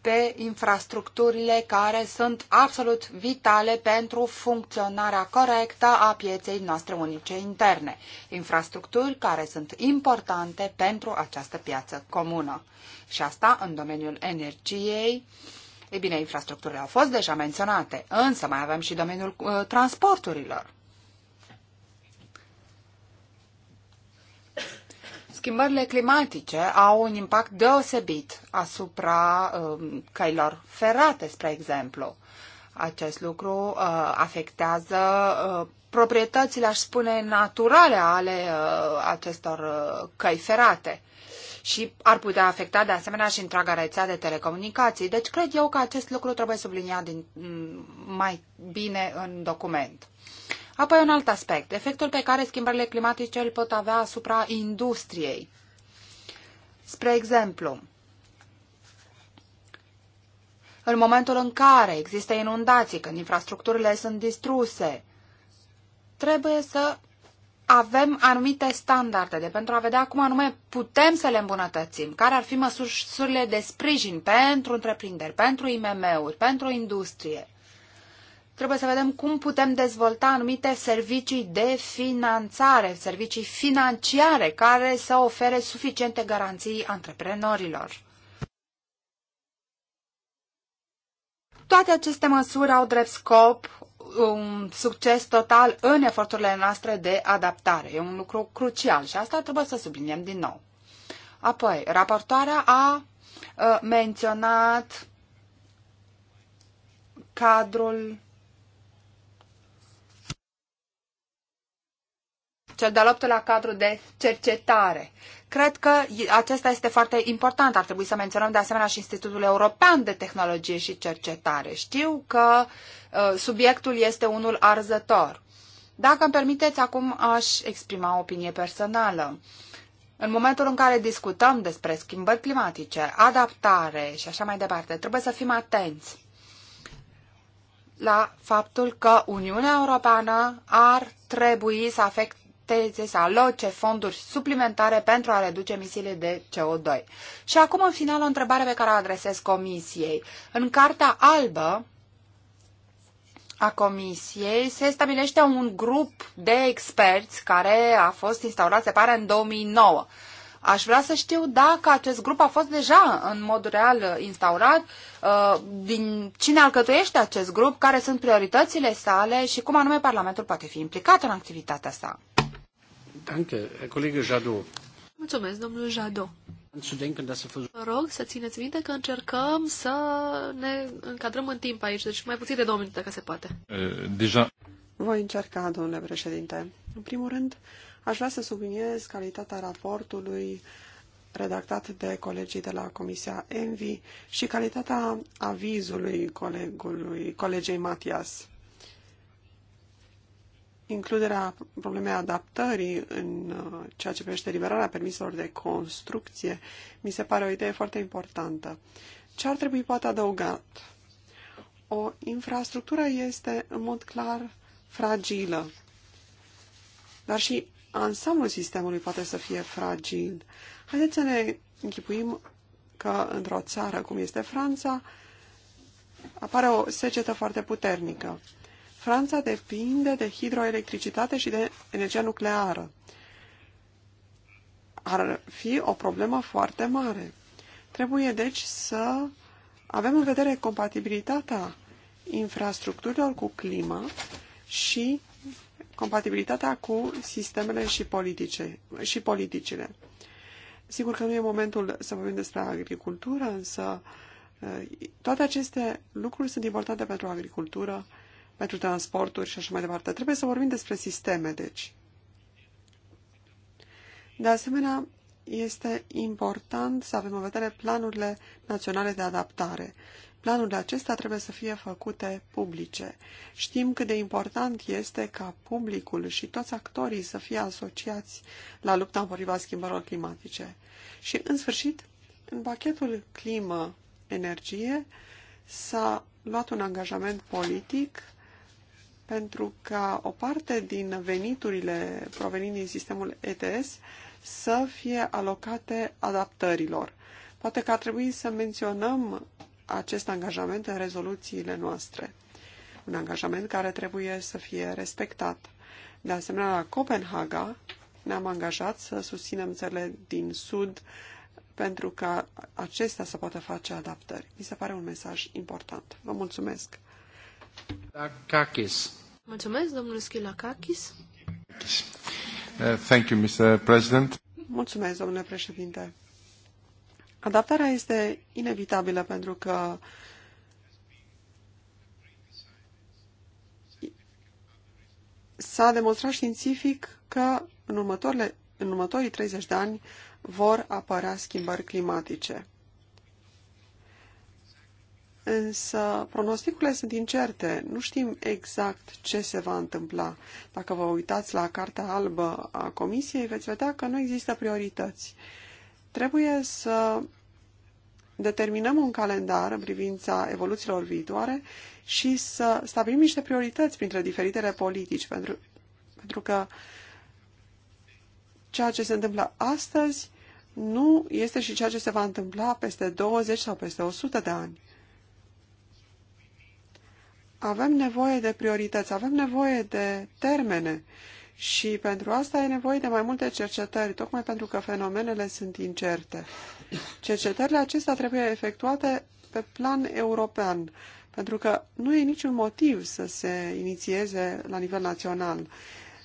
pe infrastructurile care sunt absolut vitale pentru funcționarea corectă a pieței noastre unice interne. Infrastructuri care sunt importante pentru această piață comună. Și asta în domeniul energiei. Ei bine, infrastructurile au fost deja menționate, însă mai avem și domeniul uh, transporturilor. schimbările climatice au un impact deosebit asupra uh, căilor ferate, spre exemplu. Acest lucru uh, afectează uh, proprietățile, aș spune, naturale ale uh, acestor uh, căi ferate și ar putea afecta de asemenea și întreaga rețea de telecomunicații. Deci cred eu că acest lucru trebuie subliniat din, mm, mai bine în document. Apoi un alt aspect, efectul pe care schimbările climatice îl pot avea asupra industriei. Spre exemplu, în momentul în care există inundații, când infrastructurile sunt distruse, trebuie să avem anumite standarde de pentru a vedea cum anume putem să le îmbunătățim, care ar fi măsurile de sprijin pentru întreprinderi, pentru IMM-uri, pentru industrie. Trebuie să vedem cum putem dezvolta anumite servicii de finanțare, servicii financiare care să ofere suficiente garanții antreprenorilor. Toate aceste măsuri au drept scop un succes total în eforturile noastre de adaptare. E un lucru crucial și asta trebuie să subliniem din nou. Apoi, raportoarea a uh, menționat cadrul cel de-al optulea cadru de cercetare. Cred că acesta este foarte important. Ar trebui să menționăm de asemenea și Institutul European de Tehnologie și Cercetare. Știu că uh, subiectul este unul arzător. Dacă îmi permiteți, acum aș exprima o opinie personală. În momentul în care discutăm despre schimbări climatice, adaptare și așa mai departe, trebuie să fim atenți la faptul că Uniunea Europeană ar trebui să, afect, colecteze, să aloce fonduri suplimentare pentru a reduce emisiile de CO2. Și acum, în final, o întrebare pe care o adresez Comisiei. În Cartea Albă a Comisiei se stabilește un grup de experți care a fost instaurat, se pare, în 2009. Aș vrea să știu dacă acest grup a fost deja în mod real instaurat, uh, din cine alcătuiește acest grup, care sunt prioritățile sale și cum anume Parlamentul poate fi implicat în activitatea sa. Danke, Jadot. Mulțumesc, domnul Jadot. Vă rog să țineți minte că încercăm să ne încadrăm în timp aici, deci mai puțin de două minute, dacă se poate. Eh, deja. Voi încerca, domnule președinte. În primul rând, aș vrea să subliniez calitatea raportului redactat de colegii de la Comisia Envi și calitatea avizului colegului, colegei Matias includerea problemei adaptării în uh, ceea ce privește liberarea permiselor de construcție mi se pare o idee foarte importantă. Ce ar trebui poate adăugat? O infrastructură este în mod clar fragilă, dar și ansamblul sistemului poate să fie fragil. Haideți să ne închipuim că într-o țară cum este Franța apare o secetă foarte puternică. Franța depinde de hidroelectricitate și de energia nucleară. Ar fi o problemă foarte mare. Trebuie, deci, să avem în vedere compatibilitatea infrastructurilor cu clima și compatibilitatea cu sistemele și, politice, și politicile. Sigur că nu e momentul să vorbim despre agricultură, însă eh, toate aceste lucruri sunt importante pentru agricultură pentru transporturi și așa mai departe. Trebuie să vorbim despre sisteme, deci. De asemenea, este important să avem în vedere planurile naționale de adaptare. Planurile acestea trebuie să fie făcute publice. Știm cât de important este ca publicul și toți actorii să fie asociați la lupta împotriva schimbărilor climatice. Și, în sfârșit, în pachetul climă-energie s-a luat un angajament politic pentru ca o parte din veniturile provenind din sistemul ETS să fie alocate adaptărilor. Poate că ar trebui să menționăm acest angajament în rezoluțiile noastre. Un angajament care trebuie să fie respectat. De asemenea, la Copenhaga ne-am angajat să susținem țările din Sud pentru ca acestea să poată face adaptări. Mi se pare un mesaj important. Vă mulțumesc! Kakis. Mulțumesc, domnul Schilakakis. Uh, thank you, Mr. President. Mulțumesc, domnule președinte. Adaptarea este inevitabilă pentru că s-a demonstrat științific că în, următoarele, în următorii 30 de ani vor apărea schimbări climatice însă pronosticurile sunt incerte. Nu știm exact ce se va întâmpla. Dacă vă uitați la Cartea Albă a Comisiei, veți vedea că nu există priorități. Trebuie să determinăm un calendar în privința evoluțiilor viitoare și să stabilim niște priorități printre diferitele politici, pentru, pentru că ceea ce se întâmplă astăzi nu este și ceea ce se va întâmpla peste 20 sau peste 100 de ani avem nevoie de priorități, avem nevoie de termene și pentru asta e nevoie de mai multe cercetări, tocmai pentru că fenomenele sunt incerte. Cercetările acestea trebuie efectuate pe plan european, pentru că nu e niciun motiv să se inițieze la nivel național.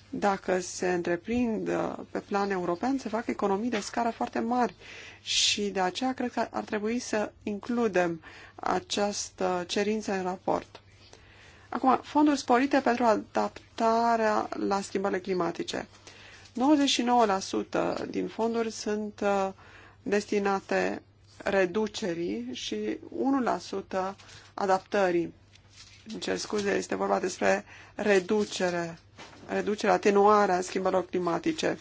Dacă se întreprind uh, pe plan european, se fac economii de scară foarte mari și de aceea cred că ar trebui să includem această cerință în raport. Acum, fonduri sporite pentru adaptarea la schimbările climatice. 99% din fonduri sunt uh, destinate reducerii și 1% adaptării. Îmi cer scuze, este vorba despre reducere, reducerea, atenuarea schimbărilor climatice.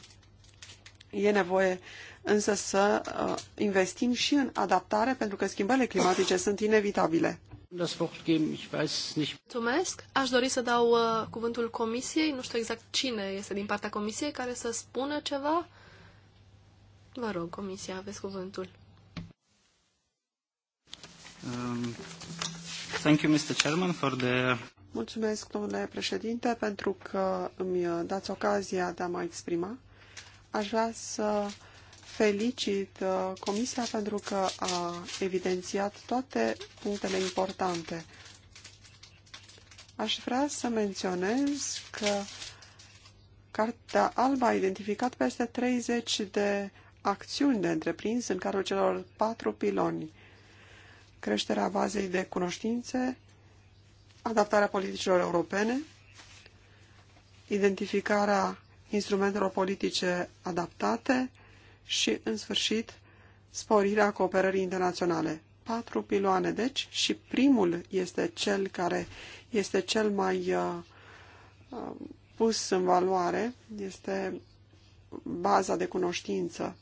E nevoie însă să uh, investim și în adaptare pentru că schimbările climatice sunt inevitabile. Mulțumesc. Aș dori să dau uh, cuvântul comisiei. Nu știu exact cine este din partea comisiei care să spună ceva. Vă rog, comisia, aveți cuvântul. Um, thank you, Mr. Chairman, for the... Mulțumesc, domnule președinte, pentru că îmi dați ocazia de a mă exprima. Aș vrea să uh, felicit uh, Comisia pentru că a evidențiat toate punctele importante. Aș vrea să menționez că Cartea Albă a identificat peste 30 de acțiuni de întreprins în cadrul celor patru piloni. Creșterea bazei de cunoștințe, adaptarea politicilor europene, identificarea instrumentelor politice adaptate, și, în sfârșit, sporirea cooperării internaționale. Patru piloane, deci, și primul este cel care este cel mai uh, uh pus în valoare, este baza de cunoștință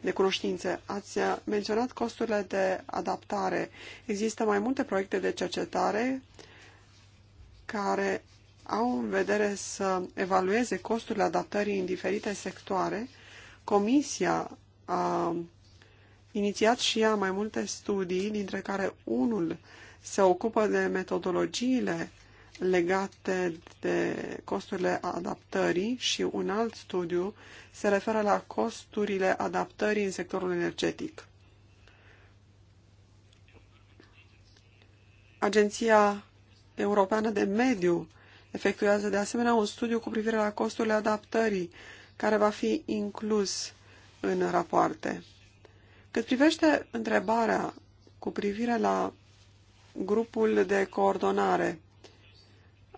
de cunoștințe. Ați uh, menționat costurile de adaptare. Există mai multe proiecte de cercetare care au în vedere să evalueze costurile adaptării în diferite sectoare Comisia a inițiat și ea mai multe studii, dintre care unul se ocupă de metodologiile legate de costurile adaptării și un alt studiu se referă la costurile adaptării în sectorul energetic. Agenția Europeană de Mediu efectuează de asemenea un studiu cu privire la costurile adaptării care va fi inclus în rapoarte. Cât privește întrebarea cu privire la grupul de coordonare,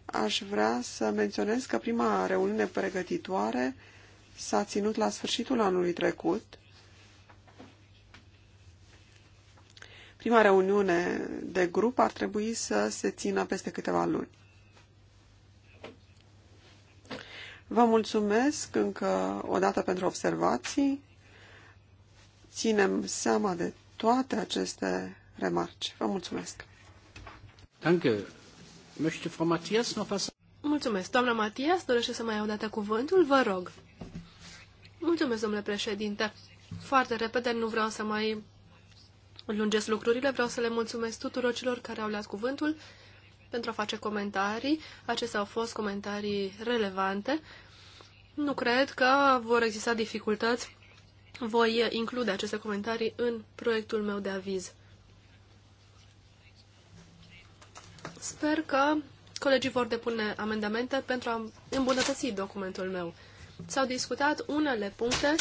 aș vrea să menționez că prima reuniune pregătitoare s-a ținut la sfârșitul anului trecut. Prima reuniune de grup ar trebui să se țină peste câteva luni. Vă mulțumesc încă o dată pentru observații. Ținem seama de toate aceste remarci. Vă mulțumesc. Danke. Möchte Frau Matthias noch was? Mulțumesc. Doamna Matias, dorește să mai iau dată cuvântul? Vă rog. Mulțumesc, domnule președinte. Foarte repede, nu vreau să mai lungesc lucrurile, vreau să le mulțumesc tuturor celor care au luat cuvântul pentru a face comentarii. Acestea au fost comentarii relevante. Nu cred că vor exista dificultăți. Voi include aceste comentarii în proiectul meu de aviz. Sper că colegii vor depune amendamente pentru a îmbunătăți documentul meu. S-au discutat unele puncte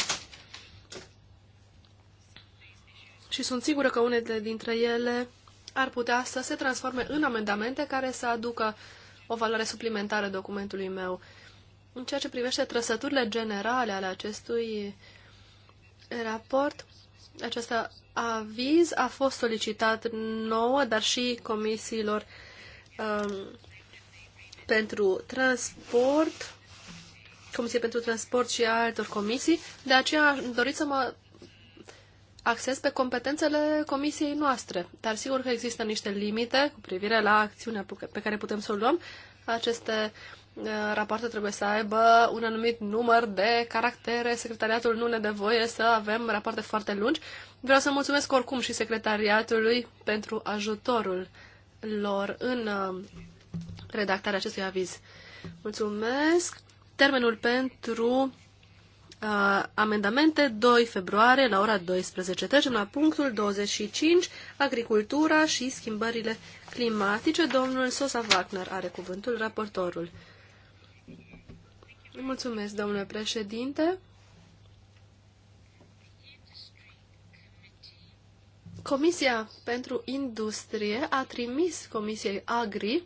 și sunt sigură că unele dintre ele ar putea să se transforme în amendamente care să aducă o valoare suplimentară documentului meu. În ceea ce privește trăsăturile generale ale acestui raport, acest aviz a fost solicitat nouă, dar și comisiilor um, pentru transport, Comisie pentru Transport și altor comisii. De aceea am dorit să mă acces pe competențele comisiei noastre. Dar sigur că există niște limite cu privire la acțiunea pe care putem să o luăm. Aceste uh, rapoarte trebuie să aibă un anumit număr de caractere. Secretariatul nu ne dă voie să avem rapoarte foarte lungi. Vreau să mulțumesc oricum și secretariatului pentru ajutorul lor în uh, redactarea acestui aviz. Mulțumesc! Termenul pentru uh, amendamente 2 februarie la ora 12. Trecem la punctul 25, agricultura și schimbările climatice. Domnul Sosa Wagner are cuvântul, raportorul. Mulțumesc, domnule președinte. Comisia pentru Industrie a trimis Comisiei Agri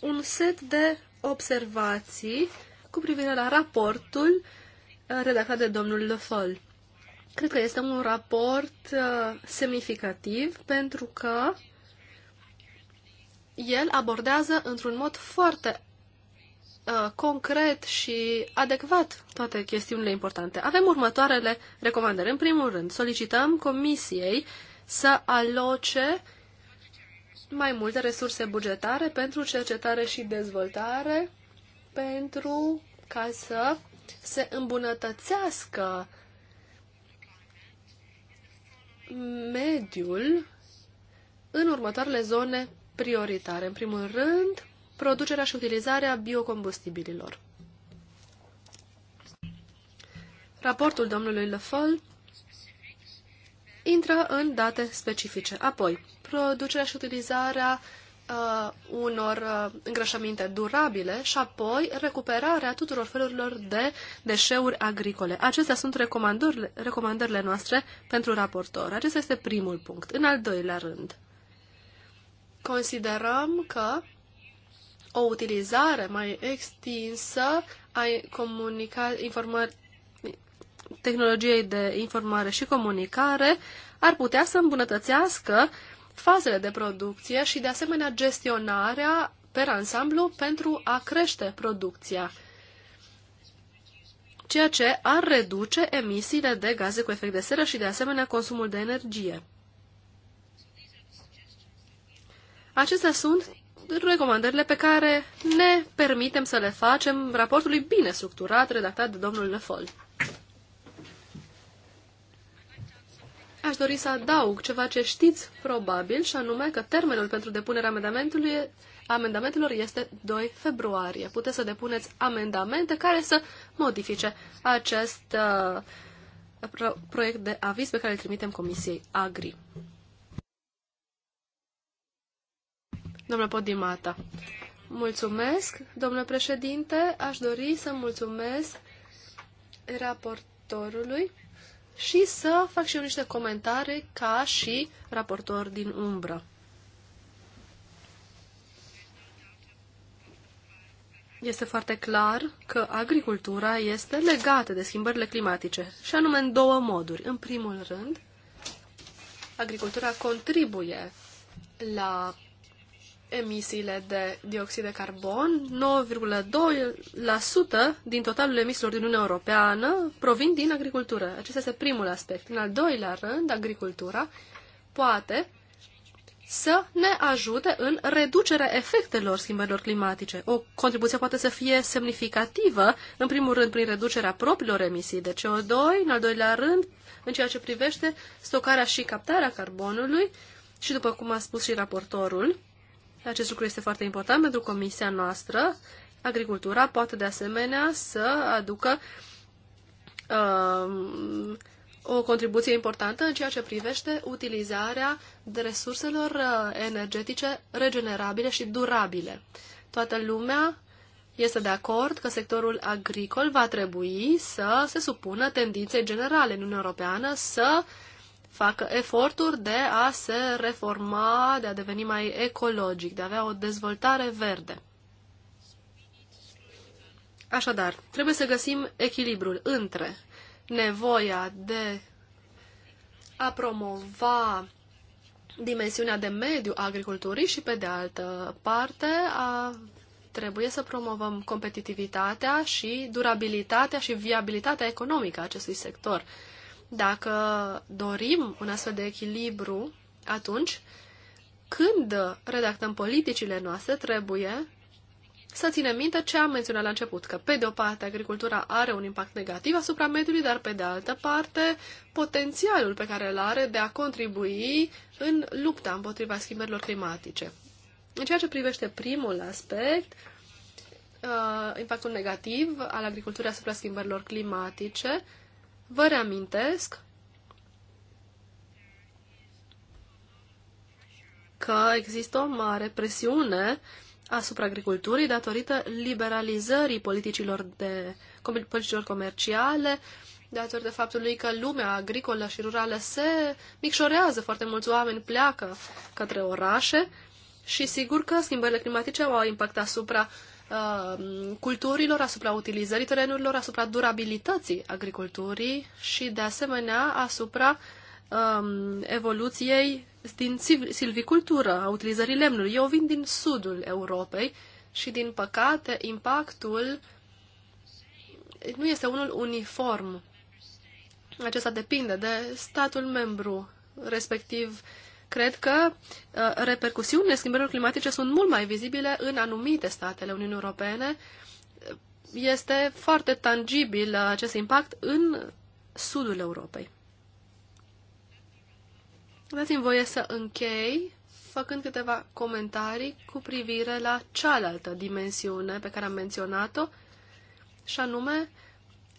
un set de observații cu privire la raportul uh, redactat de domnul Le Foll. Cred că este un raport uh, semnificativ pentru că el abordează într-un mod foarte uh, concret și adecvat toate chestiunile importante. Avem următoarele recomandări. În primul rând, solicităm Comisiei să aloce mai multe resurse bugetare pentru cercetare și dezvoltare pentru ca să se îmbunătățească mediul în următoarele zone prioritare. În primul rând, producerea și utilizarea biocombustibililor. Raportul domnului Lefol intră în date specifice. Apoi, producerea și utilizarea uh, unor uh, îngrășăminte durabile și apoi recuperarea tuturor felurilor de deșeuri agricole. Acestea sunt recomandările, recomandările noastre pentru raportor. Acesta este primul punct. În al doilea rând, considerăm că o utilizare mai extinsă a comunica, informa, tehnologiei de informare și comunicare ar putea să îmbunătățească uh, fazele de producție și, de asemenea, gestionarea per ansamblu pentru a crește producția, ceea ce ar reduce emisiile de gaze cu efect de seră și, de asemenea, consumul de energie. Acestea sunt recomandările pe care ne permitem să le facem raportului bine structurat, redactat de domnul Lefol. aș dori să adaug ceva ce știți probabil, și anume că termenul pentru depunerea amendamentului amendamentelor este 2 februarie. Puteți să depuneți amendamente care să modifice acest uh, proiect de aviz pe care îl trimitem Comisiei Agri. Domnule Podimata, mulțumesc. Domnule președinte, aș dori să mulțumesc raportorului și să fac și eu niște comentarii ca și raportor din umbră. Este foarte clar că agricultura este legată de schimbările climatice, și anume în două moduri. În primul rând, agricultura contribuie la emisiile de dioxid de carbon, 9,2% din totalul emisiilor din Uniunea Europeană provin din agricultură. Acesta este primul aspect. În al doilea rând, agricultura poate să ne ajute în reducerea efectelor schimbărilor climatice. O contribuție poate să fie semnificativă, în primul rând prin reducerea propriilor emisii de CO2, în al doilea rând în ceea ce privește stocarea și captarea carbonului și, după cum a spus și raportorul, acest lucru este foarte important pentru comisia noastră. Agricultura poate de asemenea să aducă uh, o contribuție importantă în ceea ce privește utilizarea de resurselor uh, energetice regenerabile și durabile. Toată lumea este de acord că sectorul agricol va trebui să se supună tendinței generale în Uniunea Europeană să uh, facă eforturi de a se reforma, de a deveni mai ecologic, de a avea o dezvoltare verde. Așadar, trebuie să găsim echilibrul între nevoia de a promova dimensiunea de mediu a agriculturii și, pe de altă parte, a, trebuie să promovăm competitivitatea și durabilitatea și viabilitatea economică a acestui sector. Dacă dorim un astfel de echilibru, atunci, când redactăm politicile noastre, trebuie să ținem minte ce am menționat la început, că pe de o parte agricultura are un impact negativ asupra mediului, dar pe de altă parte potențialul pe care îl are de a contribui în lupta împotriva schimbărilor climatice. În ceea ce privește primul aspect, uh, impactul negativ al agriculturii asupra schimbărilor climatice, Vă reamintesc că există o mare presiune asupra agriculturii datorită liberalizării politicilor, de, politicilor comerciale, datorită faptului că lumea agricolă și rurală se micșorează, foarte mulți oameni pleacă către orașe și sigur că schimbările climatice au impact asupra uh, Uh, culturilor, asupra utilizării terenurilor, asupra durabilității agriculturii și, de asemenea, asupra um, evoluției din silvicultură, a utilizării lemnului. Eu vin din sudul Europei și, din păcate, impactul nu este unul uniform. Acesta depinde de statul membru, respectiv uh, cred că uh, repercusiunile schimbărilor climatice sunt mult mai vizibile în anumite statele Uniunii Europene. Este foarte tangibil uh, acest impact în sudul Europei. Dați-mi voie să închei făcând câteva comentarii cu privire la cealaltă dimensiune pe care am menționat-o, și anume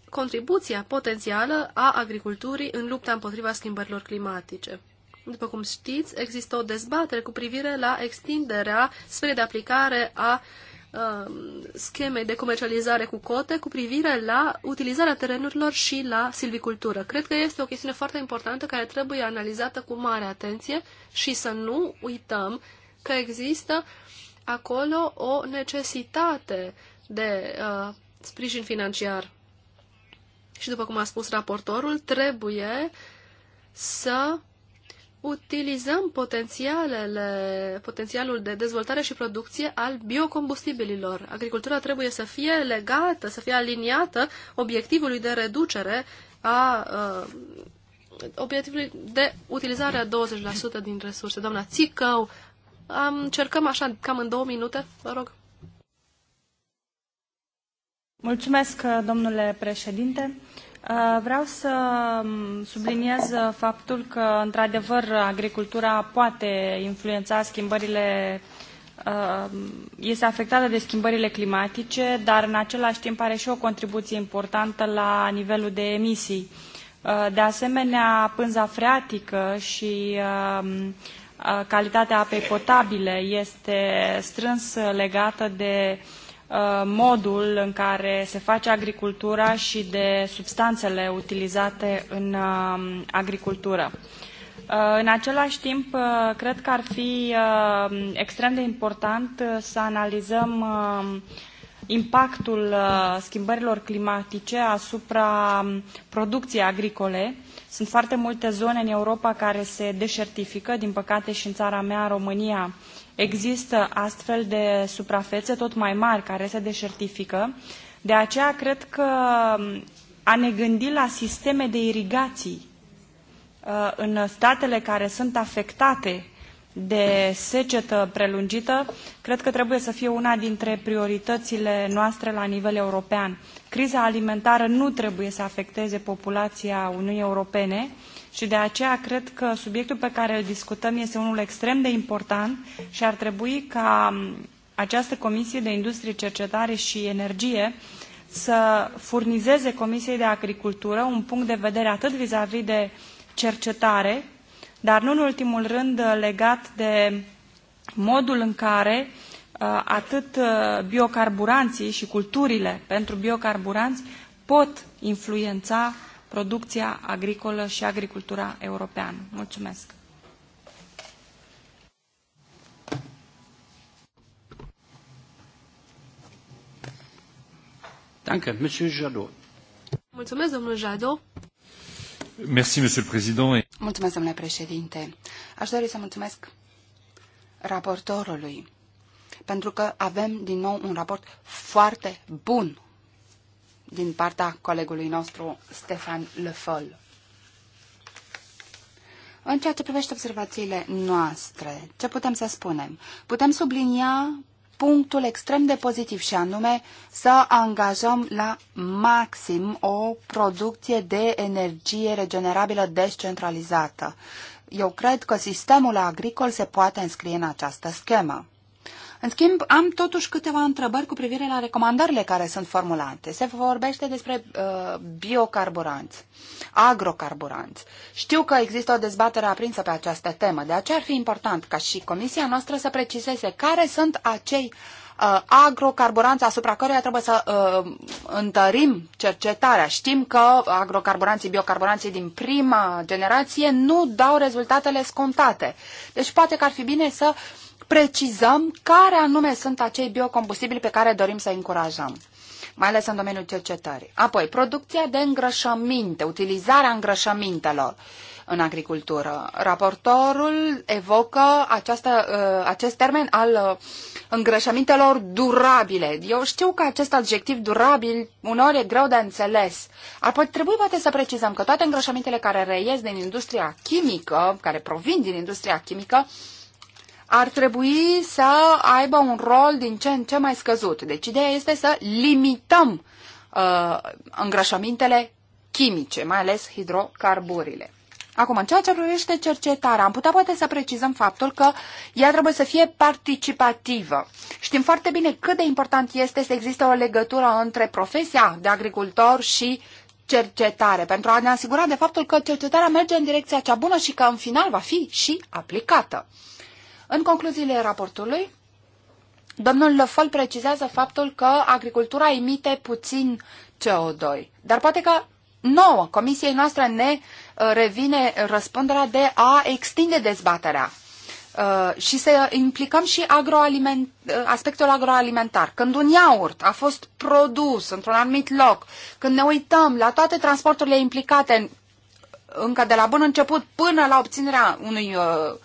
contribuția potențială a agriculturii în lupta împotriva schimbărilor climatice. După cum știți, există o dezbatere cu privire la extinderea sferei de aplicare a um, schemei de comercializare cu cote cu privire la utilizarea terenurilor și la silvicultură. Cred că este o chestiune foarte importantă care trebuie analizată cu mare atenție și să nu uităm că există acolo o necesitate de uh, sprijin financiar. Și după cum a spus raportorul, trebuie să utilizăm potențialele, potențialul de dezvoltare și producție al biocombustibililor. Agricultura trebuie să fie legată, să fie aliniată obiectivului de reducere a uh, obiectivului de utilizare a 20% din resurse. Doamna Țicău, am, încercăm așa, cam în două minute, vă rog. Mulțumesc, domnule președinte. Uh, Uh, vreau să um, subliniez uh, faptul că, într-adevăr, agricultura poate influența schimbările, uh, este afectată de schimbările climatice, dar în același timp are și o contribuție importantă la nivelul de emisii. De asemenea, pânza freatică și um, calitatea apei potabile este strâns legată de Uh, modul în care se face agricultura și de substanțele utilizate în uh, agricultură. Uh, în același timp, cred că ar fi extrem de important să analizăm impactul schimbărilor climatice asupra um, producției agricole. Sunt foarte multe zone în Europa care se deșertifică, din păcate și în țara mea, România, Există astfel de suprafețe tot mai mari care se deșertifică. De aceea cred că a ne gândi la sisteme de irigații uh, în statele care sunt afectate de secetă prelungită, cred că trebuie să fie una dintre prioritățile noastre la nivel european. Criza alimentară nu trebuie să afecteze populația Uniunii Europene, uh, și de aceea cred că subiectul pe care îl discutăm este unul extrem de important și ar trebui ca această Comisie de Industrie, Cercetare și Energie să furnizeze Comisiei de Agricultură un punct de vedere atât vizavi de cercetare, dar nu în ultimul rând legat de modul în care uh, atât uh, biocarburanții și culturile pentru biocarburanți pot influența producția agricolă și agricultura europeană. Mulțumesc! Danke, Monsieur Jadot. Mulțumesc, domnul Jadot. Merci, Monsieur le Président. Mulțumesc, domnule președinte. Aș dori să mulțumesc raportorului, pentru că avem din nou un raport foarte bun din partea colegului nostru Stefan Le Foll. În ceea ce privește observațiile noastre, ce putem să spunem? Putem sublinia punctul extrem de pozitiv și anume să angajăm la maxim o producție de energie regenerabilă descentralizată. Eu cred că sistemul agricol se poate înscrie în această schemă. În schimb, am totuși câteva întrebări cu privire la recomandările care sunt formulate. Se vorbește despre uh, biocarburanți, agrocarburanți. Știu că există o dezbatere aprinsă pe această temă, de aceea ar fi important ca și comisia noastră să precizeze care sunt acei uh, agrocarburanți asupra căruia trebuie să uh, întărim cercetarea. Știm că agrocarburanții, biocarburanții din prima generație nu dau rezultatele scontate. Deci poate că ar fi bine să uh, precizăm care anume sunt acei biocombustibili pe care dorim să încurajăm mai ales în domeniul cercetării. Apoi, producția de îngrășăminte, utilizarea îngrășămintelor în agricultură. Raportorul evocă această, uh, acest termen al uh, îngrășămintelor durabile. Eu știu că acest adjectiv durabil uneori e greu de înțeles. Ar trebui poate să precizăm că toate îngrășămintele care reiesc din industria chimică, care provin din industria chimică, ar trebui să aibă un rol din ce în ce mai scăzut. Deci ideea este să limităm uh, îngrășămintele chimice, mai ales hidrocarburile. Acum, în ceea ce privește cercetarea, am putea poate să precizăm faptul că ea trebuie să fie participativă. Știm foarte bine cât de important este să existe o legătură între profesia de agricultor și cercetare, pentru a ne asigura de faptul că cercetarea merge în direcția cea bună și că în final va fi și aplicată. În concluziile raportului, domnul Lefol precizează faptul că agricultura emite puțin CO2, dar poate că nouă, comisiei noastre ne uh, revine răspunderea de a extinde dezbaterea uh, și să implicăm și agroaliment, uh, aspectul agroalimentar. Când un iaurt a fost produs într-un anumit loc, când ne uităm la toate transporturile implicate încă de la bun început până la obținerea unui uh,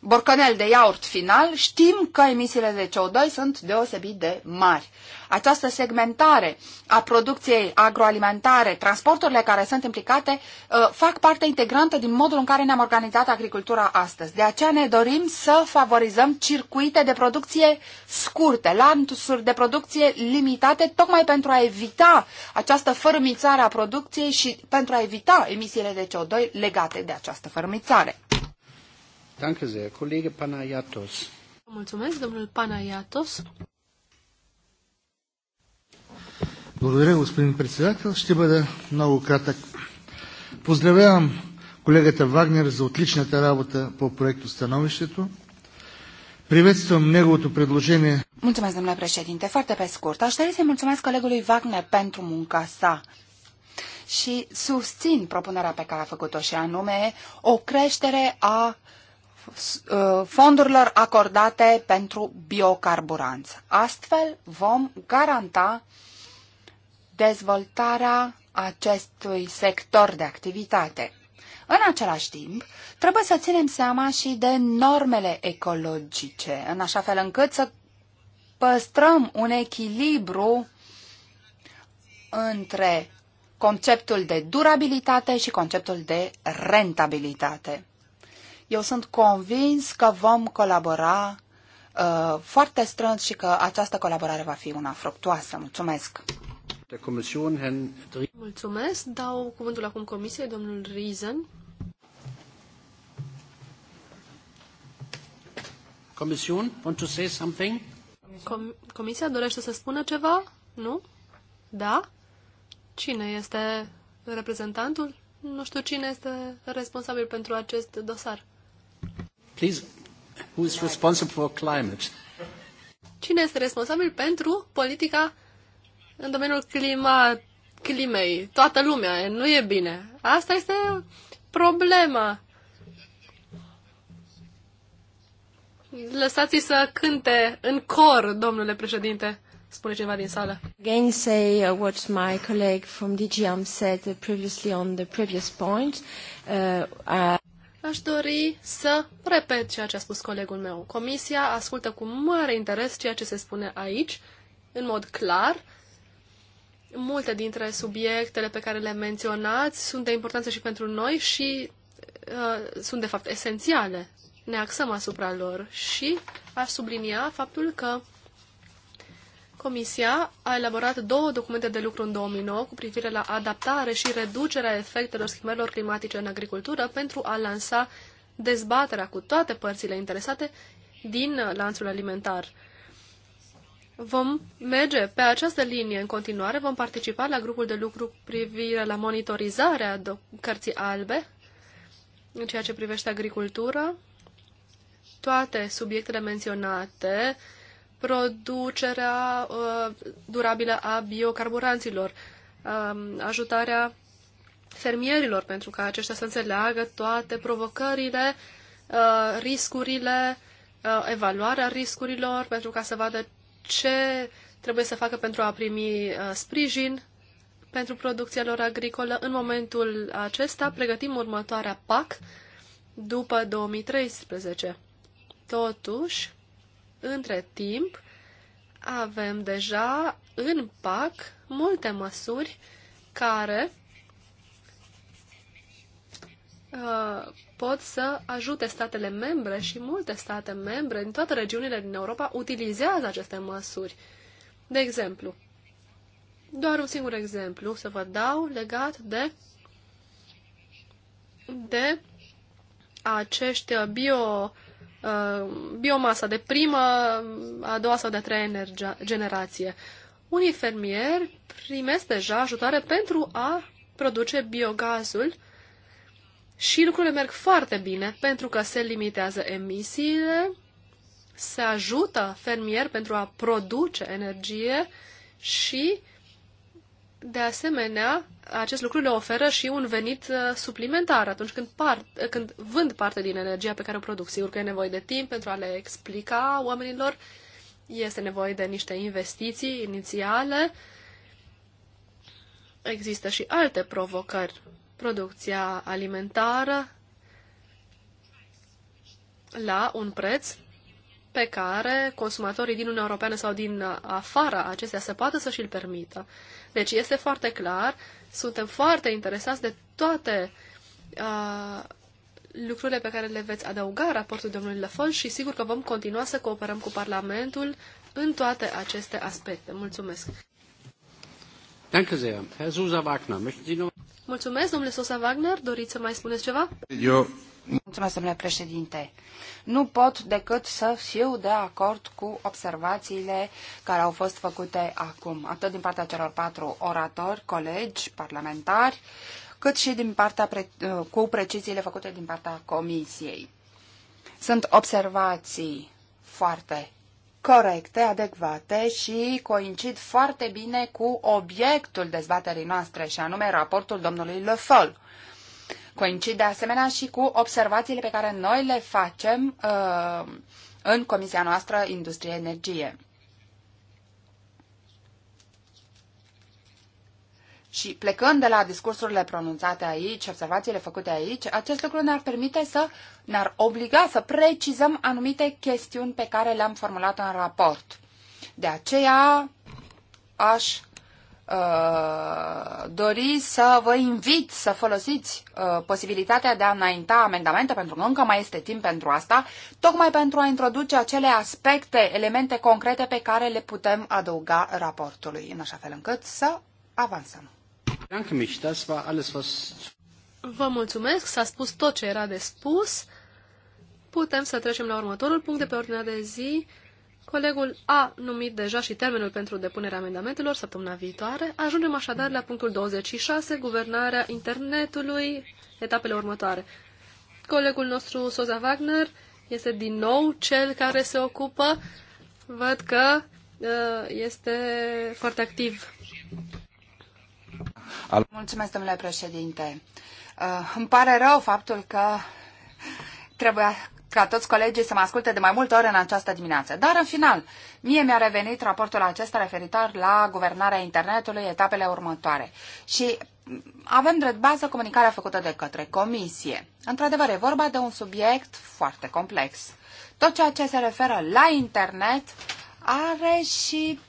borcanel de iaurt final, știm că emisiile de CO2 sunt deosebit de mari. Această segmentare a producției agroalimentare, transporturile care sunt implicate, uh, fac parte integrantă din modul în care ne-am organizat agricultura astăzi. De aceea ne dorim să favorizăm circuite de producție scurte, lanțuri de producție limitate, tocmai pentru a evita această fărâmițare a producției și pentru a evita emisiile de CO2 legate de această fărâmițare. Danke sehr. Kollege Panayatos. Mulțumesc, domnul Panayatos. Благодаря, господин председател. Ще бъда много кратък. Поздравявам колегата Вагнер за отличната работа по проекто становището. Приветствам неговото предложение. Mulțumesc, domnule președinte. Foarte pe scurt, aș dori să-i mulțumesc colegului Wagner pentru munca sa și susțin propunerea pe care a făcut-o și anume o creștere a uh, Uh, fondurilor acordate pentru biocarburanți. Astfel vom garanta dezvoltarea acestui sector de activitate. În același timp, trebuie să ținem seama și de normele ecologice, în așa fel încât să păstrăm un echilibru între conceptul de durabilitate și conceptul de rentabilitate. Eu sunt convins că vom colabora uh, foarte strâns și că această colaborare va fi una fructuoasă. Mulțumesc! Mulțumesc. Dau cuvântul acum Comisiei, domnul Riesen. Comisiun, want to say something? Com Comisia dorește să spună ceva? Nu? Da? Cine este reprezentantul? Nu știu cine este responsabil pentru acest dosar. Please, who is responsible for climate? Cine este responsabil pentru politica în domeniul clima, climei? Toată lumea, nu e bine. Asta este problema. Lăsați-i să cânte în cor, domnule președinte, spune cineva din sală. Again say uh, what my colleague from DGM said previously on the previous point. Uh, uh... Aș dori să repet ceea ce a spus colegul meu. Comisia ascultă cu mare interes ceea ce se spune aici, în mod clar. Multe dintre subiectele pe care le menționați sunt de importanță și pentru noi și uh, sunt, de fapt, esențiale. Ne axăm asupra lor și aș sublinia faptul că Comisia a elaborat două documente de lucru în 2009 cu privire la adaptare și reducerea efectelor schimbărilor climatice în agricultură pentru a lansa dezbaterea cu toate părțile interesate din lanțul alimentar. Vom merge pe această linie în continuare, vom participa la grupul de lucru cu privire la monitorizarea cărții albe în ceea ce privește agricultura, toate subiectele menționate, producerea uh, durabilă a biocarburanților, um, ajutarea fermierilor pentru ca aceștia să înțeleagă toate provocările, uh, riscurile, uh, evaluarea riscurilor pentru ca să vadă ce trebuie să facă pentru a primi uh, sprijin pentru producția lor agricolă. În momentul acesta pregătim următoarea PAC după 2013. Totuși, între timp, avem deja în PAC multe măsuri care uh, pot să ajute statele membre și multe state membre din toate regiunile din Europa utilizează aceste măsuri. De exemplu, doar un singur exemplu să vă dau legat de de acești bio Uh, biomasa de primă, a doua sau de a treia generație. Unii fermieri primesc deja ajutoare pentru a produce biogazul și lucrurile merg foarte bine pentru că se limitează emisiile, se ajută fermier pentru a produce energie și uh, de asemenea, acest lucru le oferă și un venit uh, suplimentar atunci când, par, când vând parte din energia pe care o produc. Sigur că e nevoie de timp pentru a le explica oamenilor, este nevoie de niște investiții inițiale. Există și alte provocări. Producția alimentară la un preț pe care consumatorii din Uniunea Europeană sau din afara acestea se poată să și-l permită. Deci este foarte clar, suntem foarte interesați de toate uh, lucrurile pe care le veți adăuga raportul domnului Lafon și sigur că vom continua să cooperăm cu Parlamentul în toate aceste aspecte. Mulțumesc! Danke sehr. Herr Wagner, möchten Sie noch... Mulțumesc, domnule Sosa Wagner. Doriți să mai spuneți ceva? Eu Mulțumesc, domnule președinte. Nu pot decât să fiu de acord cu observațiile care au fost făcute acum, atât din partea celor patru oratori, colegi, parlamentari, cât și din partea pre- cu preciziile făcute din partea comisiei. Sunt observații foarte corecte, adecvate și coincid foarte bine cu obiectul dezbaterii noastre, și anume raportul domnului Le Foll Coincid de asemenea și cu observațiile pe care noi le facem uh, în Comisia noastră Industrie-Energie. Și plecând de la discursurile pronunțate aici, observațiile făcute aici, acest lucru ne-ar permite să ne-ar obliga să precizăm anumite chestiuni pe care le-am formulat în raport. De aceea aș uh, dori să vă invit să folosiți uh, posibilitatea de a înainta amendamente, pentru că încă mai este timp pentru asta, tocmai pentru a introduce acele aspecte, elemente concrete pe care le putem adăuga raportului, în așa fel încât să avansăm. Vă mulțumesc, s-a spus tot ce era de spus. Putem să trecem la următorul punct de pe ordinea de zi, Colegul a numit deja și termenul pentru depunerea amendamentelor săptămâna viitoare. Ajungem așadar la punctul 26, guvernarea internetului, etapele următoare. Colegul nostru, Soza Wagner, este din nou cel care se ocupă. Văd că uh, este foarte activ. Mulțumesc, domnule președinte. Uh, îmi pare rău faptul că trebuia ca toți colegii să mă asculte de mai multe ori în această dimineață. Dar, în final, mie mi-a revenit raportul acesta referitor la guvernarea internetului, etapele următoare. Și avem drept bază comunicarea făcută de către comisie. Într-adevăr, e vorba de un subiect foarte complex. Tot ceea ce se referă la internet are și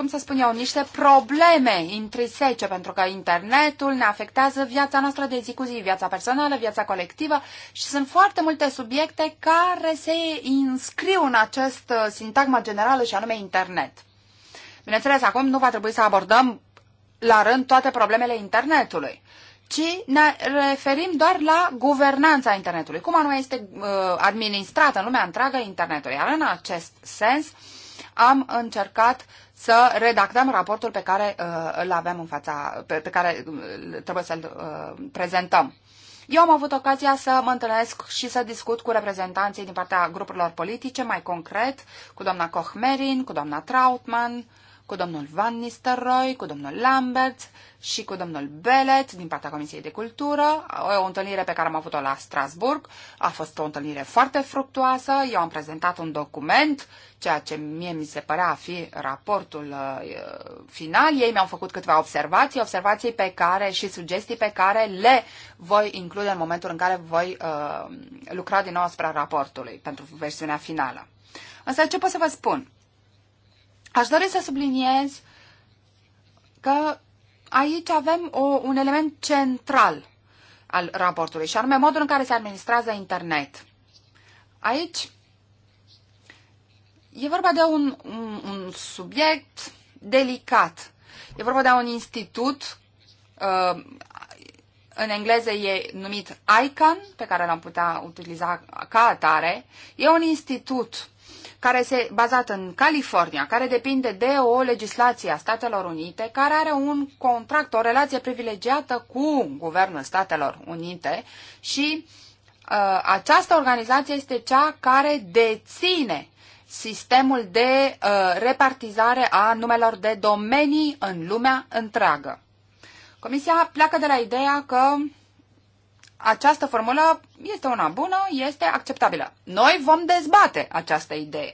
cum să spun eu, niște probleme intrisece, pentru că internetul ne afectează viața noastră de zi cu zi, viața personală, viața colectivă și sunt foarte multe subiecte care se inscriu în acest uh, sintagma generală și anume internet. Bineînțeles, acum nu va trebui să abordăm la rând toate problemele internetului, ci ne referim doar la guvernanța internetului, cum anume este uh, administrată în lumea întreagă internetului. Iar în acest sens am încercat să redactăm raportul pe care uh, îl avem în fața, pe, pe care uh, trebuie să-l uh, prezentăm. Eu am avut ocazia să mă întâlnesc și să discut cu reprezentanții din partea grupurilor politice, mai concret, cu doamna Kochmerin, cu doamna Trautmann, cu domnul Van Nistelrooy, cu domnul Lambert și cu domnul Belet din partea Comisiei de Cultură. O întâlnire pe care am avut-o la Strasburg a fost o întâlnire foarte fructuoasă. Eu am prezentat un document, ceea ce mie mi se părea a fi raportul uh, final. Ei mi-au făcut câteva observații, observații pe care și sugestii pe care le voi include în momentul în care voi uh, lucra din nou asupra raportului pentru versiunea finală. Însă ce pot să vă spun? Aș dori să subliniez că aici avem o, un element central al raportului, și anume modul în care se administrează internet. Aici e vorba de un, un, un subiect delicat. E vorba de un institut, uh, în engleză e numit ICAN, pe care l-am putea utiliza ca atare. E un institut care este bazat în California, care depinde de o legislație a Statelor Unite, care are un contract, o relație privilegiată cu Guvernul Statelor Unite și uh, această organizație este cea care deține sistemul de uh, repartizare a numelor de domenii în lumea întreagă. Comisia pleacă de la ideea că această formulă este una bună, este acceptabilă. Noi vom dezbate această idee.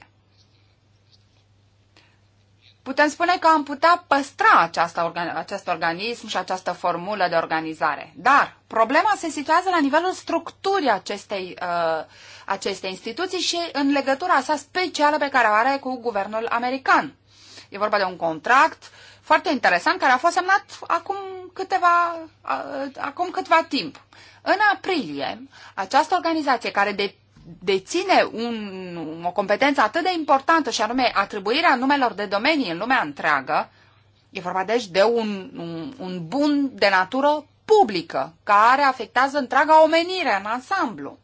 Putem spune că am putea păstra această acest organism și această formulă de organizare. Dar problema se situează la nivelul structurii acestei, uh, acestei instituții și în legătura sa specială pe care o are cu guvernul american. E vorba de un contract foarte interesant care a fost semnat acum câteva, acum câtva timp. În aprilie, această organizație care de deține un, o competență atât de importantă și anume atribuirea numelor de domenii în lumea întreagă, e vorba deci de un, un, un bun de natură publică care afectează întreaga omenire în ansamblu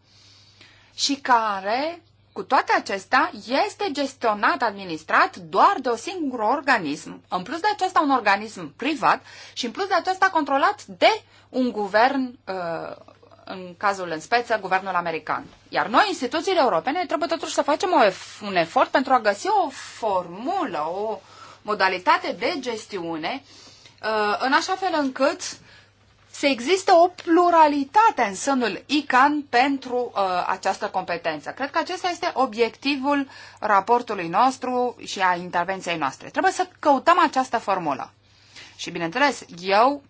și care cu toate acestea, este gestionat, administrat doar de un singur organism, în plus de acesta un organism privat și în plus de acesta controlat de un guvern, uh, în cazul în speță, guvernul american. Iar noi, instituțiile europene, trebuie totuși să facem un efort pentru a găsi o formulă, o modalitate de gestiune, uh, în așa fel încât uh, să existe o pluralitate în sânul ICAN pentru uh, această competență. Cred că acesta este obiectivul raportului nostru și a intervenției noastre. Trebuie să căutăm această formulă. Și bineînțeles, eu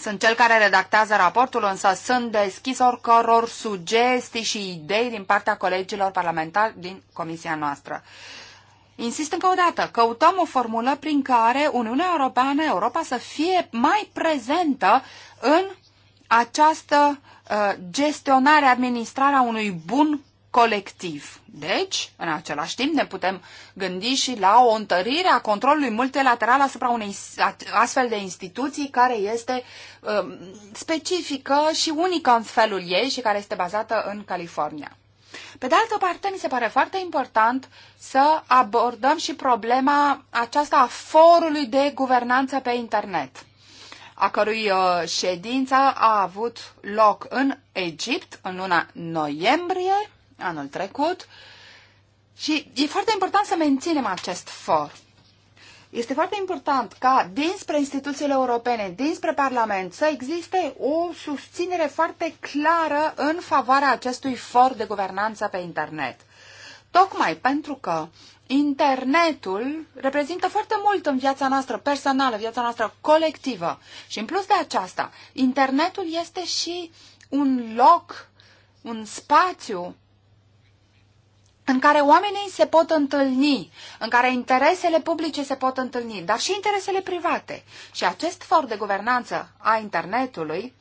sunt cel care redactează raportul, însă sunt deschis oricăror sugestii și idei din partea colegilor parlamentari din comisia noastră. Insist încă o dată, căutăm o formulă prin care Uniunea Europeană, Europa să fie mai prezentă în această uh, gestionare, administrarea unui bun colectiv. Deci, în același timp, ne putem gândi și la o întărire a controlului multilateral asupra unei astfel de instituții care este uh, specifică și unică în felul ei și care este bazată în California. Pe de altă parte, mi se pare foarte important să abordăm și problema aceasta a forului de guvernanță pe internet a cărui uh, ședință a avut loc în Egipt în luna noiembrie anul trecut și e foarte important să menținem acest for. Este foarte important ca dinspre instituțiile europene, dinspre Parlament, să existe o susținere foarte clară în favoarea acestui for de guvernanță pe internet. Tocmai pentru că internetul reprezintă foarte mult în viața noastră personală, viața noastră colectivă. Și în plus de aceasta, internetul este și un loc, un spațiu în care oamenii se pot întâlni, în care interesele publice se pot întâlni, dar și interesele private. Și acest for de guvernanță a internetului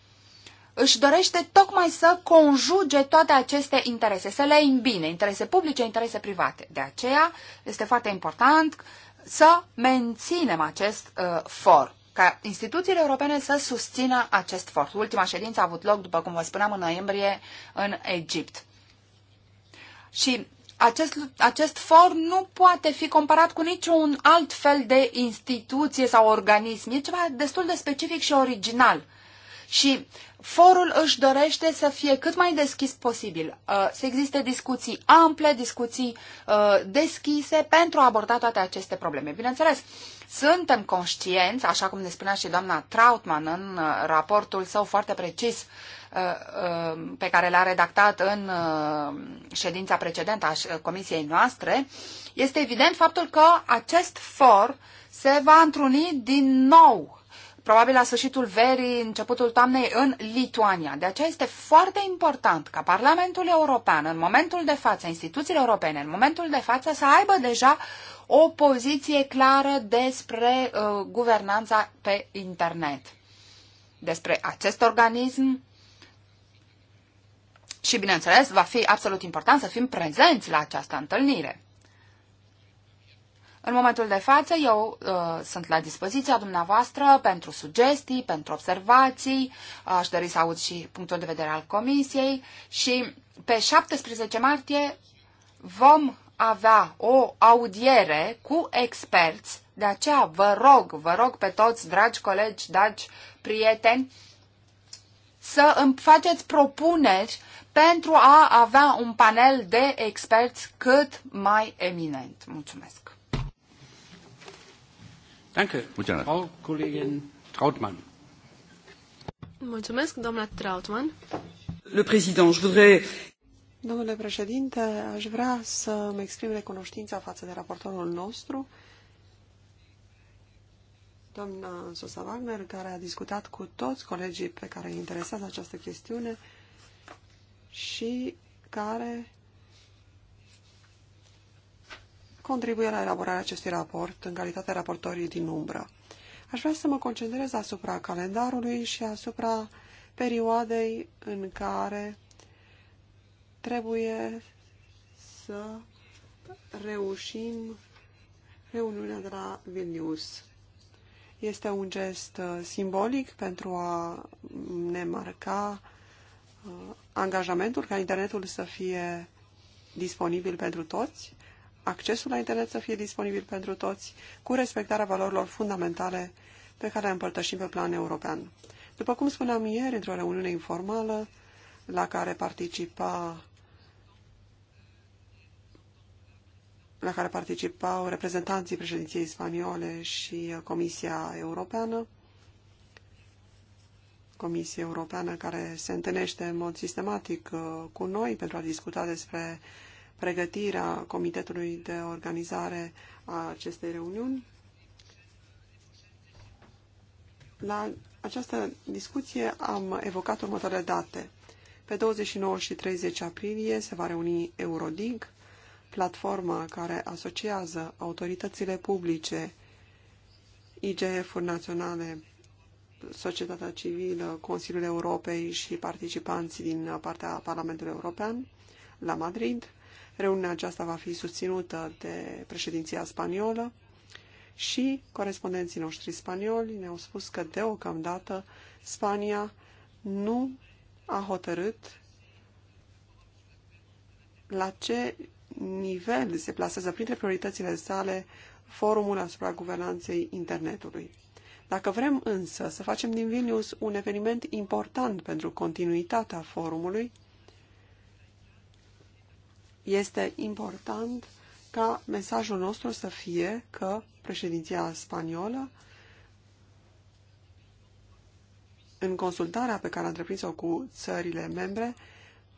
își dorește tocmai să conjuge toate aceste interese, să le îmbine, interese publice, interese private. De aceea este foarte important să menținem acest uh, for ca instituțiile europene să susțină acest for. Ultima ședință a avut loc, după cum vă spuneam, în noiembrie în Egipt. Și acest, acest for nu poate fi comparat cu niciun alt fel de instituție sau organism. E ceva destul de specific și original. Și forul își dorește să fie cât mai deschis posibil, uh, să existe discuții ample, discuții uh, deschise pentru a aborda toate aceste probleme. Bineînțeles, suntem conștienți, așa cum ne spunea și doamna Trautman în uh, raportul său foarte precis Uh, uh, pe care l-a redactat în uh, ședința precedentă a comisiei noastre, este evident faptul că acest for se va întruni din nou probabil la sfârșitul verii, începutul toamnei, în Lituania. De aceea este foarte important ca Parlamentul European, în momentul de față, instituțiile europene, în momentul de față, să aibă deja o poziție clară despre uh, guvernanța pe internet, despre acest organism, și, bineînțeles, va fi absolut important să fim prezenți la această întâlnire. În momentul de față, eu uh, sunt la dispoziția dumneavoastră pentru sugestii, pentru observații, aș dori să aud și punctul de vedere al comisiei și pe 17 martie vom avea o audiere cu experți, de aceea vă rog, vă rog pe toți, dragi colegi, dragi prieteni, să îmi faceți propuneri pentru a avea un panel de experți cât mai eminent. Mulțumesc! Danke, Frau Kollegin Trautmann. Mulțumesc, domnule Trautmann. Le président, je voudrais... Domnule președinte, aș vrea să-mi exprim recunoștința față de raportorul nostru doamna Sosa Wagner, care a discutat cu toți colegii pe care îi interesează această chestiune și care contribuie la elaborarea acestui raport în calitate raportorii din umbră. Aș vrea să mă concentrez asupra calendarului și asupra perioadei în care trebuie să reușim reuniunea de la Vilnius. Este un gest uh, simbolic pentru a ne marca uh, angajamentul ca internetul să fie disponibil pentru toți, accesul la internet să fie disponibil pentru toți, cu respectarea valorilor fundamentale pe care le împărtășim pe plan european. După cum spuneam ieri, într-o reuniune informală la care participa la care participau reprezentanții președinției spaniole și uh, Comisia Europeană. Comisie Europeană care se întâlnește în mod sistematic uh, cu noi pentru a discuta despre pregătirea comitetului de organizare a acestei reuniuni. La această discuție am evocat următoarele date. Pe 29 și 30 aprilie se va reuni Eurodig, platforma care asociază autoritățile publice, IGF-uri naționale, societatea civilă, Consiliul Europei și participanții din partea Parlamentului European la Madrid. Reuniunea aceasta va fi susținută de președinția spaniolă și corespondenții noștri spanioli ne-au spus că deocamdată Spania nu a hotărât la ce nivel se plasează printre prioritățile sale forumul asupra guvernanței internetului. Dacă vrem însă să facem din Vilnius un eveniment important pentru continuitatea forumului, este important ca mesajul nostru să fie că președinția spaniolă, în consultarea pe care a întreprins-o cu țările membre,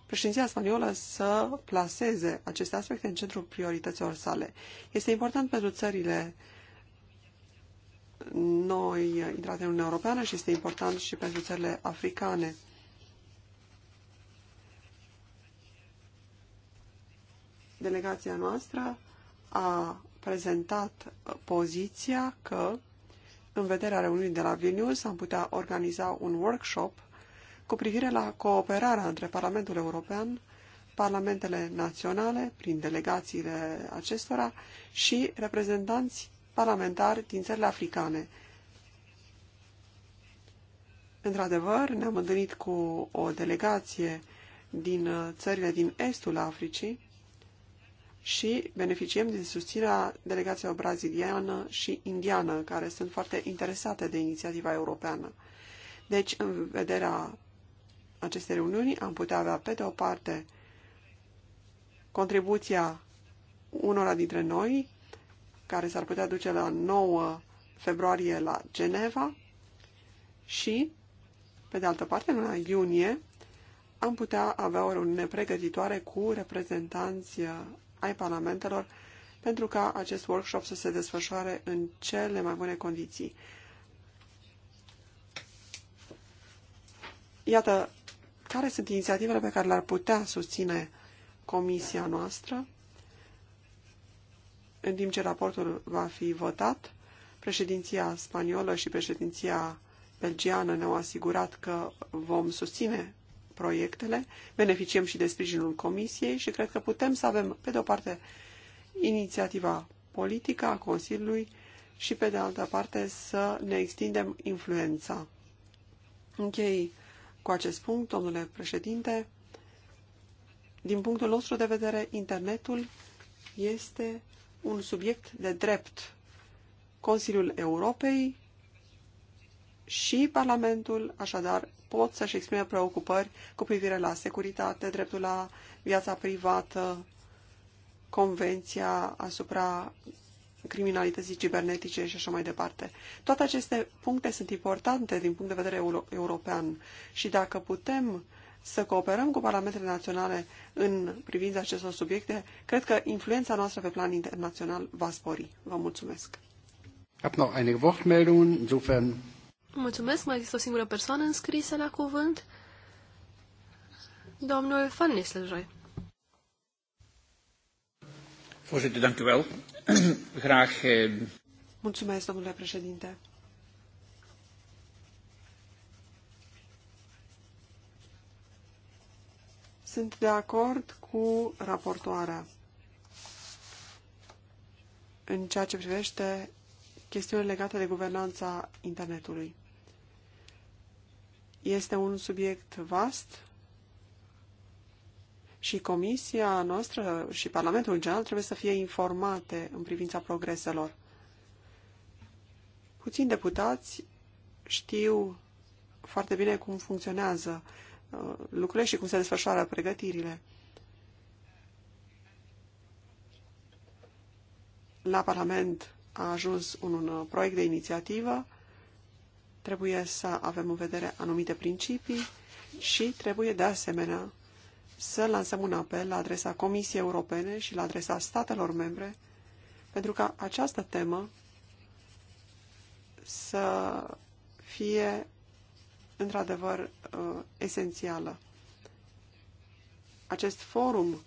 președinția spaniolă să placeze aceste aspecte în centrul priorităților sale. Este important pentru țările noi intrate în Uniunea Europeană și este important și pentru țările africane. Delegația noastră a prezentat poziția că, în vederea reuniunii de la Vilnius, am putea organiza un workshop cu privire la cooperarea între Parlamentul European, parlamentele naționale, prin delegațiile acestora, și reprezentanți parlamentari din țările africane. Într-adevăr, ne-am întâlnit cu o delegație din țările din estul Africii și beneficiem de susținerea delegației braziliană și indiană, care sunt foarte interesate de inițiativa europeană. Deci, în vederea aceste reuniuni am putea avea, pe de o parte, contribuția unora dintre noi, care s-ar putea duce la 9 februarie la Geneva și, pe de altă parte, în iunie, am putea avea o reuniune pregătitoare cu reprezentanți ai parlamentelor pentru ca acest workshop să se desfășoare în cele mai bune condiții. Iată care sunt inițiativele pe care le-ar putea susține comisia noastră în timp ce raportul va fi votat. Președinția spaniolă și președinția belgiană ne-au asigurat că vom susține proiectele, beneficiem și de sprijinul Comisiei și cred că putem să avem, pe de o parte, inițiativa politică a Consiliului și, pe de altă parte, să ne extindem influența. Închei cu acest punct, domnule președinte. Din punctul nostru de vedere, internetul este un subiect de drept. Consiliul Europei și Parlamentul, așadar, pot să-și exprime preocupări cu privire la securitate, dreptul la viața privată, Convenția asupra criminalității cibernetice și așa mai departe. Toate aceste puncte sunt importante din punct de vedere euro european și dacă putem să cooperăm cu parlamentele naționale în privința acestor subiecte, cred că influența noastră pe plan internațional va spori. Vă mulțumesc! Mulțumesc, mai există o singură persoană înscrisă la cuvânt. Domnul Van Nistelrooy. Voorzitter, dank u wel. Eh, Mulțumesc, domnule președinte. Sunt de acord cu raportoarea în ceea ce privește chestiuni legate de guvernanța internetului. Este un subiect vast și comisia noastră și Parlamentul în general trebuie să fie informate în privința progreselor. Puțini deputați știu foarte bine cum funcționează uh, lucrurile și cum se desfășoară pregătirile. La Parlament a ajuns un, un proiect de inițiativă, trebuie să avem în vedere anumite principii și trebuie de asemenea să lansăm un apel la adresa Comisiei Europene și la adresa statelor membre pentru ca această temă să fie într-adevăr uh, esențială. Acest forum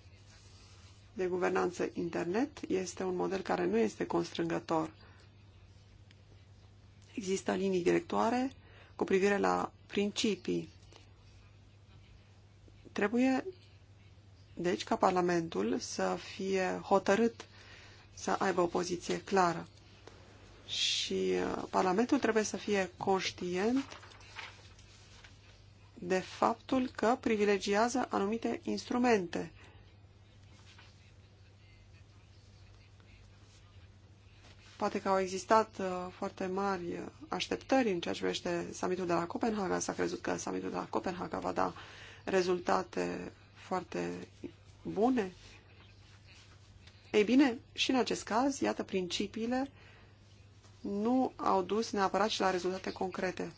de guvernanță internet este un model care nu este constrângător. Există linii directoare cu privire la principii. Trebuie deci ca Parlamentul să fie hotărât să aibă o poziție clară. Și uh, Parlamentul trebuie să fie conștient de faptul că privilegiază anumite instrumente. Poate că au existat uh, foarte mari așteptări în ceea ce privește summitul de la Copenhaga. S-a crezut că summitul de la Copenhaga va da rezultate foarte bune. Ei bine, și în acest caz, iată, principiile nu au dus neapărat și la rezultate concrete.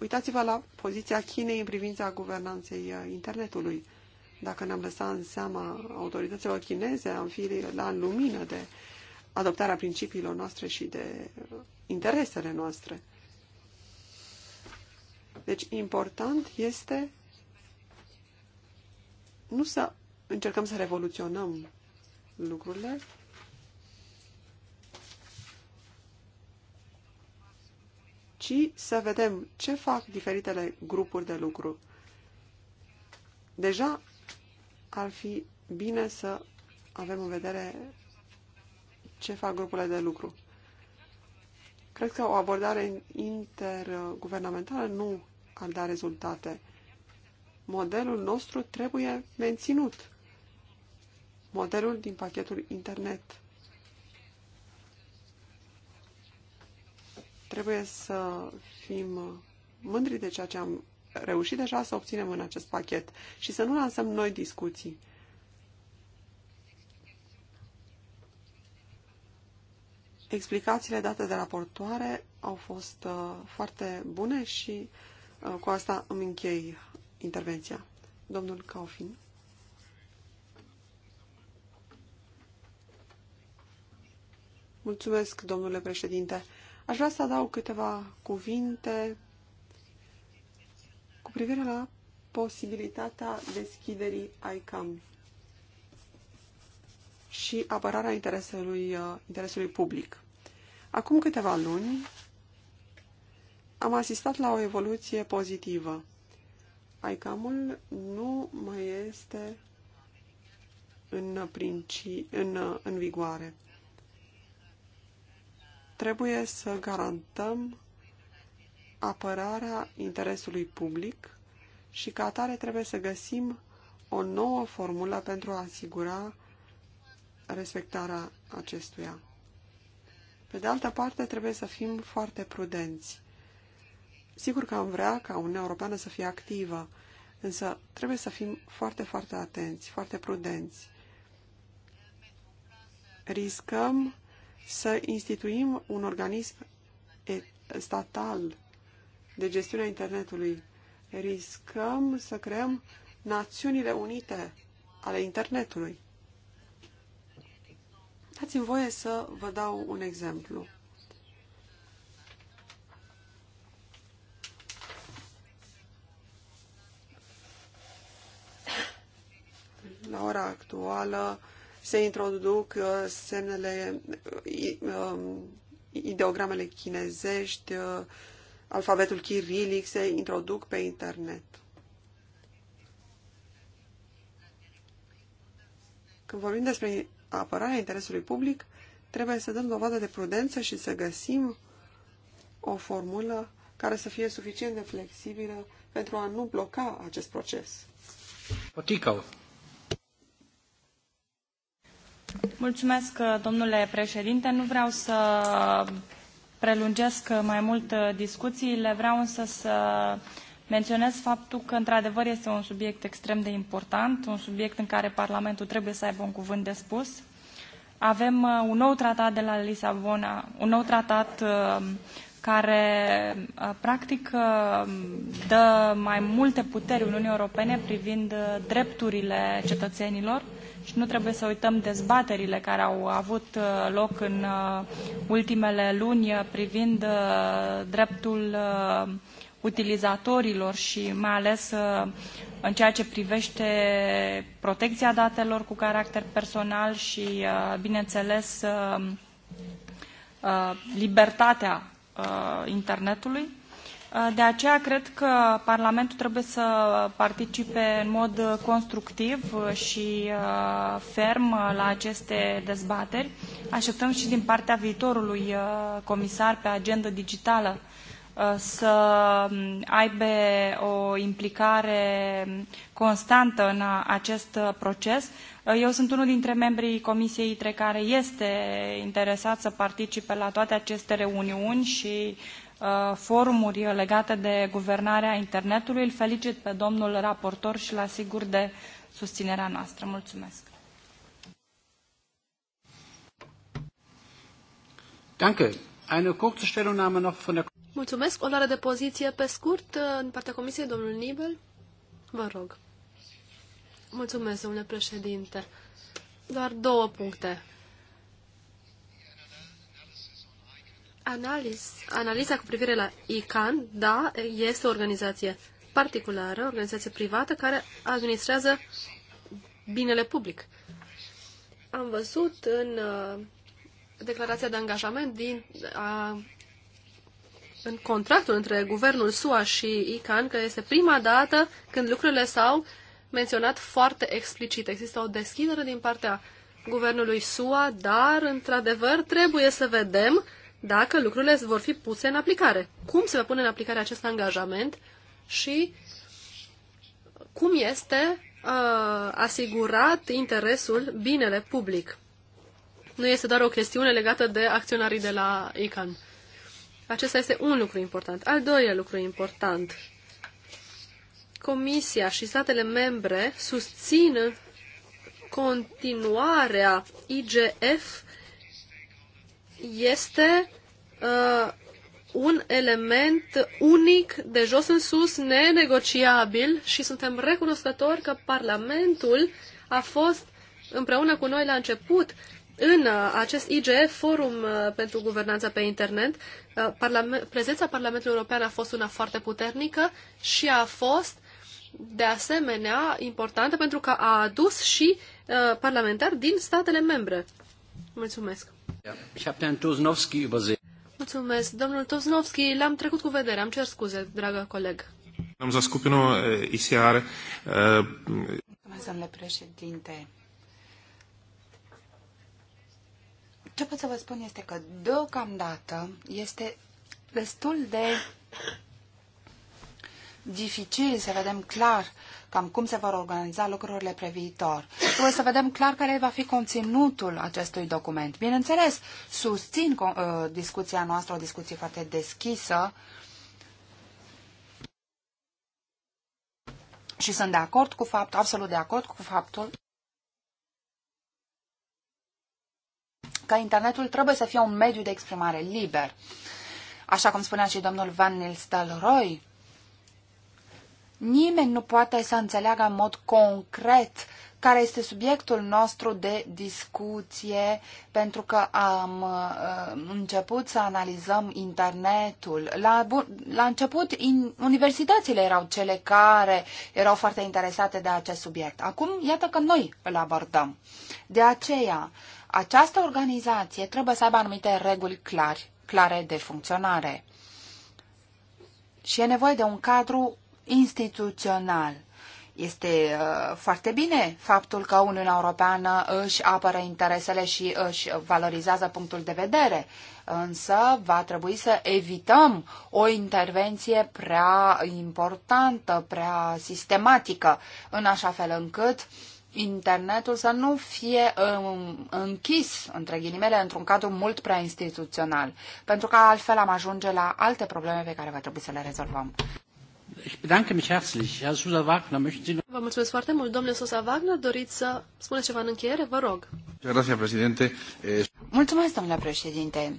Uitați-vă la poziția Chinei în privința guvernanței uh, internetului. Dacă ne-am lăsat în seama autorităților chineze, am fi la lumină de adoptarea principiilor noastre și de uh, interesele noastre. Deci important este nu să încercăm să revoluționăm lucrurile, ci să vedem ce fac diferitele grupuri de lucru. Deja ar fi bine să avem în vedere ce fac grupurile de lucru. Cred că o abordare interguvernamentală nu ar da rezultate modelul nostru trebuie menținut. Modelul din pachetul internet. Trebuie să fim mândri de ceea ce am reușit deja să obținem în acest pachet și să nu lansăm noi discuții. Explicațiile date de raportoare au fost uh, foarte bune și uh, cu asta îmi închei intervenția. Domnul Caufin. Mulțumesc, domnule președinte. Aș vrea să adaug câteva cuvinte cu privire la posibilitatea deschiderii ICAM și apărarea interesului, uh, interesului public. Acum câteva luni am asistat la o evoluție pozitivă. ICAM-ul nu mai este în, princi- în, în vigoare. Trebuie să garantăm apărarea interesului public și ca atare trebuie să găsim o nouă formulă pentru a asigura respectarea acestuia. Pe de altă parte, trebuie să fim foarte prudenți. Sigur că am vrea ca Uniunea Europeană să fie activă, însă trebuie să fim foarte, foarte atenți, foarte prudenți. Riscăm să instituim un organism statal de gestiune a internetului. Riscăm să creăm Națiunile Unite ale internetului. Dați-mi voie să vă dau un exemplu. la ora actuală se introduc uh, semnele, um, ideogramele chinezești, uh, alfabetul chirilic se introduc pe internet. Când vorbim despre apărarea interesului public, trebuie să dăm dovadă de prudență și să găsim o formulă care să fie suficient de flexibilă pentru a nu bloca acest proces. Poticău. Mulțumesc, domnule președinte. Nu vreau să prelungesc mai mult discuțiile, vreau însă să menționez faptul că, într-adevăr, este un subiect extrem de important, un subiect în care Parlamentul trebuie să aibă un cuvânt de spus. Avem uh, un nou tratat de la Lisabona, un nou tratat uh, care uh, practic dă mai multe puteri Uniunii Europene privind drepturile cetățenilor și nu trebuie să uităm dezbaterile care au avut uh, loc în uh, ultimele luni uh, privind dreptul utilizatorilor și mai ales în ceea ce privește protecția datelor cu caracter personal și, bineînțeles, libertatea internetului. Uh, de aceea cred că Parlamentul trebuie să participe în mod constructiv și uh, ferm uh, la aceste dezbateri. Așteptăm și din partea viitorului comisar pe agenda digitală să um, aibă o implicare constantă în acest proces. Eu sunt unul dintre membrii Comisiei ITRE care este interesat să participe la toate aceste reuniuni și uh, Uh, forumuri legate de guvernarea internetului. Îl felicit pe domnul raportor și îl asigur de susținerea noastră. Mulțumesc! Danke. Mulțumesc. O luare de poziție pe scurt uh, în partea Comisiei, domnul Nibel. Vă rog. Mulțumesc, domnule președinte. Doar două puncte Analiz, analiza cu privire la ICAN, da, este o organizație particulară, o organizație privată care administrează binele public. Am văzut în uh, declarația de angajament din a, în contractul între guvernul SUA și ICAN că este prima dată când lucrurile s-au menționat foarte explicit. Există o deschidere din partea guvernului SUA, dar, într-adevăr, trebuie să vedem uh, dacă lucrurile vor fi puse în aplicare. Cum se va pune în aplicare acest angajament și cum este uh, asigurat interesul, binele public. Nu este doar o chestiune legată de acționarii de la ICAN. Acesta este un lucru important. Al doilea lucru important. Comisia și statele membre susțin continuarea IGF este uh, un element unic de jos în sus, nenegociabil și suntem recunoscători că Parlamentul a fost împreună cu noi la început în uh, acest IGE, Forum uh, pentru Guvernanța pe Internet, uh, parlament, prezența Parlamentului European a fost una foarte puternică și a fost, de asemenea, importantă pentru că a adus și uh, parlamentari din statele membre. Mulțumesc! Mulțumesc. Domnul Tosnovski, l-am trecut cu vedere. Am cer scuze, dragă coleg. Am za skupinu eh, ICR. Eh, Mulțumesc, domnule președinte. Ce pot să vă spun este că deocamdată este destul de dificil să vedem clar uh, cam cum se vor organiza lucrurile pe viitor. Trebuie să vedem clar care va fi conținutul acestui document. Bineînțeles, susțin uh, discuția noastră, o discuție foarte deschisă, Și sunt de acord cu faptul, absolut de acord cu faptul că internetul trebuie să fie un mediu de exprimare liber. Așa cum spunea și domnul Van Nils Roy, Nimeni nu poate să înțeleagă în mod concret care este subiectul nostru de discuție, pentru că am uh, început să analizăm internetul. La, la început, in, universitățile erau cele care erau foarte interesate de acest subiect. Acum, iată că noi îl abordăm. De aceea, această organizație trebuie să aibă anumite reguli clari, clare de funcționare. Și e nevoie de un cadru instituțional. Este uh, foarte bine faptul că Uniunea Europeană își apără interesele și își valorizează punctul de vedere, însă va trebui să evităm o intervenție prea importantă, prea sistematică, în așa fel încât internetul să nu fie um, închis, între ghilimele, într-un cadru mult prea instituțional, pentru că altfel am ajunge la alte probleme pe care va trebui să le rezolvăm. Ich bedanke mich herzlich. Herr Susa Wagner, möchten Sie Vă mulțumesc foarte mult, domnule Sosa Wagner. Doriți să spuneți ceva în încheiere? Vă rog. Eh, mulțumesc, domnule președinte.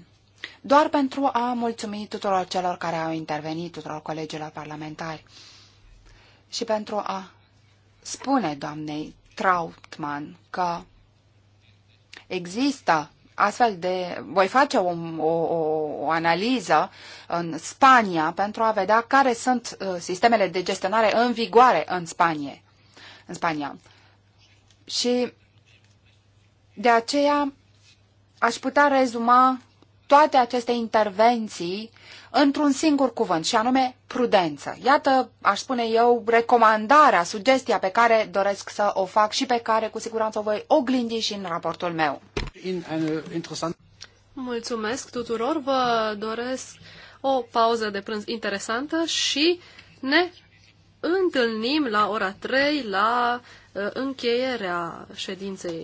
Doar pentru a mulțumi tuturor celor care au intervenit, tuturor colegilor parlamentari și pentru a spune doamnei Trautmann că există astfel de, voi face o, o, o, o analiză în Spania pentru a vedea care sunt uh, sistemele de gestionare în vigoare în Spanie. În Spania. Și de aceea aș putea rezuma toate aceste intervenții într-un singur cuvânt, și anume prudență. Iată, aș spune eu, recomandarea, sugestia pe care doresc să o fac și pe care cu siguranță o voi oglindi și în raportul meu. Uh, Mulțumesc tuturor, vă doresc o pauză de prânz interesantă și ne întâlnim la ora 3 la uh, încheierea ședinței.